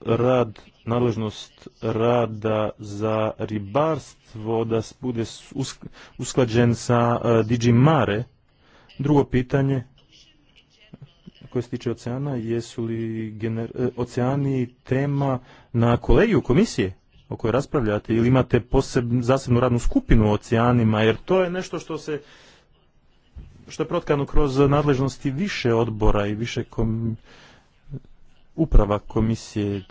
rad, nadležnost rada za ribarstvo da bude usklađen sa e, Digi Mare? Drugo pitanje koje se tiče oceana, jesu li e, oceani tema na kolegiju komisije o kojoj raspravljate ili imate poseb... zasebnu radnu skupinu o oceanima, jer to je nešto što se što je protkano kroz nadležnosti više odbora i više kom, uprava komisije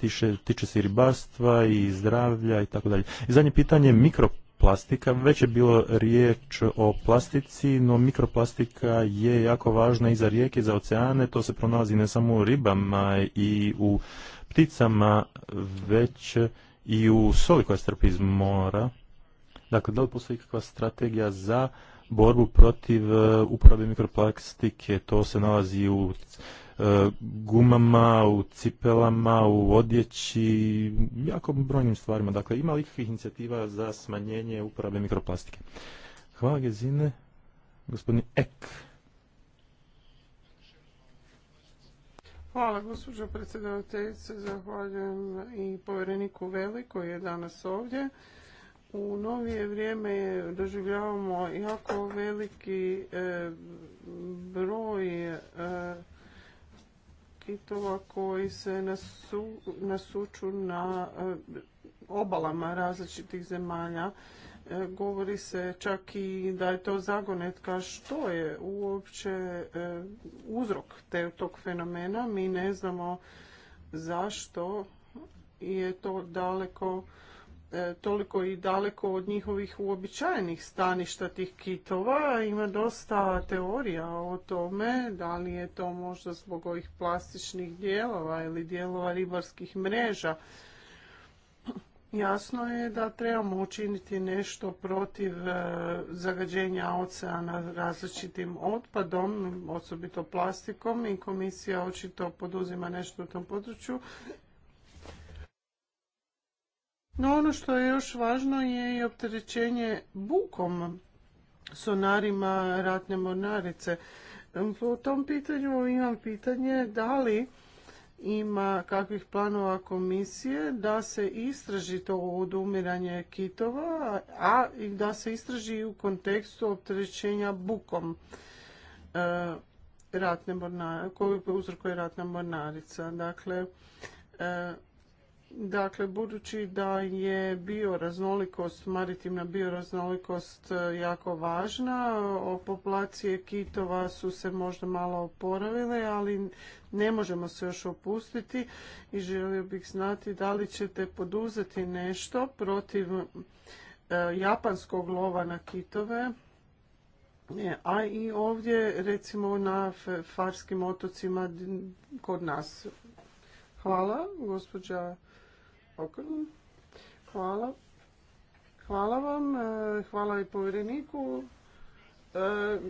tiče se i ribarstva i zdravlja i tako dalje. I zadnje pitanje, mikroplastika. Već je bilo riječ o plastici, no mikroplastika je jako važna i za rijeke, i za oceane. To se pronalazi ne samo u ribama i u pticama, već i u soli koja strpi iz mora. Dakle, da li postoji kakva strategija za borbu protiv e, uporabe mikroplastike. To se nalazi u e, gumama, u cipelama, u odjeći, jako brojnim stvarima. Dakle, ima li ikakvih inicijativa za smanjenje uporabe mikroplastike? Hvala Gezine. Gospodin Ek. Hvala gospođo predsjedavateljice, zahvaljujem i povjereniku Veli koji je danas ovdje u novije vrijeme doživljavamo jako veliki e, broj e, kitova koji se nasu, nasuču na e, obalama različitih zemalja. Govori se čak i da je to zagonetka. Što je uopće uzrok tog fenomena? Mi ne znamo zašto je to daleko E, toliko i daleko od njihovih uobičajenih staništa tih kitova. Ima dosta teorija o tome, da li je to možda zbog ovih plastičnih dijelova ili dijelova ribarskih mreža. Jasno je da trebamo učiniti nešto protiv e, zagađenja oceana različitim otpadom, osobito plastikom i komisija očito poduzima nešto u tom području. No ono što je još važno je i opterećenje bukom sonarima ratne mornarice. Po tom pitanju imam pitanje da li ima kakvih planova komisije da se istraži to odumiranje kitova, a i da se istraži u kontekstu opterećenja bukom e, ratne koju uzrokuje ratna mornarica. Dakle, e, Dakle, budući da je bioraznolikost, maritimna bioraznolikost e, jako važna, populacije kitova su se možda malo oporavile, ali ne možemo se još opustiti i želio bih znati da li ćete poduzeti nešto protiv e, japanskog lova na kitove, e, a i ovdje recimo na Farskim otocima kod nas. Hvala, gospođa Hvala. Hvala vam. E, hvala i povjereniku. E,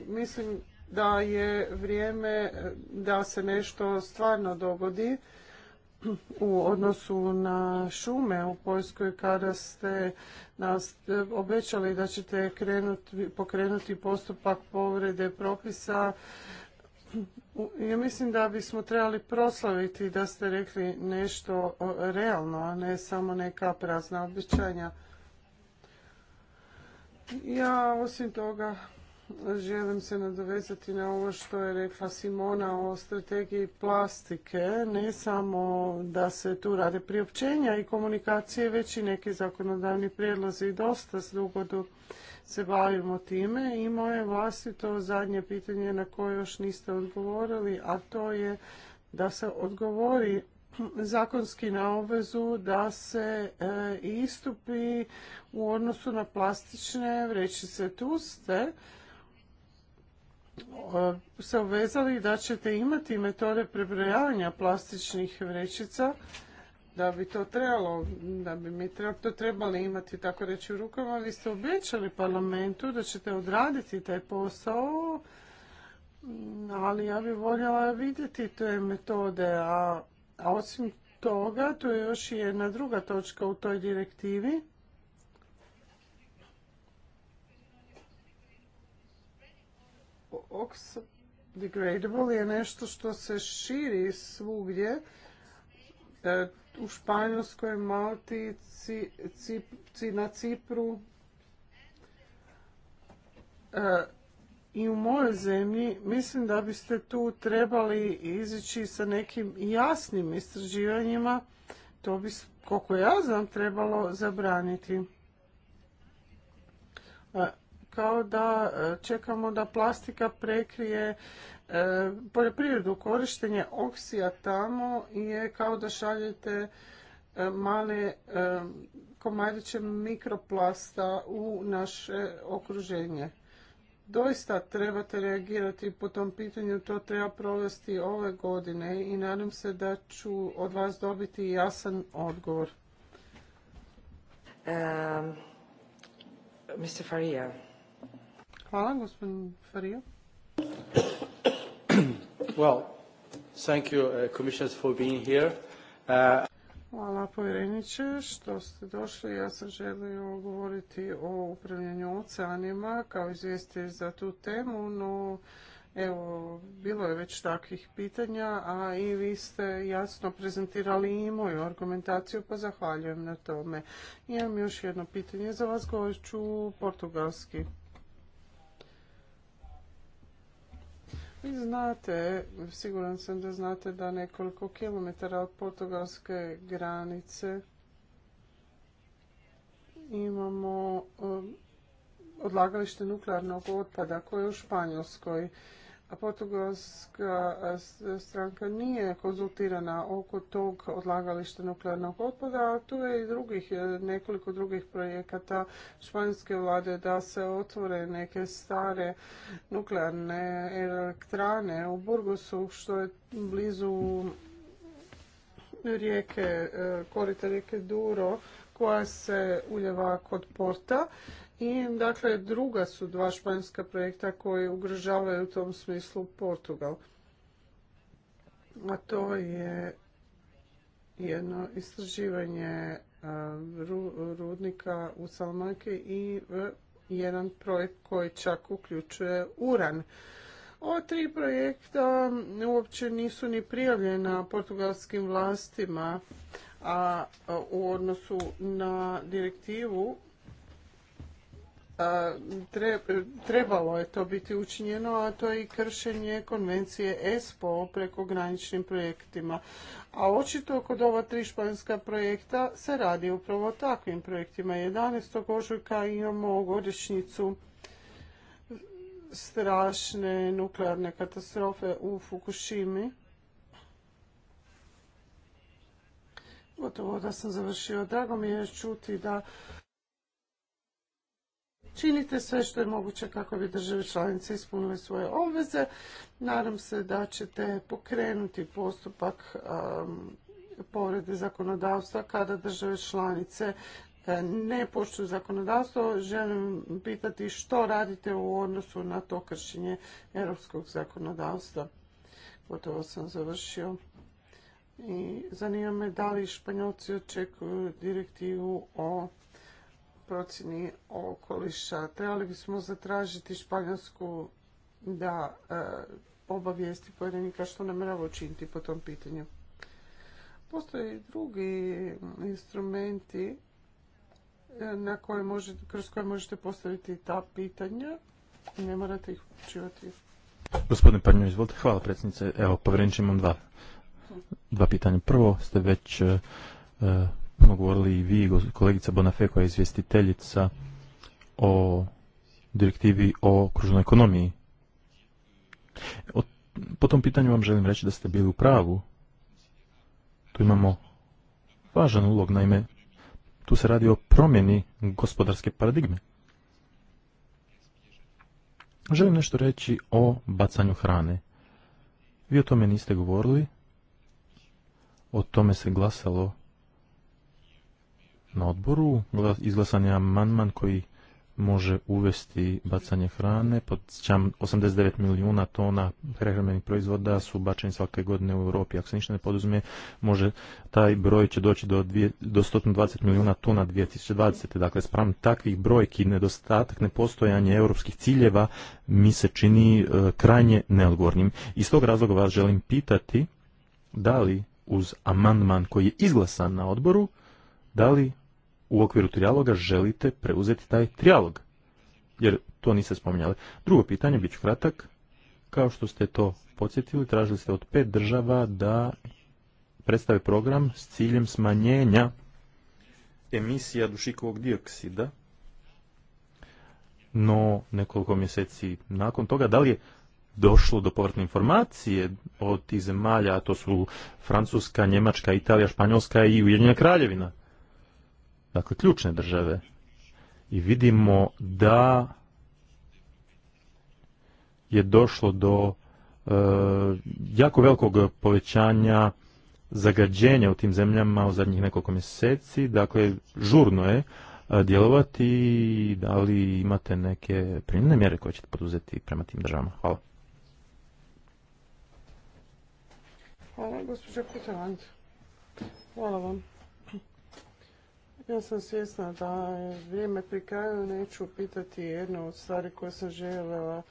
mislim da je vrijeme e, da se nešto stvarno dogodi u odnosu na šume u Poljskoj kada ste nas obećali da ćete pokrenuti postupak povrede propisa ja mislim da bismo trebali proslaviti da ste rekli nešto realno, a ne samo neka prazna običanja. Ja osim toga želim se nadovezati na ovo što je rekla Simona o strategiji plastike, ne samo da se tu rade priopćenja i komunikacije, već i neki zakonodavni prijedlozi dosta dugo se bavimo time i moje vlastito zadnje pitanje na koje još niste odgovorili, a to je da se odgovori zakonski na obvezu da se e, istupi u odnosu na plastične vrećice. Tu ste e, se obvezali da ćete imati metode prebrojavanja plastičnih vrećica da bi to trebalo, da bi mi to trebali imati tako reći u rukama. Vi ste obećali parlamentu da ćete odraditi taj posao, ali ja bih voljela vidjeti te metode, a, osim toga tu je još jedna druga točka u toj direktivi. Ox degradable je nešto što se širi svugdje E, u Španjolskoj, Malti, na Cipru e, i u mojoj zemlji mislim da biste tu trebali izići sa nekim jasnim istraživanjima. To bi, koliko ja znam, trebalo zabraniti. E, kao da čekamo da plastika prekrije E, poljoprivredu. Korištenje oksija tamo je kao da šaljete e, male e, komadiće mikroplasta u naše okruženje. Doista trebate reagirati po tom pitanju, to treba provesti ove godine i nadam se da ću od vas dobiti jasan odgovor. Hvala, gospodin Faria. Well, thank you, uh, commissioners, for being here. Uh, Hvala povjereniče što ste došli. Ja sam želio govoriti o upravljanju oceanima kao izvijesti za tu temu, no evo, bilo je već takvih pitanja, a i vi ste jasno prezentirali i moju argumentaciju, pa zahvaljujem na tome. Imam još jedno pitanje za vas, govorit ću portugalski. znate, siguran sam da znate da nekoliko kilometara od portugalske granice imamo um, odlagalište nuklearnog otpada koje je u Španjolskoj a portugalska stranka nije konzultirana oko tog odlagališta nuklearnog otpada, a tu je i drugih, e, nekoliko drugih projekata Španjske vlade da se otvore neke stare nuklearne elektrane u Burgosu, što je blizu rijeke, e, korita rijeke Duro, koja se uljeva kod porta i dakle druga su dva španjska projekta koji ugrožavaju u tom smislu Portugal. A to je jedno istraživanje rudnika u Salmanke i e, jedan projekt koji čak uključuje uran. Ova tri projekta uopće nisu ni prijavljena portugalskim vlastima a u odnosu na direktivu trebalo je to biti učinjeno, a to je i kršenje konvencije ESPO o prekograničnim projektima. A očito kod ova tri španjska projekta se radi upravo o takvim projektima. 11. ožujka imamo godišnjicu strašne nuklearne katastrofe u Fukushimi. Gotovo da sam završio. Drago mi je čuti da činite sve što je moguće kako bi države članice ispunile svoje obveze. Nadam se da ćete pokrenuti postupak um, povrede zakonodavstva kada države članice e, ne poštuju zakonodavstvo. Želim pitati što radite u odnosu na to kršenje europskog zakonodavstva. Gotovo sam završio. I zanima me da li Španjolci očekuju direktivu o procjeni okoliša. Trebali bismo zatražiti Španjolsku da e, obavijesti pojedinika što namjerava učiniti po tom pitanju. Postoje i drugi instrumenti e, na koje kroz koje možete postaviti ta pitanja. Ne morate ih učivati. Gospodin Panjo, izvolite. Hvala predsjednice. Evo, povjerenče dva, dva pitanja. Prvo ste već e, puno govorili i vi, kolegica Bonafe, koja je izvjestiteljica o direktivi o kružnoj ekonomiji. po tom pitanju vam želim reći da ste bili u pravu. Tu imamo važan ulog, naime, tu se radi o promjeni gospodarske paradigme. Želim nešto reći o bacanju hrane. Vi o tome niste govorili, o tome se glasalo na odboru izglasan je amandman koji može uvesti bacanje hrane. Pod 89 milijuna tona prehrambenih proizvoda su bačeni svake godine u Europi. Ako se ništa ne poduzme, može, taj broj će doći do, dvije, do 120 milijuna tona 2020. Dakle, spram takvih brojki, nedostatak, nepostojanje europskih ciljeva mi se čini e, krajnje neodgovornim. Iz tog razloga vas želim pitati da li uz amandman koji je izglasan na odboru, da li u okviru trijaloga želite preuzeti taj trijalog? Jer to niste spominjali. Drugo pitanje, bit ću kratak. Kao što ste to podsjetili, tražili ste od pet država da predstave program s ciljem smanjenja emisija dušikovog dioksida. No, nekoliko mjeseci nakon toga, da li je došlo do povratne informacije od tih zemalja, a to su Francuska, Njemačka, Italija, Španjolska i Ujedinjena Kraljevina? dakle ključne države i vidimo da je došlo do e, jako velikog povećanja zagađenja u tim zemljama u zadnjih nekoliko mjeseci, dakle žurno je e, djelovati i da li imate neke primjene mjere koje ćete poduzeti prema tim državama? Hvala. Hvala, gospođa Hvala vam. Ja sam svjesna da je vrijeme pri kraju neću pitati jednu od stvari koje sam željela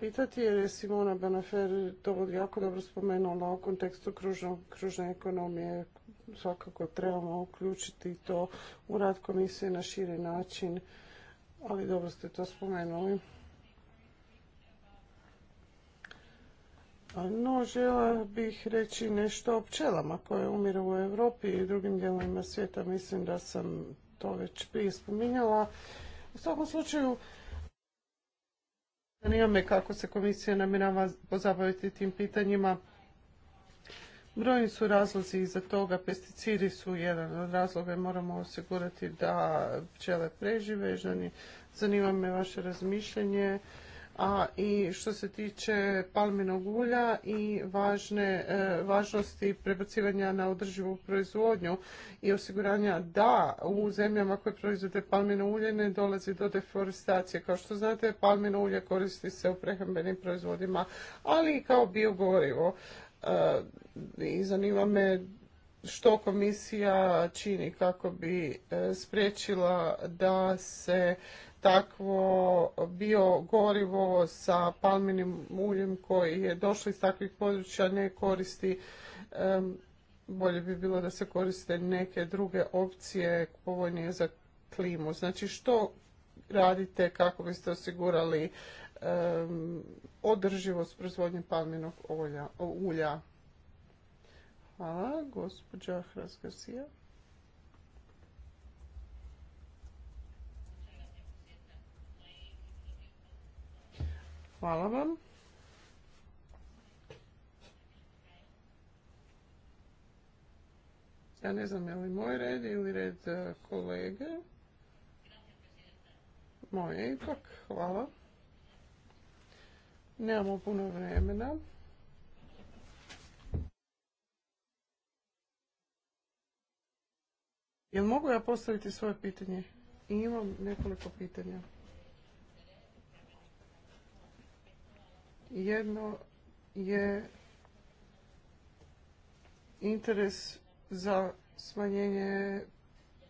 pitati jer je Simona Benefer to jako dobro spomenula u kontekstu kružne ekonomije. Svakako trebamo uključiti to u rad komisije na širi način, ali dobro ste to spomenuli. No, žela bih reći nešto o pčelama koje umiru u Europi i drugim dijelovima svijeta. Mislim da sam to već prije spominjala. U svakom slučaju, zanima me kako se komisija namjerava pozabaviti tim pitanjima. Brojni su razlozi iza toga, pesticidi su jedan od razloga moramo osigurati da pčele prežive. Zanima me vaše razmišljanje a i što se tiče palminog ulja i važne, e, važnosti prebacivanja na održivu proizvodnju i osiguranja da u zemljama koje proizvode palmino ulje ne dolazi do deforestacije. Kao što znate, palmino ulje koristi se u prehrambenim proizvodima, ali i kao biogorivo. E, I zanima me što komisija čini kako bi e, spriječila da se takvo bio gorivo sa palminim uljem koji je došli iz takvih područja ne koristi. Bolje bi bilo da se koriste neke druge opcije povoljnije za klimu. Znači što radite kako biste osigurali održivost proizvodnje palminog ulja? Hvala, gospođa Hrvatska. Hvala vam. Ja ne znam je li moj red ili red e, kolege. Moje ipak, hvala. Nemamo puno vremena. Jel mogu ja postaviti svoje pitanje? imam nekoliko pitanja. Jedno je interes za smanjenje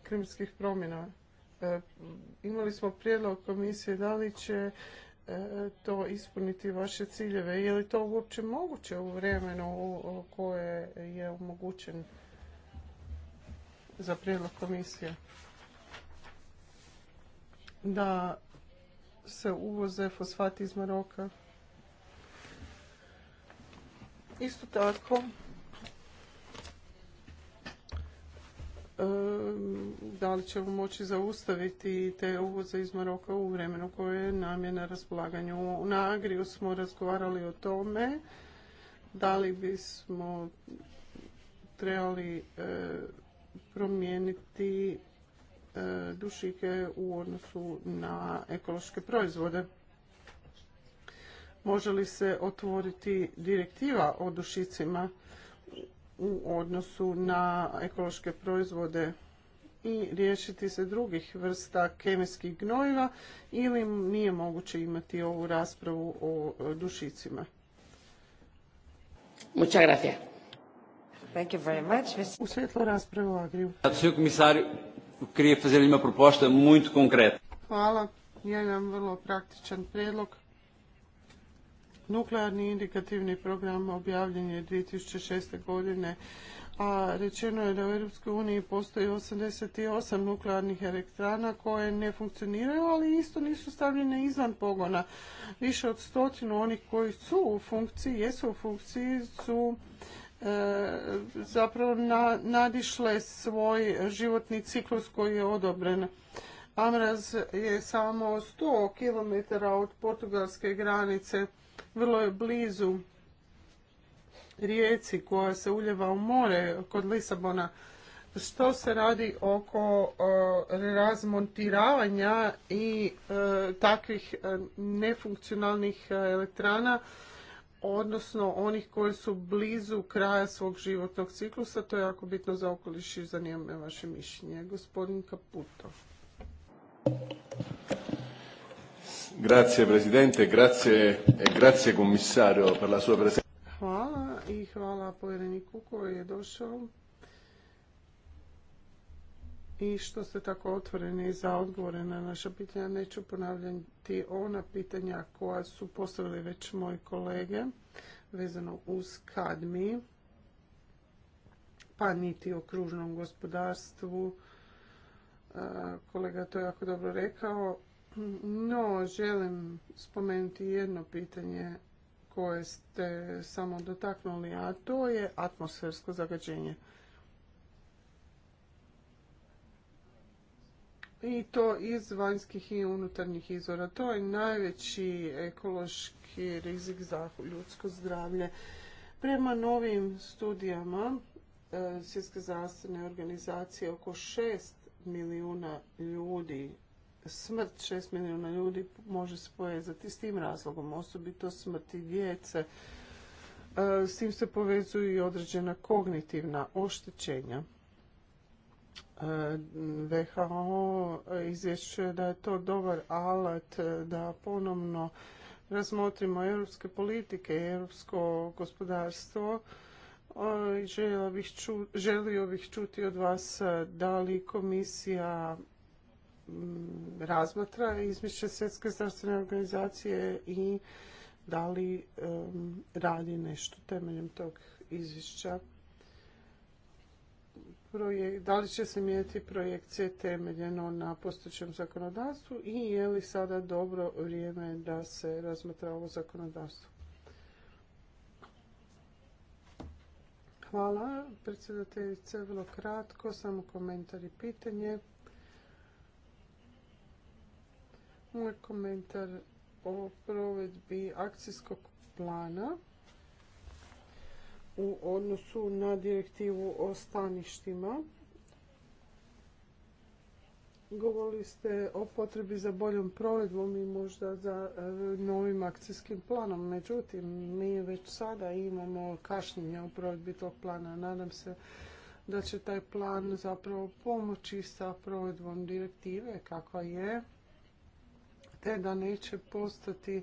klimatskih promjena. E, imali smo prijedlog komisije da li će e, to ispuniti vaše ciljeve. Je li to uopće moguće u vremenu koje je omogućen za prijedlog komisije? Da se uvoze fosfati iz Maroka. Isto tako, da li ćemo moći zaustaviti te uvoze iz Maroka u vremenu koje nam je na raspolaganju. Na Agriju smo razgovarali o tome da li bismo trebali e, promijeniti e, dušike u odnosu na ekološke proizvode može li se otvoriti direktiva o dušicima u odnosu na ekološke proizvode i riješiti se drugih vrsta kemijskih gnojiva ili nije moguće imati ovu raspravu o e, dušicima. Muchas gracias. Thank you very much. U svjetlo rasprave o Agriju. proposta muito Hvala. vrlo praktičan predlog. Nuklearni indikativni program objavljen je 2006. godine, a rečeno je da u EU uniji postoji 88 nuklearnih elektrana koje ne funkcioniraju, ali isto nisu stavljene izvan pogona. Više od stotinu onih koji su u funkciji, jesu u funkciji, su e, zapravo nadišle svoj životni ciklus koji je odobren. Amraz je samo 100 km od portugalske granice vrlo je blizu rijeci koja se uljeva u more kod Lisabona. Što se radi oko e, razmontiravanja i e, takvih e, nefunkcionalnih elektrana, odnosno onih koji su blizu kraja svog životnog ciklusa, to je jako bitno za okoliš i zanima me vaše mišljenje. Gospodin Kaputo. Grazie Presidente, grazie, e grazie Commissario per la sua presenza. Hvala i hvala povjereniku koji je došao i što ste tako otvoreni za odgovore na naša pitanja. Neću ponavljati ona pitanja koja su postavili već moji kolege vezano uz kadmi, pa niti o kružnom gospodarstvu. Kolega to je jako dobro rekao. No, želim spomenuti jedno pitanje koje ste samo dotaknuli, a to je atmosfersko zagađenje. I to iz vanjskih i unutarnjih izvora. To je najveći ekološki rizik za ljudsko zdravlje. Prema novim studijama e, Svjetske zdravstvene organizacije oko šest milijuna ljudi smrt šest milijuna ljudi može se povezati s tim razlogom, osobito smrti djece. E, s tim se povezuju i određena kognitivna oštećenja. WHO e, izvješćuje da je to dobar alat da ponovno razmotrimo europske politike i europsko gospodarstvo. Želio želio bih čuti od vas da li komisija Mm, razmatra izvješće Svjetske zdravstvene organizacije i da li radi nešto temeljem tog izvješća. Da li će se mijenjati projekcije temeljeno na postojećem zakonodavstvu i je li sada dobro vrijeme da se razmatra ovo zakonodavstvo? Hvala, predsjedateljice. Vrlo kratko, samo komentar i pitanje. Moj komentar o provedbi akcijskog plana u odnosu na direktivu o staništima. Govorili ste o potrebi za boljom provedbom i možda za e, novim akcijskim planom. Međutim, mi već sada imamo kašnjenje u provedbi tog plana. Nadam se da će taj plan zapravo pomoći sa provedbom direktive kakva je te da neće postati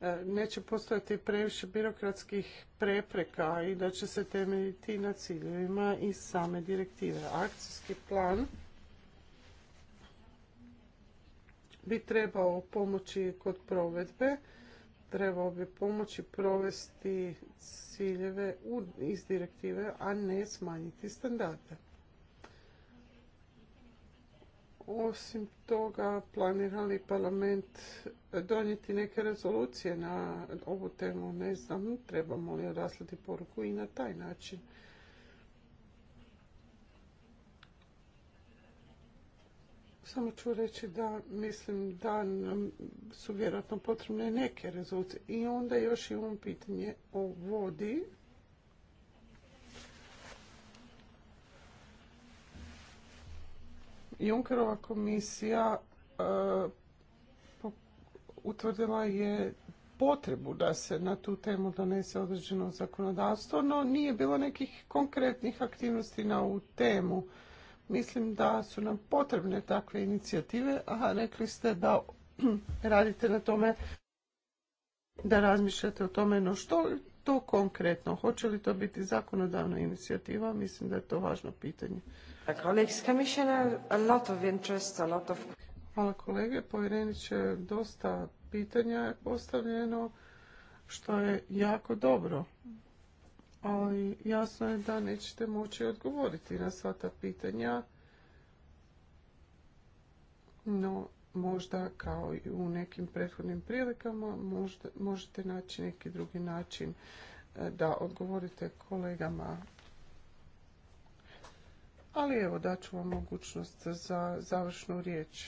e, neće postojati previše birokratskih prepreka i da će se temeljiti na ciljevima iz same direktive. Akcijski plan bi trebao pomoći kod provedbe, trebao bi pomoći provesti ciljeve iz direktive, a ne smanjiti standarde osim toga planirali parlament donijeti neke rezolucije na ovu temu, ne znam, trebamo li odaslati poruku i na taj način. Samo ću reći da mislim da su vjerojatno potrebne neke rezolucije. I onda još imam pitanje o vodi Junkerova komisija e, utvrdila je potrebu da se na tu temu donese određeno zakonodavstvo, no nije bilo nekih konkretnih aktivnosti na ovu temu. Mislim da su nam potrebne takve inicijative, a rekli ste da radite na tome, da razmišljate o tome, no što to konkretno? Hoće li to biti zakonodavna inicijativa? Mislim da je to važno pitanje. Hvala kolege, povjereniče, dosta pitanja postavljeno, što je jako dobro. Ali jasno je da nećete moći odgovoriti na sva ta pitanja. No, možda kao i u nekim prethodnim prilikama možete naći neki drugi način e, da odgovorite kolegama ali evo daću vam mogućnost za završnu riječ.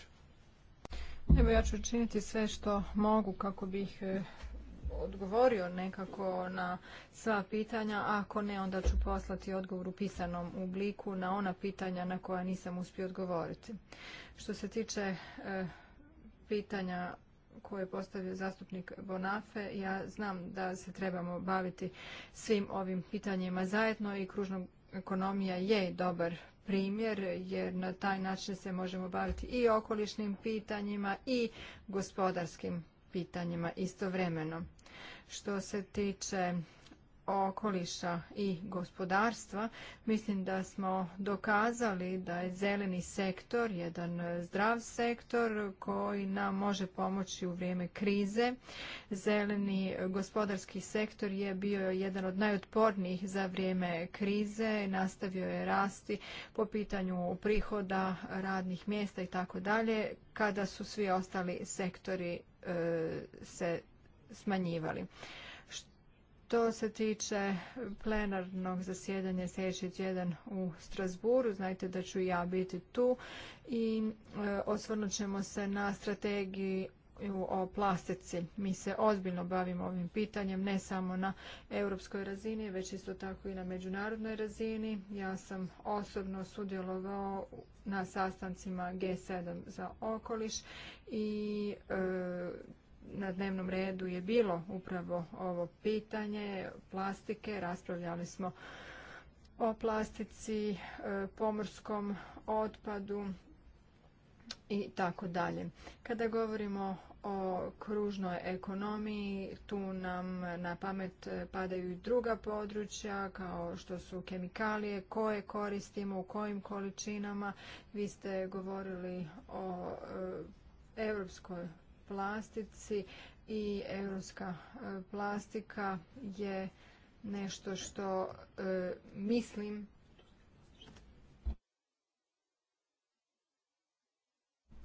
Evo ja ću učiniti sve što mogu kako bih e, odgovorio nekako na sva pitanja, a ako ne onda ću poslati odgovor u pisanom obliku na ona pitanja na koja nisam uspio odgovoriti. Što se tiče e, pitanja koje je postavio zastupnik Bonafe, ja znam da se trebamo baviti svim ovim pitanjima zajedno i kružna ekonomija je dobar primjer jer na taj način se možemo baviti i okolišnim pitanjima i gospodarskim pitanjima istovremeno. Što se tiče okoliša i gospodarstva. Mislim da smo dokazali da je zeleni sektor jedan zdrav sektor koji nam može pomoći u vrijeme krize. Zeleni gospodarski sektor je bio jedan od najotpornijih za vrijeme krize, nastavio je rasti po pitanju prihoda, radnih mjesta i tako dalje, kada su svi ostali sektori e, se smanjivali što se tiče plenarnog zasjedanja sljedeći tjedan u Strasburu, znajte da ću ja biti tu i e, osvrnut ćemo se na strategiji o plastici. Mi se ozbiljno bavimo ovim pitanjem, ne samo na europskoj razini, već isto tako i na međunarodnoj razini. Ja sam osobno sudjelovao na sastancima G7 za okoliš i e, na dnevnom redu je bilo upravo ovo pitanje plastike. Raspravljali smo o plastici, e, pomorskom otpadu i tako dalje. Kada govorimo o kružnoj ekonomiji, tu nam na pamet padaju i druga područja kao što su kemikalije, koje koristimo, u kojim količinama. Vi ste govorili o e, europskoj plastici i europska e, plastika je nešto što e, mislim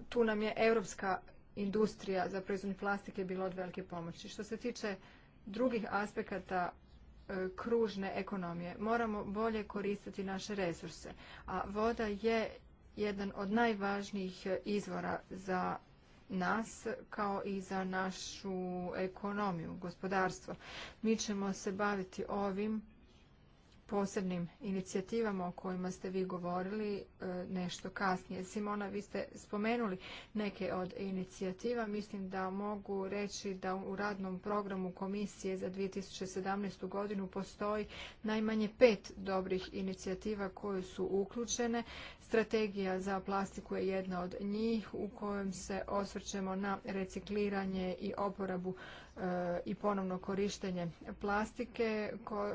tu nam je europska industrija za proizvodnju plastike bila od velike pomoći. Što se tiče drugih aspekata e, kružne ekonomije, moramo bolje koristiti naše resurse, a voda je jedan od najvažnijih izvora za nas kao i za našu ekonomiju, gospodarstvo. Mi ćemo se baviti ovim posebnim inicijativama o kojima ste vi govorili e, nešto kasnije. Simona, vi ste spomenuli neke od inicijativa. Mislim da mogu reći da u radnom programu komisije za 2017. godinu postoji najmanje pet dobrih inicijativa koje su uključene. Strategija za plastiku je jedna od njih u kojem se osvrćemo na recikliranje i oporabu e, i ponovno korištenje plastike koje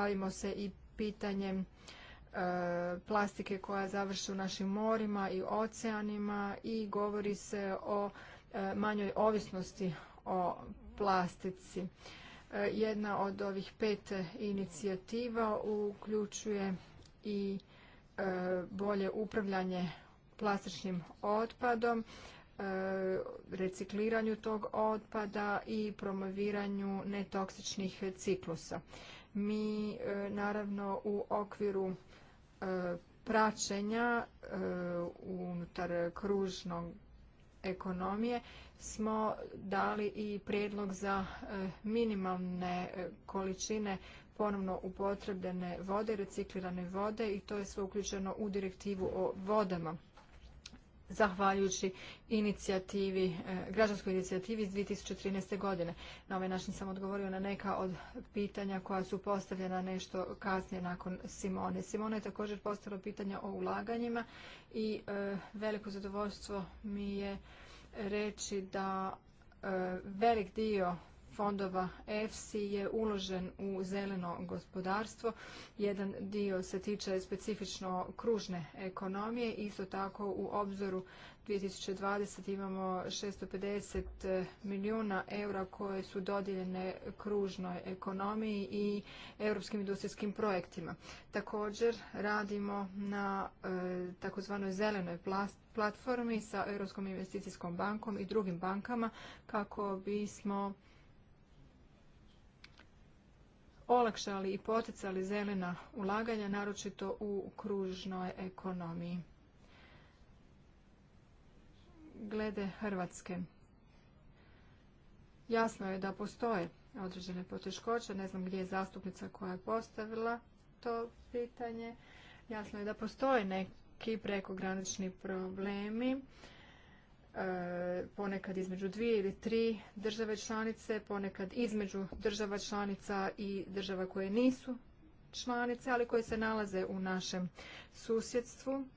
bavimo se i pitanjem e, plastike koja završi u našim morima i oceanima i govori se o e, manjoj ovisnosti o plastici. E, jedna od ovih pet inicijativa uključuje i bolje upravljanje plastičnim otpadom, recikliranju tog otpada i promoviranju netoksičnih ciklusa. Mi e, naravno u okviru e, praćenja e, unutar kružnog ekonomije smo dali i prijedlog za minimalne količine ponovno upotrebljene vode, reciklirane vode i to je sve uključeno u direktivu o vodama zahvaljujući inicijativi, e, građanskoj inicijativi iz 2013. godine. Na ovaj način sam odgovorio na neka od pitanja koja su postavljena nešto kasnije nakon Simone. Simone je također postavila pitanja o ulaganjima i e, veliko zadovoljstvo mi je reći da e, velik dio fondova EFSI je uložen u zeleno gospodarstvo. Jedan dio se tiče specifično kružne ekonomije. Isto tako u obzoru 2020 imamo 650 eh, milijuna eura koje su dodijeljene kružnoj ekonomiji i europskim industrijskim projektima. Također radimo na e, takozvanoj zelenoj platformi sa Europskom investicijskom bankom i drugim bankama kako bismo olakšali i poticali zelena ulaganja, naročito u kružnoj ekonomiji. Glede Hrvatske. Jasno je da postoje određene poteškoće. Ne znam gdje je zastupnica koja je postavila to pitanje. Jasno je da postoje neki prekogranični problemi E, ponekad između dvije ili tri države članice, ponekad između država članica i država koje nisu članice, ali koje se nalaze u našem susjedstvu.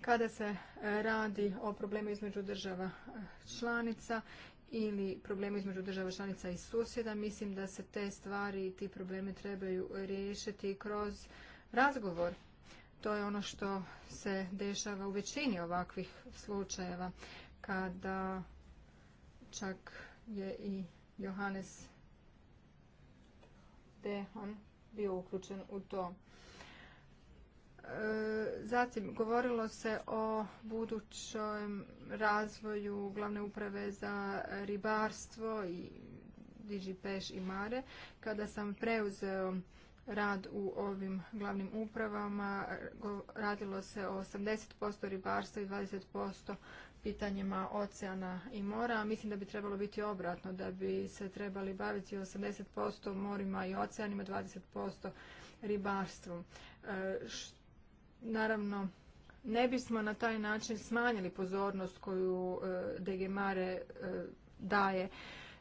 Kada se e, radi o problemu između država e, članica ili problemu između država članica i susjeda, mislim da se te stvari i ti problemi trebaju riješiti kroz razgovor to je ono što se dešava u većini ovakvih slučajeva kada čak je i Johannes Dehon bio uključen u to. E, zatim, govorilo se o budućem razvoju glavne uprave za ribarstvo i Diži Peš i Mare. Kada sam preuzeo rad u ovim glavnim upravama. Radilo se o 80% ribarstva i 20% pitanjima oceana i mora. Mislim da bi trebalo biti obratno, da bi se trebali baviti 80% morima i oceanima, 20% ribarstvom. E, naravno, ne bismo na taj način smanjili pozornost koju e, DG Mare e, daje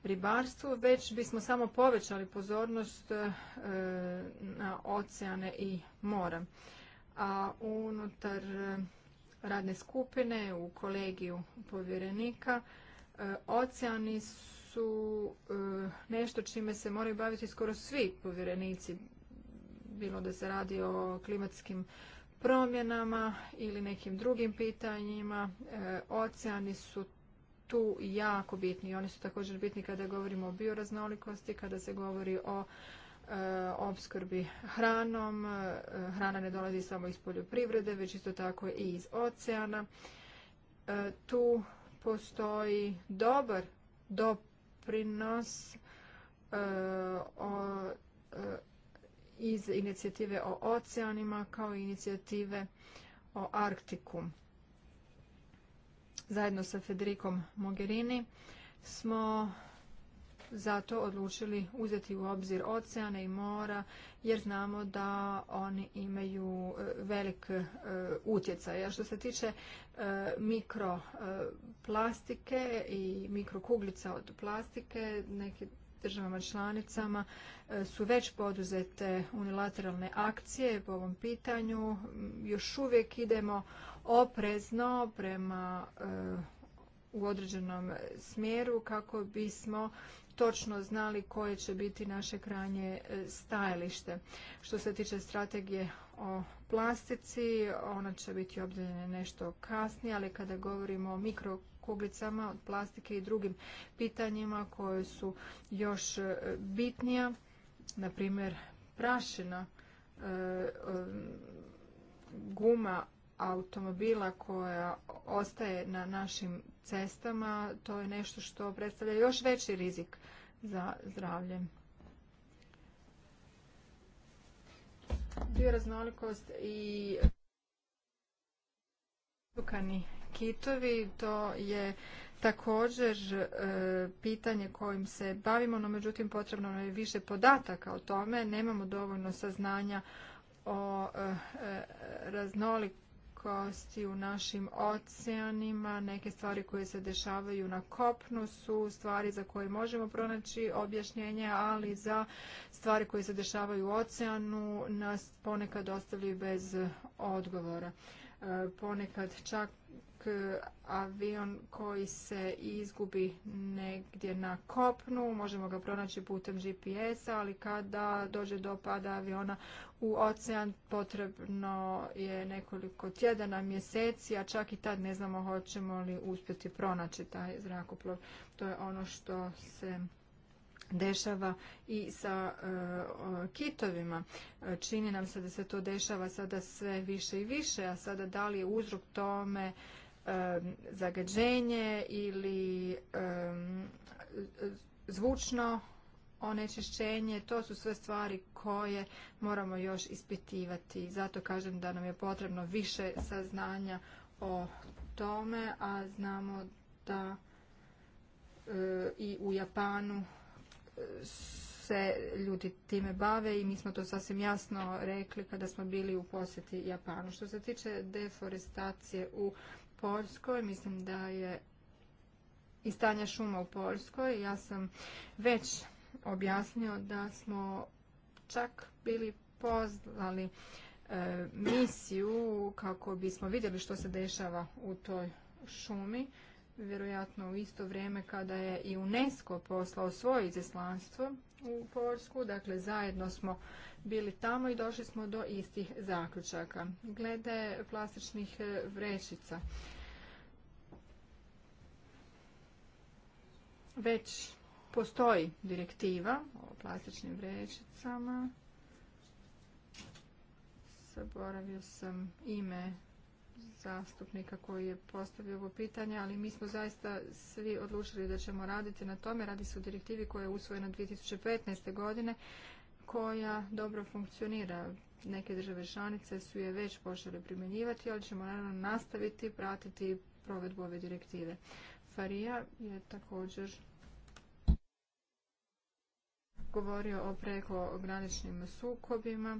ribarstvu, već bismo samo povećali pozornost e, na oceane i mora. A unutar e, radne skupine u kolegiju povjerenika e, oceani su nešto čime se moraju baviti skoro svi povjerenici, bilo da se radi o klimatskim promjenama ili nekim drugim pitanjima. Oceani su tu jako bitni. Oni su također bitni kada govorimo o bioraznolikosti, kada se govori o e, opskrbi hranom. E, hrana ne dolazi samo iz poljoprivrede, već isto tako i iz oceana. E, tu postoji dobar doprinos iz inicijative o oceanima kao inicijative o Arktiku zajedno sa Federikom Mogherini smo zato odlučili uzeti u obzir oceane i mora jer znamo da oni imaju e, velik e, utjecaj. A što se tiče e, mikroplastike i mikrokuglica od plastike, neke državama članicama su već poduzete unilateralne akcije po ovom pitanju. Još uvijek idemo oprezno prema e, u određenom smjeru kako bismo točno znali koje će biti naše krajnje e, stajalište. Što se tiče strategije o plastici, ona će biti obdeljena nešto kasnije, ali kada govorimo o mikrokuglicama od plastike i drugim pitanjima koje su još e, bitnija, na primjer prašina, guma automobila koja ostaje na našim cestama, to je nešto što predstavlja još veći rizik za zdravlje. Bioraznolikost i dukani kitovi, to je također e, pitanje kojim se bavimo, no međutim potrebno je više podataka o tome, nemamo dovoljno saznanja o e, e, raznolikosti kosti u našim oceanima, neke stvari koje se dešavaju na kopnu su stvari za koje možemo pronaći objašnjenje, ali za stvari koje se dešavaju u oceanu nas ponekad ostavljaju bez odgovora. E, ponekad čak E, avion koji se izgubi negdje na kopnu, možemo ga pronaći putem GPS-a, ali kada dođe do pada aviona u ocean potrebno je nekoliko tjedana, mjeseci, a čak i tad ne znamo hoćemo li uspjeti pronaći taj zrakoplov. To je ono što se dešava i sa e, kitovima. E, čini nam se da se to dešava sada sve više i više, a sada da li je uzrok tome zagađenje ili zvučno onečišćenje, to su sve stvari koje moramo još ispitivati. Zato kažem da nam je potrebno više saznanja o tome, a znamo da e, i u Japanu e, se ljudi time bave i mi smo to sasvim jasno rekli kada smo bili u posjeti Japanu. Što se tiče deforestacije u Poljskoj, mislim da je i stanje šuma u Poljskoj. Ja sam već objasnio da smo čak bili pozvali e, misiju kako bismo vidjeli što se dešava u toj šumi. Vjerojatno u isto vrijeme kada je i UNESCO poslao svoje izaslanstvo u Poljsku, dakle zajedno smo bili tamo i došli smo do istih zaključaka. Glede plastičnih e, vrećica. Već postoji direktiva o plastičnim vrećicama. Zaboravio sam ime zastupnika koji je postavio ovo pitanje, ali mi smo zaista svi odlučili da ćemo raditi na tome. Radi se o direktivi koja je usvojena 2015. godine koja dobro funkcionira. Neke države članice su je već počele primjenjivati, ali ćemo naravno nastaviti pratiti provedbu ove direktive. Farija je također govorio o graničnim sukobima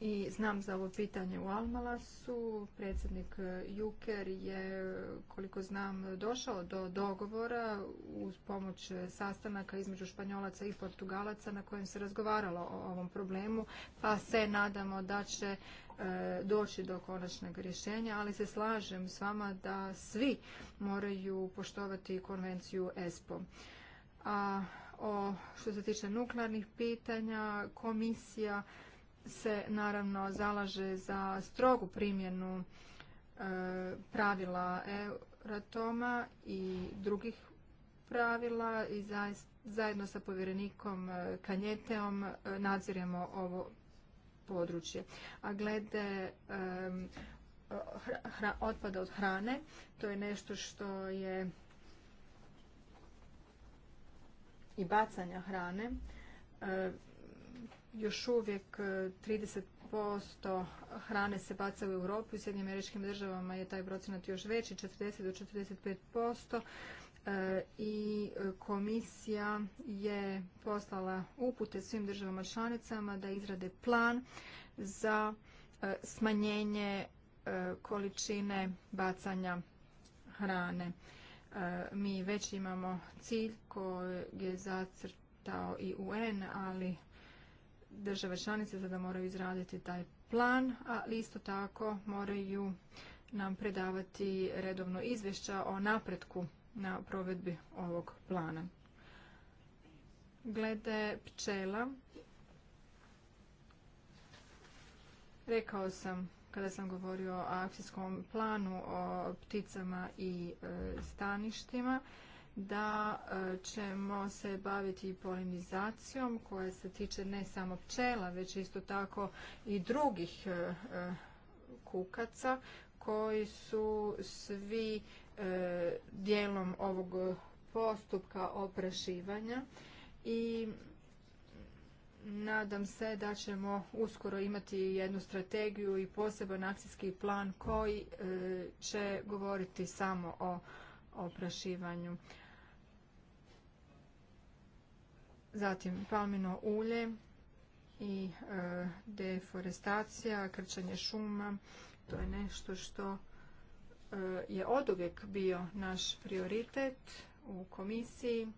i znam za ovo pitanje u Almalasu. Predsjednik Juker je, koliko znam, došao do dogovora uz pomoć sastanaka između Španjolaca i Portugalaca na kojem se razgovaralo o ovom problemu, pa se nadamo da će e, doći do konačnog rješenja, ali se slažem s vama da svi moraju poštovati konvenciju ESPO. A o, što se tiče nuklearnih pitanja, komisija se naravno zalaže za strogu primjenu e, pravila Euratoma i drugih pravila i zajedno sa povjerenikom e, Kanjeteom e, nadziremo ovo područje. A glede otpada od hrane, to je nešto što je i bacanja hrane još uvijek 30% e, hrane se baca u Europi, u Sjednjim američkim državama je taj procenat još veći, 40 do 45% e, i e, komisija je poslala upute svim državama članicama da izrade plan za smanjenje količine bacanja hrane. Mi već imamo cilj koji je zacrtao i UN, ali države članice sada moraju izraditi taj plan, ali isto tako moraju nam predavati redovno izvješća o napretku na provedbi ovog plana. Glede pčela, rekao sam kada sam govorio o akcijskom planu o pticama i e, staništima, da e, ćemo se baviti polinizacijom koja se tiče ne samo pčela, već isto tako i drugih e, e, kukaca koji su svi dijelom ovog postupka oprašivanja i nadam se da ćemo uskoro imati jednu strategiju i poseban akcijski plan koji će govoriti samo o oprašivanju. Zatim palmino ulje i e, deforestacija, krčanje šuma, to je nešto što e, je oduvijek bio naš prioritet u komisiji.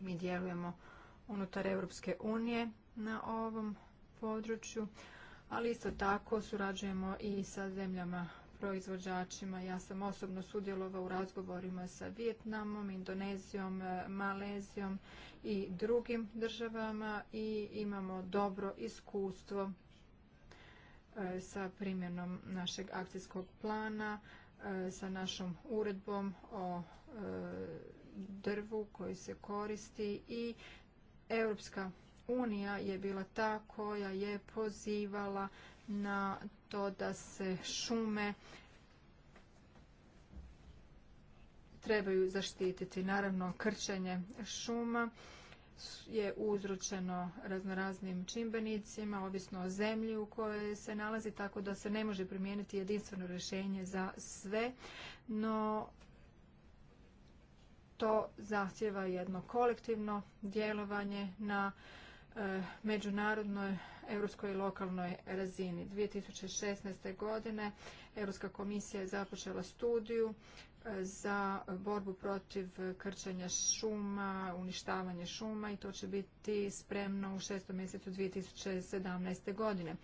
Mi djelujemo unutar Europske unije na ovom području, ali isto tako surađujemo i sa zemljama proizvođačima. Ja sam osobno sudjelovao u razgovorima sa Vjetnamom, Indonezijom, e, Malezijom i drugim državama i imamo dobro iskustvo e, sa primjenom našeg akcijskog plana, e, sa našom uredbom o drvu koji se koristi i Europska unija je bila ta koja je pozivala na to da se šume trebaju zaštititi. Naravno, krčenje šuma je uzročeno raznoraznim čimbenicima, ovisno o zemlji u kojoj se nalazi, tako da se ne može primijeniti jedinstveno rješenje za sve, no to zahtjeva jedno kolektivno djelovanje na e, međunarodnoj europskoj i lokalnoj razini. 2016. godine Europska komisija je započela studiju e, za borbu protiv krčanja šuma, uništavanje šuma i to će biti spremno u šestom mjesecu 2017. godine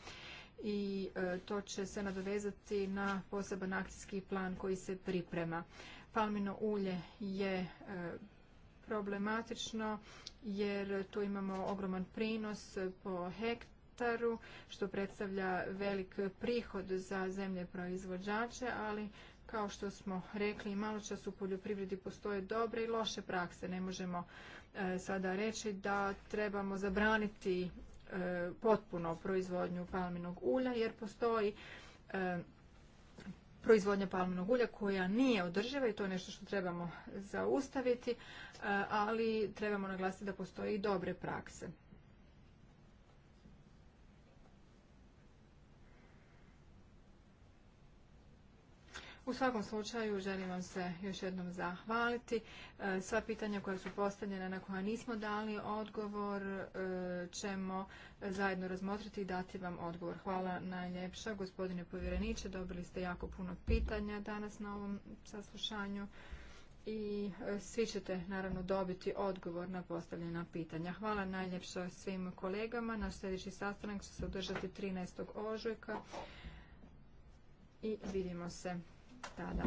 i e, to će se nadovezati na poseban akcijski plan koji se priprema. Palmino ulje je e, problematično jer tu imamo ogroman prinos po hekt hektaru, što predstavlja velik prihod za zemlje proizvođače, ali kao što smo rekli malo čas u poljoprivredi postoje dobre i loše prakse. Ne možemo e, sada reći da trebamo zabraniti e, potpuno proizvodnju palminog ulja jer postoji e, proizvodnja palminog ulja koja nije održiva i to je nešto što trebamo zaustaviti, ali trebamo naglasiti da postoje i dobre prakse. U svakom slučaju želim vam se još jednom zahvaliti. E, sva pitanja koja su postavljena na koja nismo dali odgovor e, ćemo zajedno razmotriti i dati vam odgovor. Hvala najljepša gospodine povjereniče. Dobili ste jako puno pitanja danas na ovom saslušanju i e, svi ćete naravno dobiti odgovor na postavljena pitanja. Hvala najljepša svim kolegama. Naš sljedeći sastanak će se održati 13. ožujka i vidimo se tada.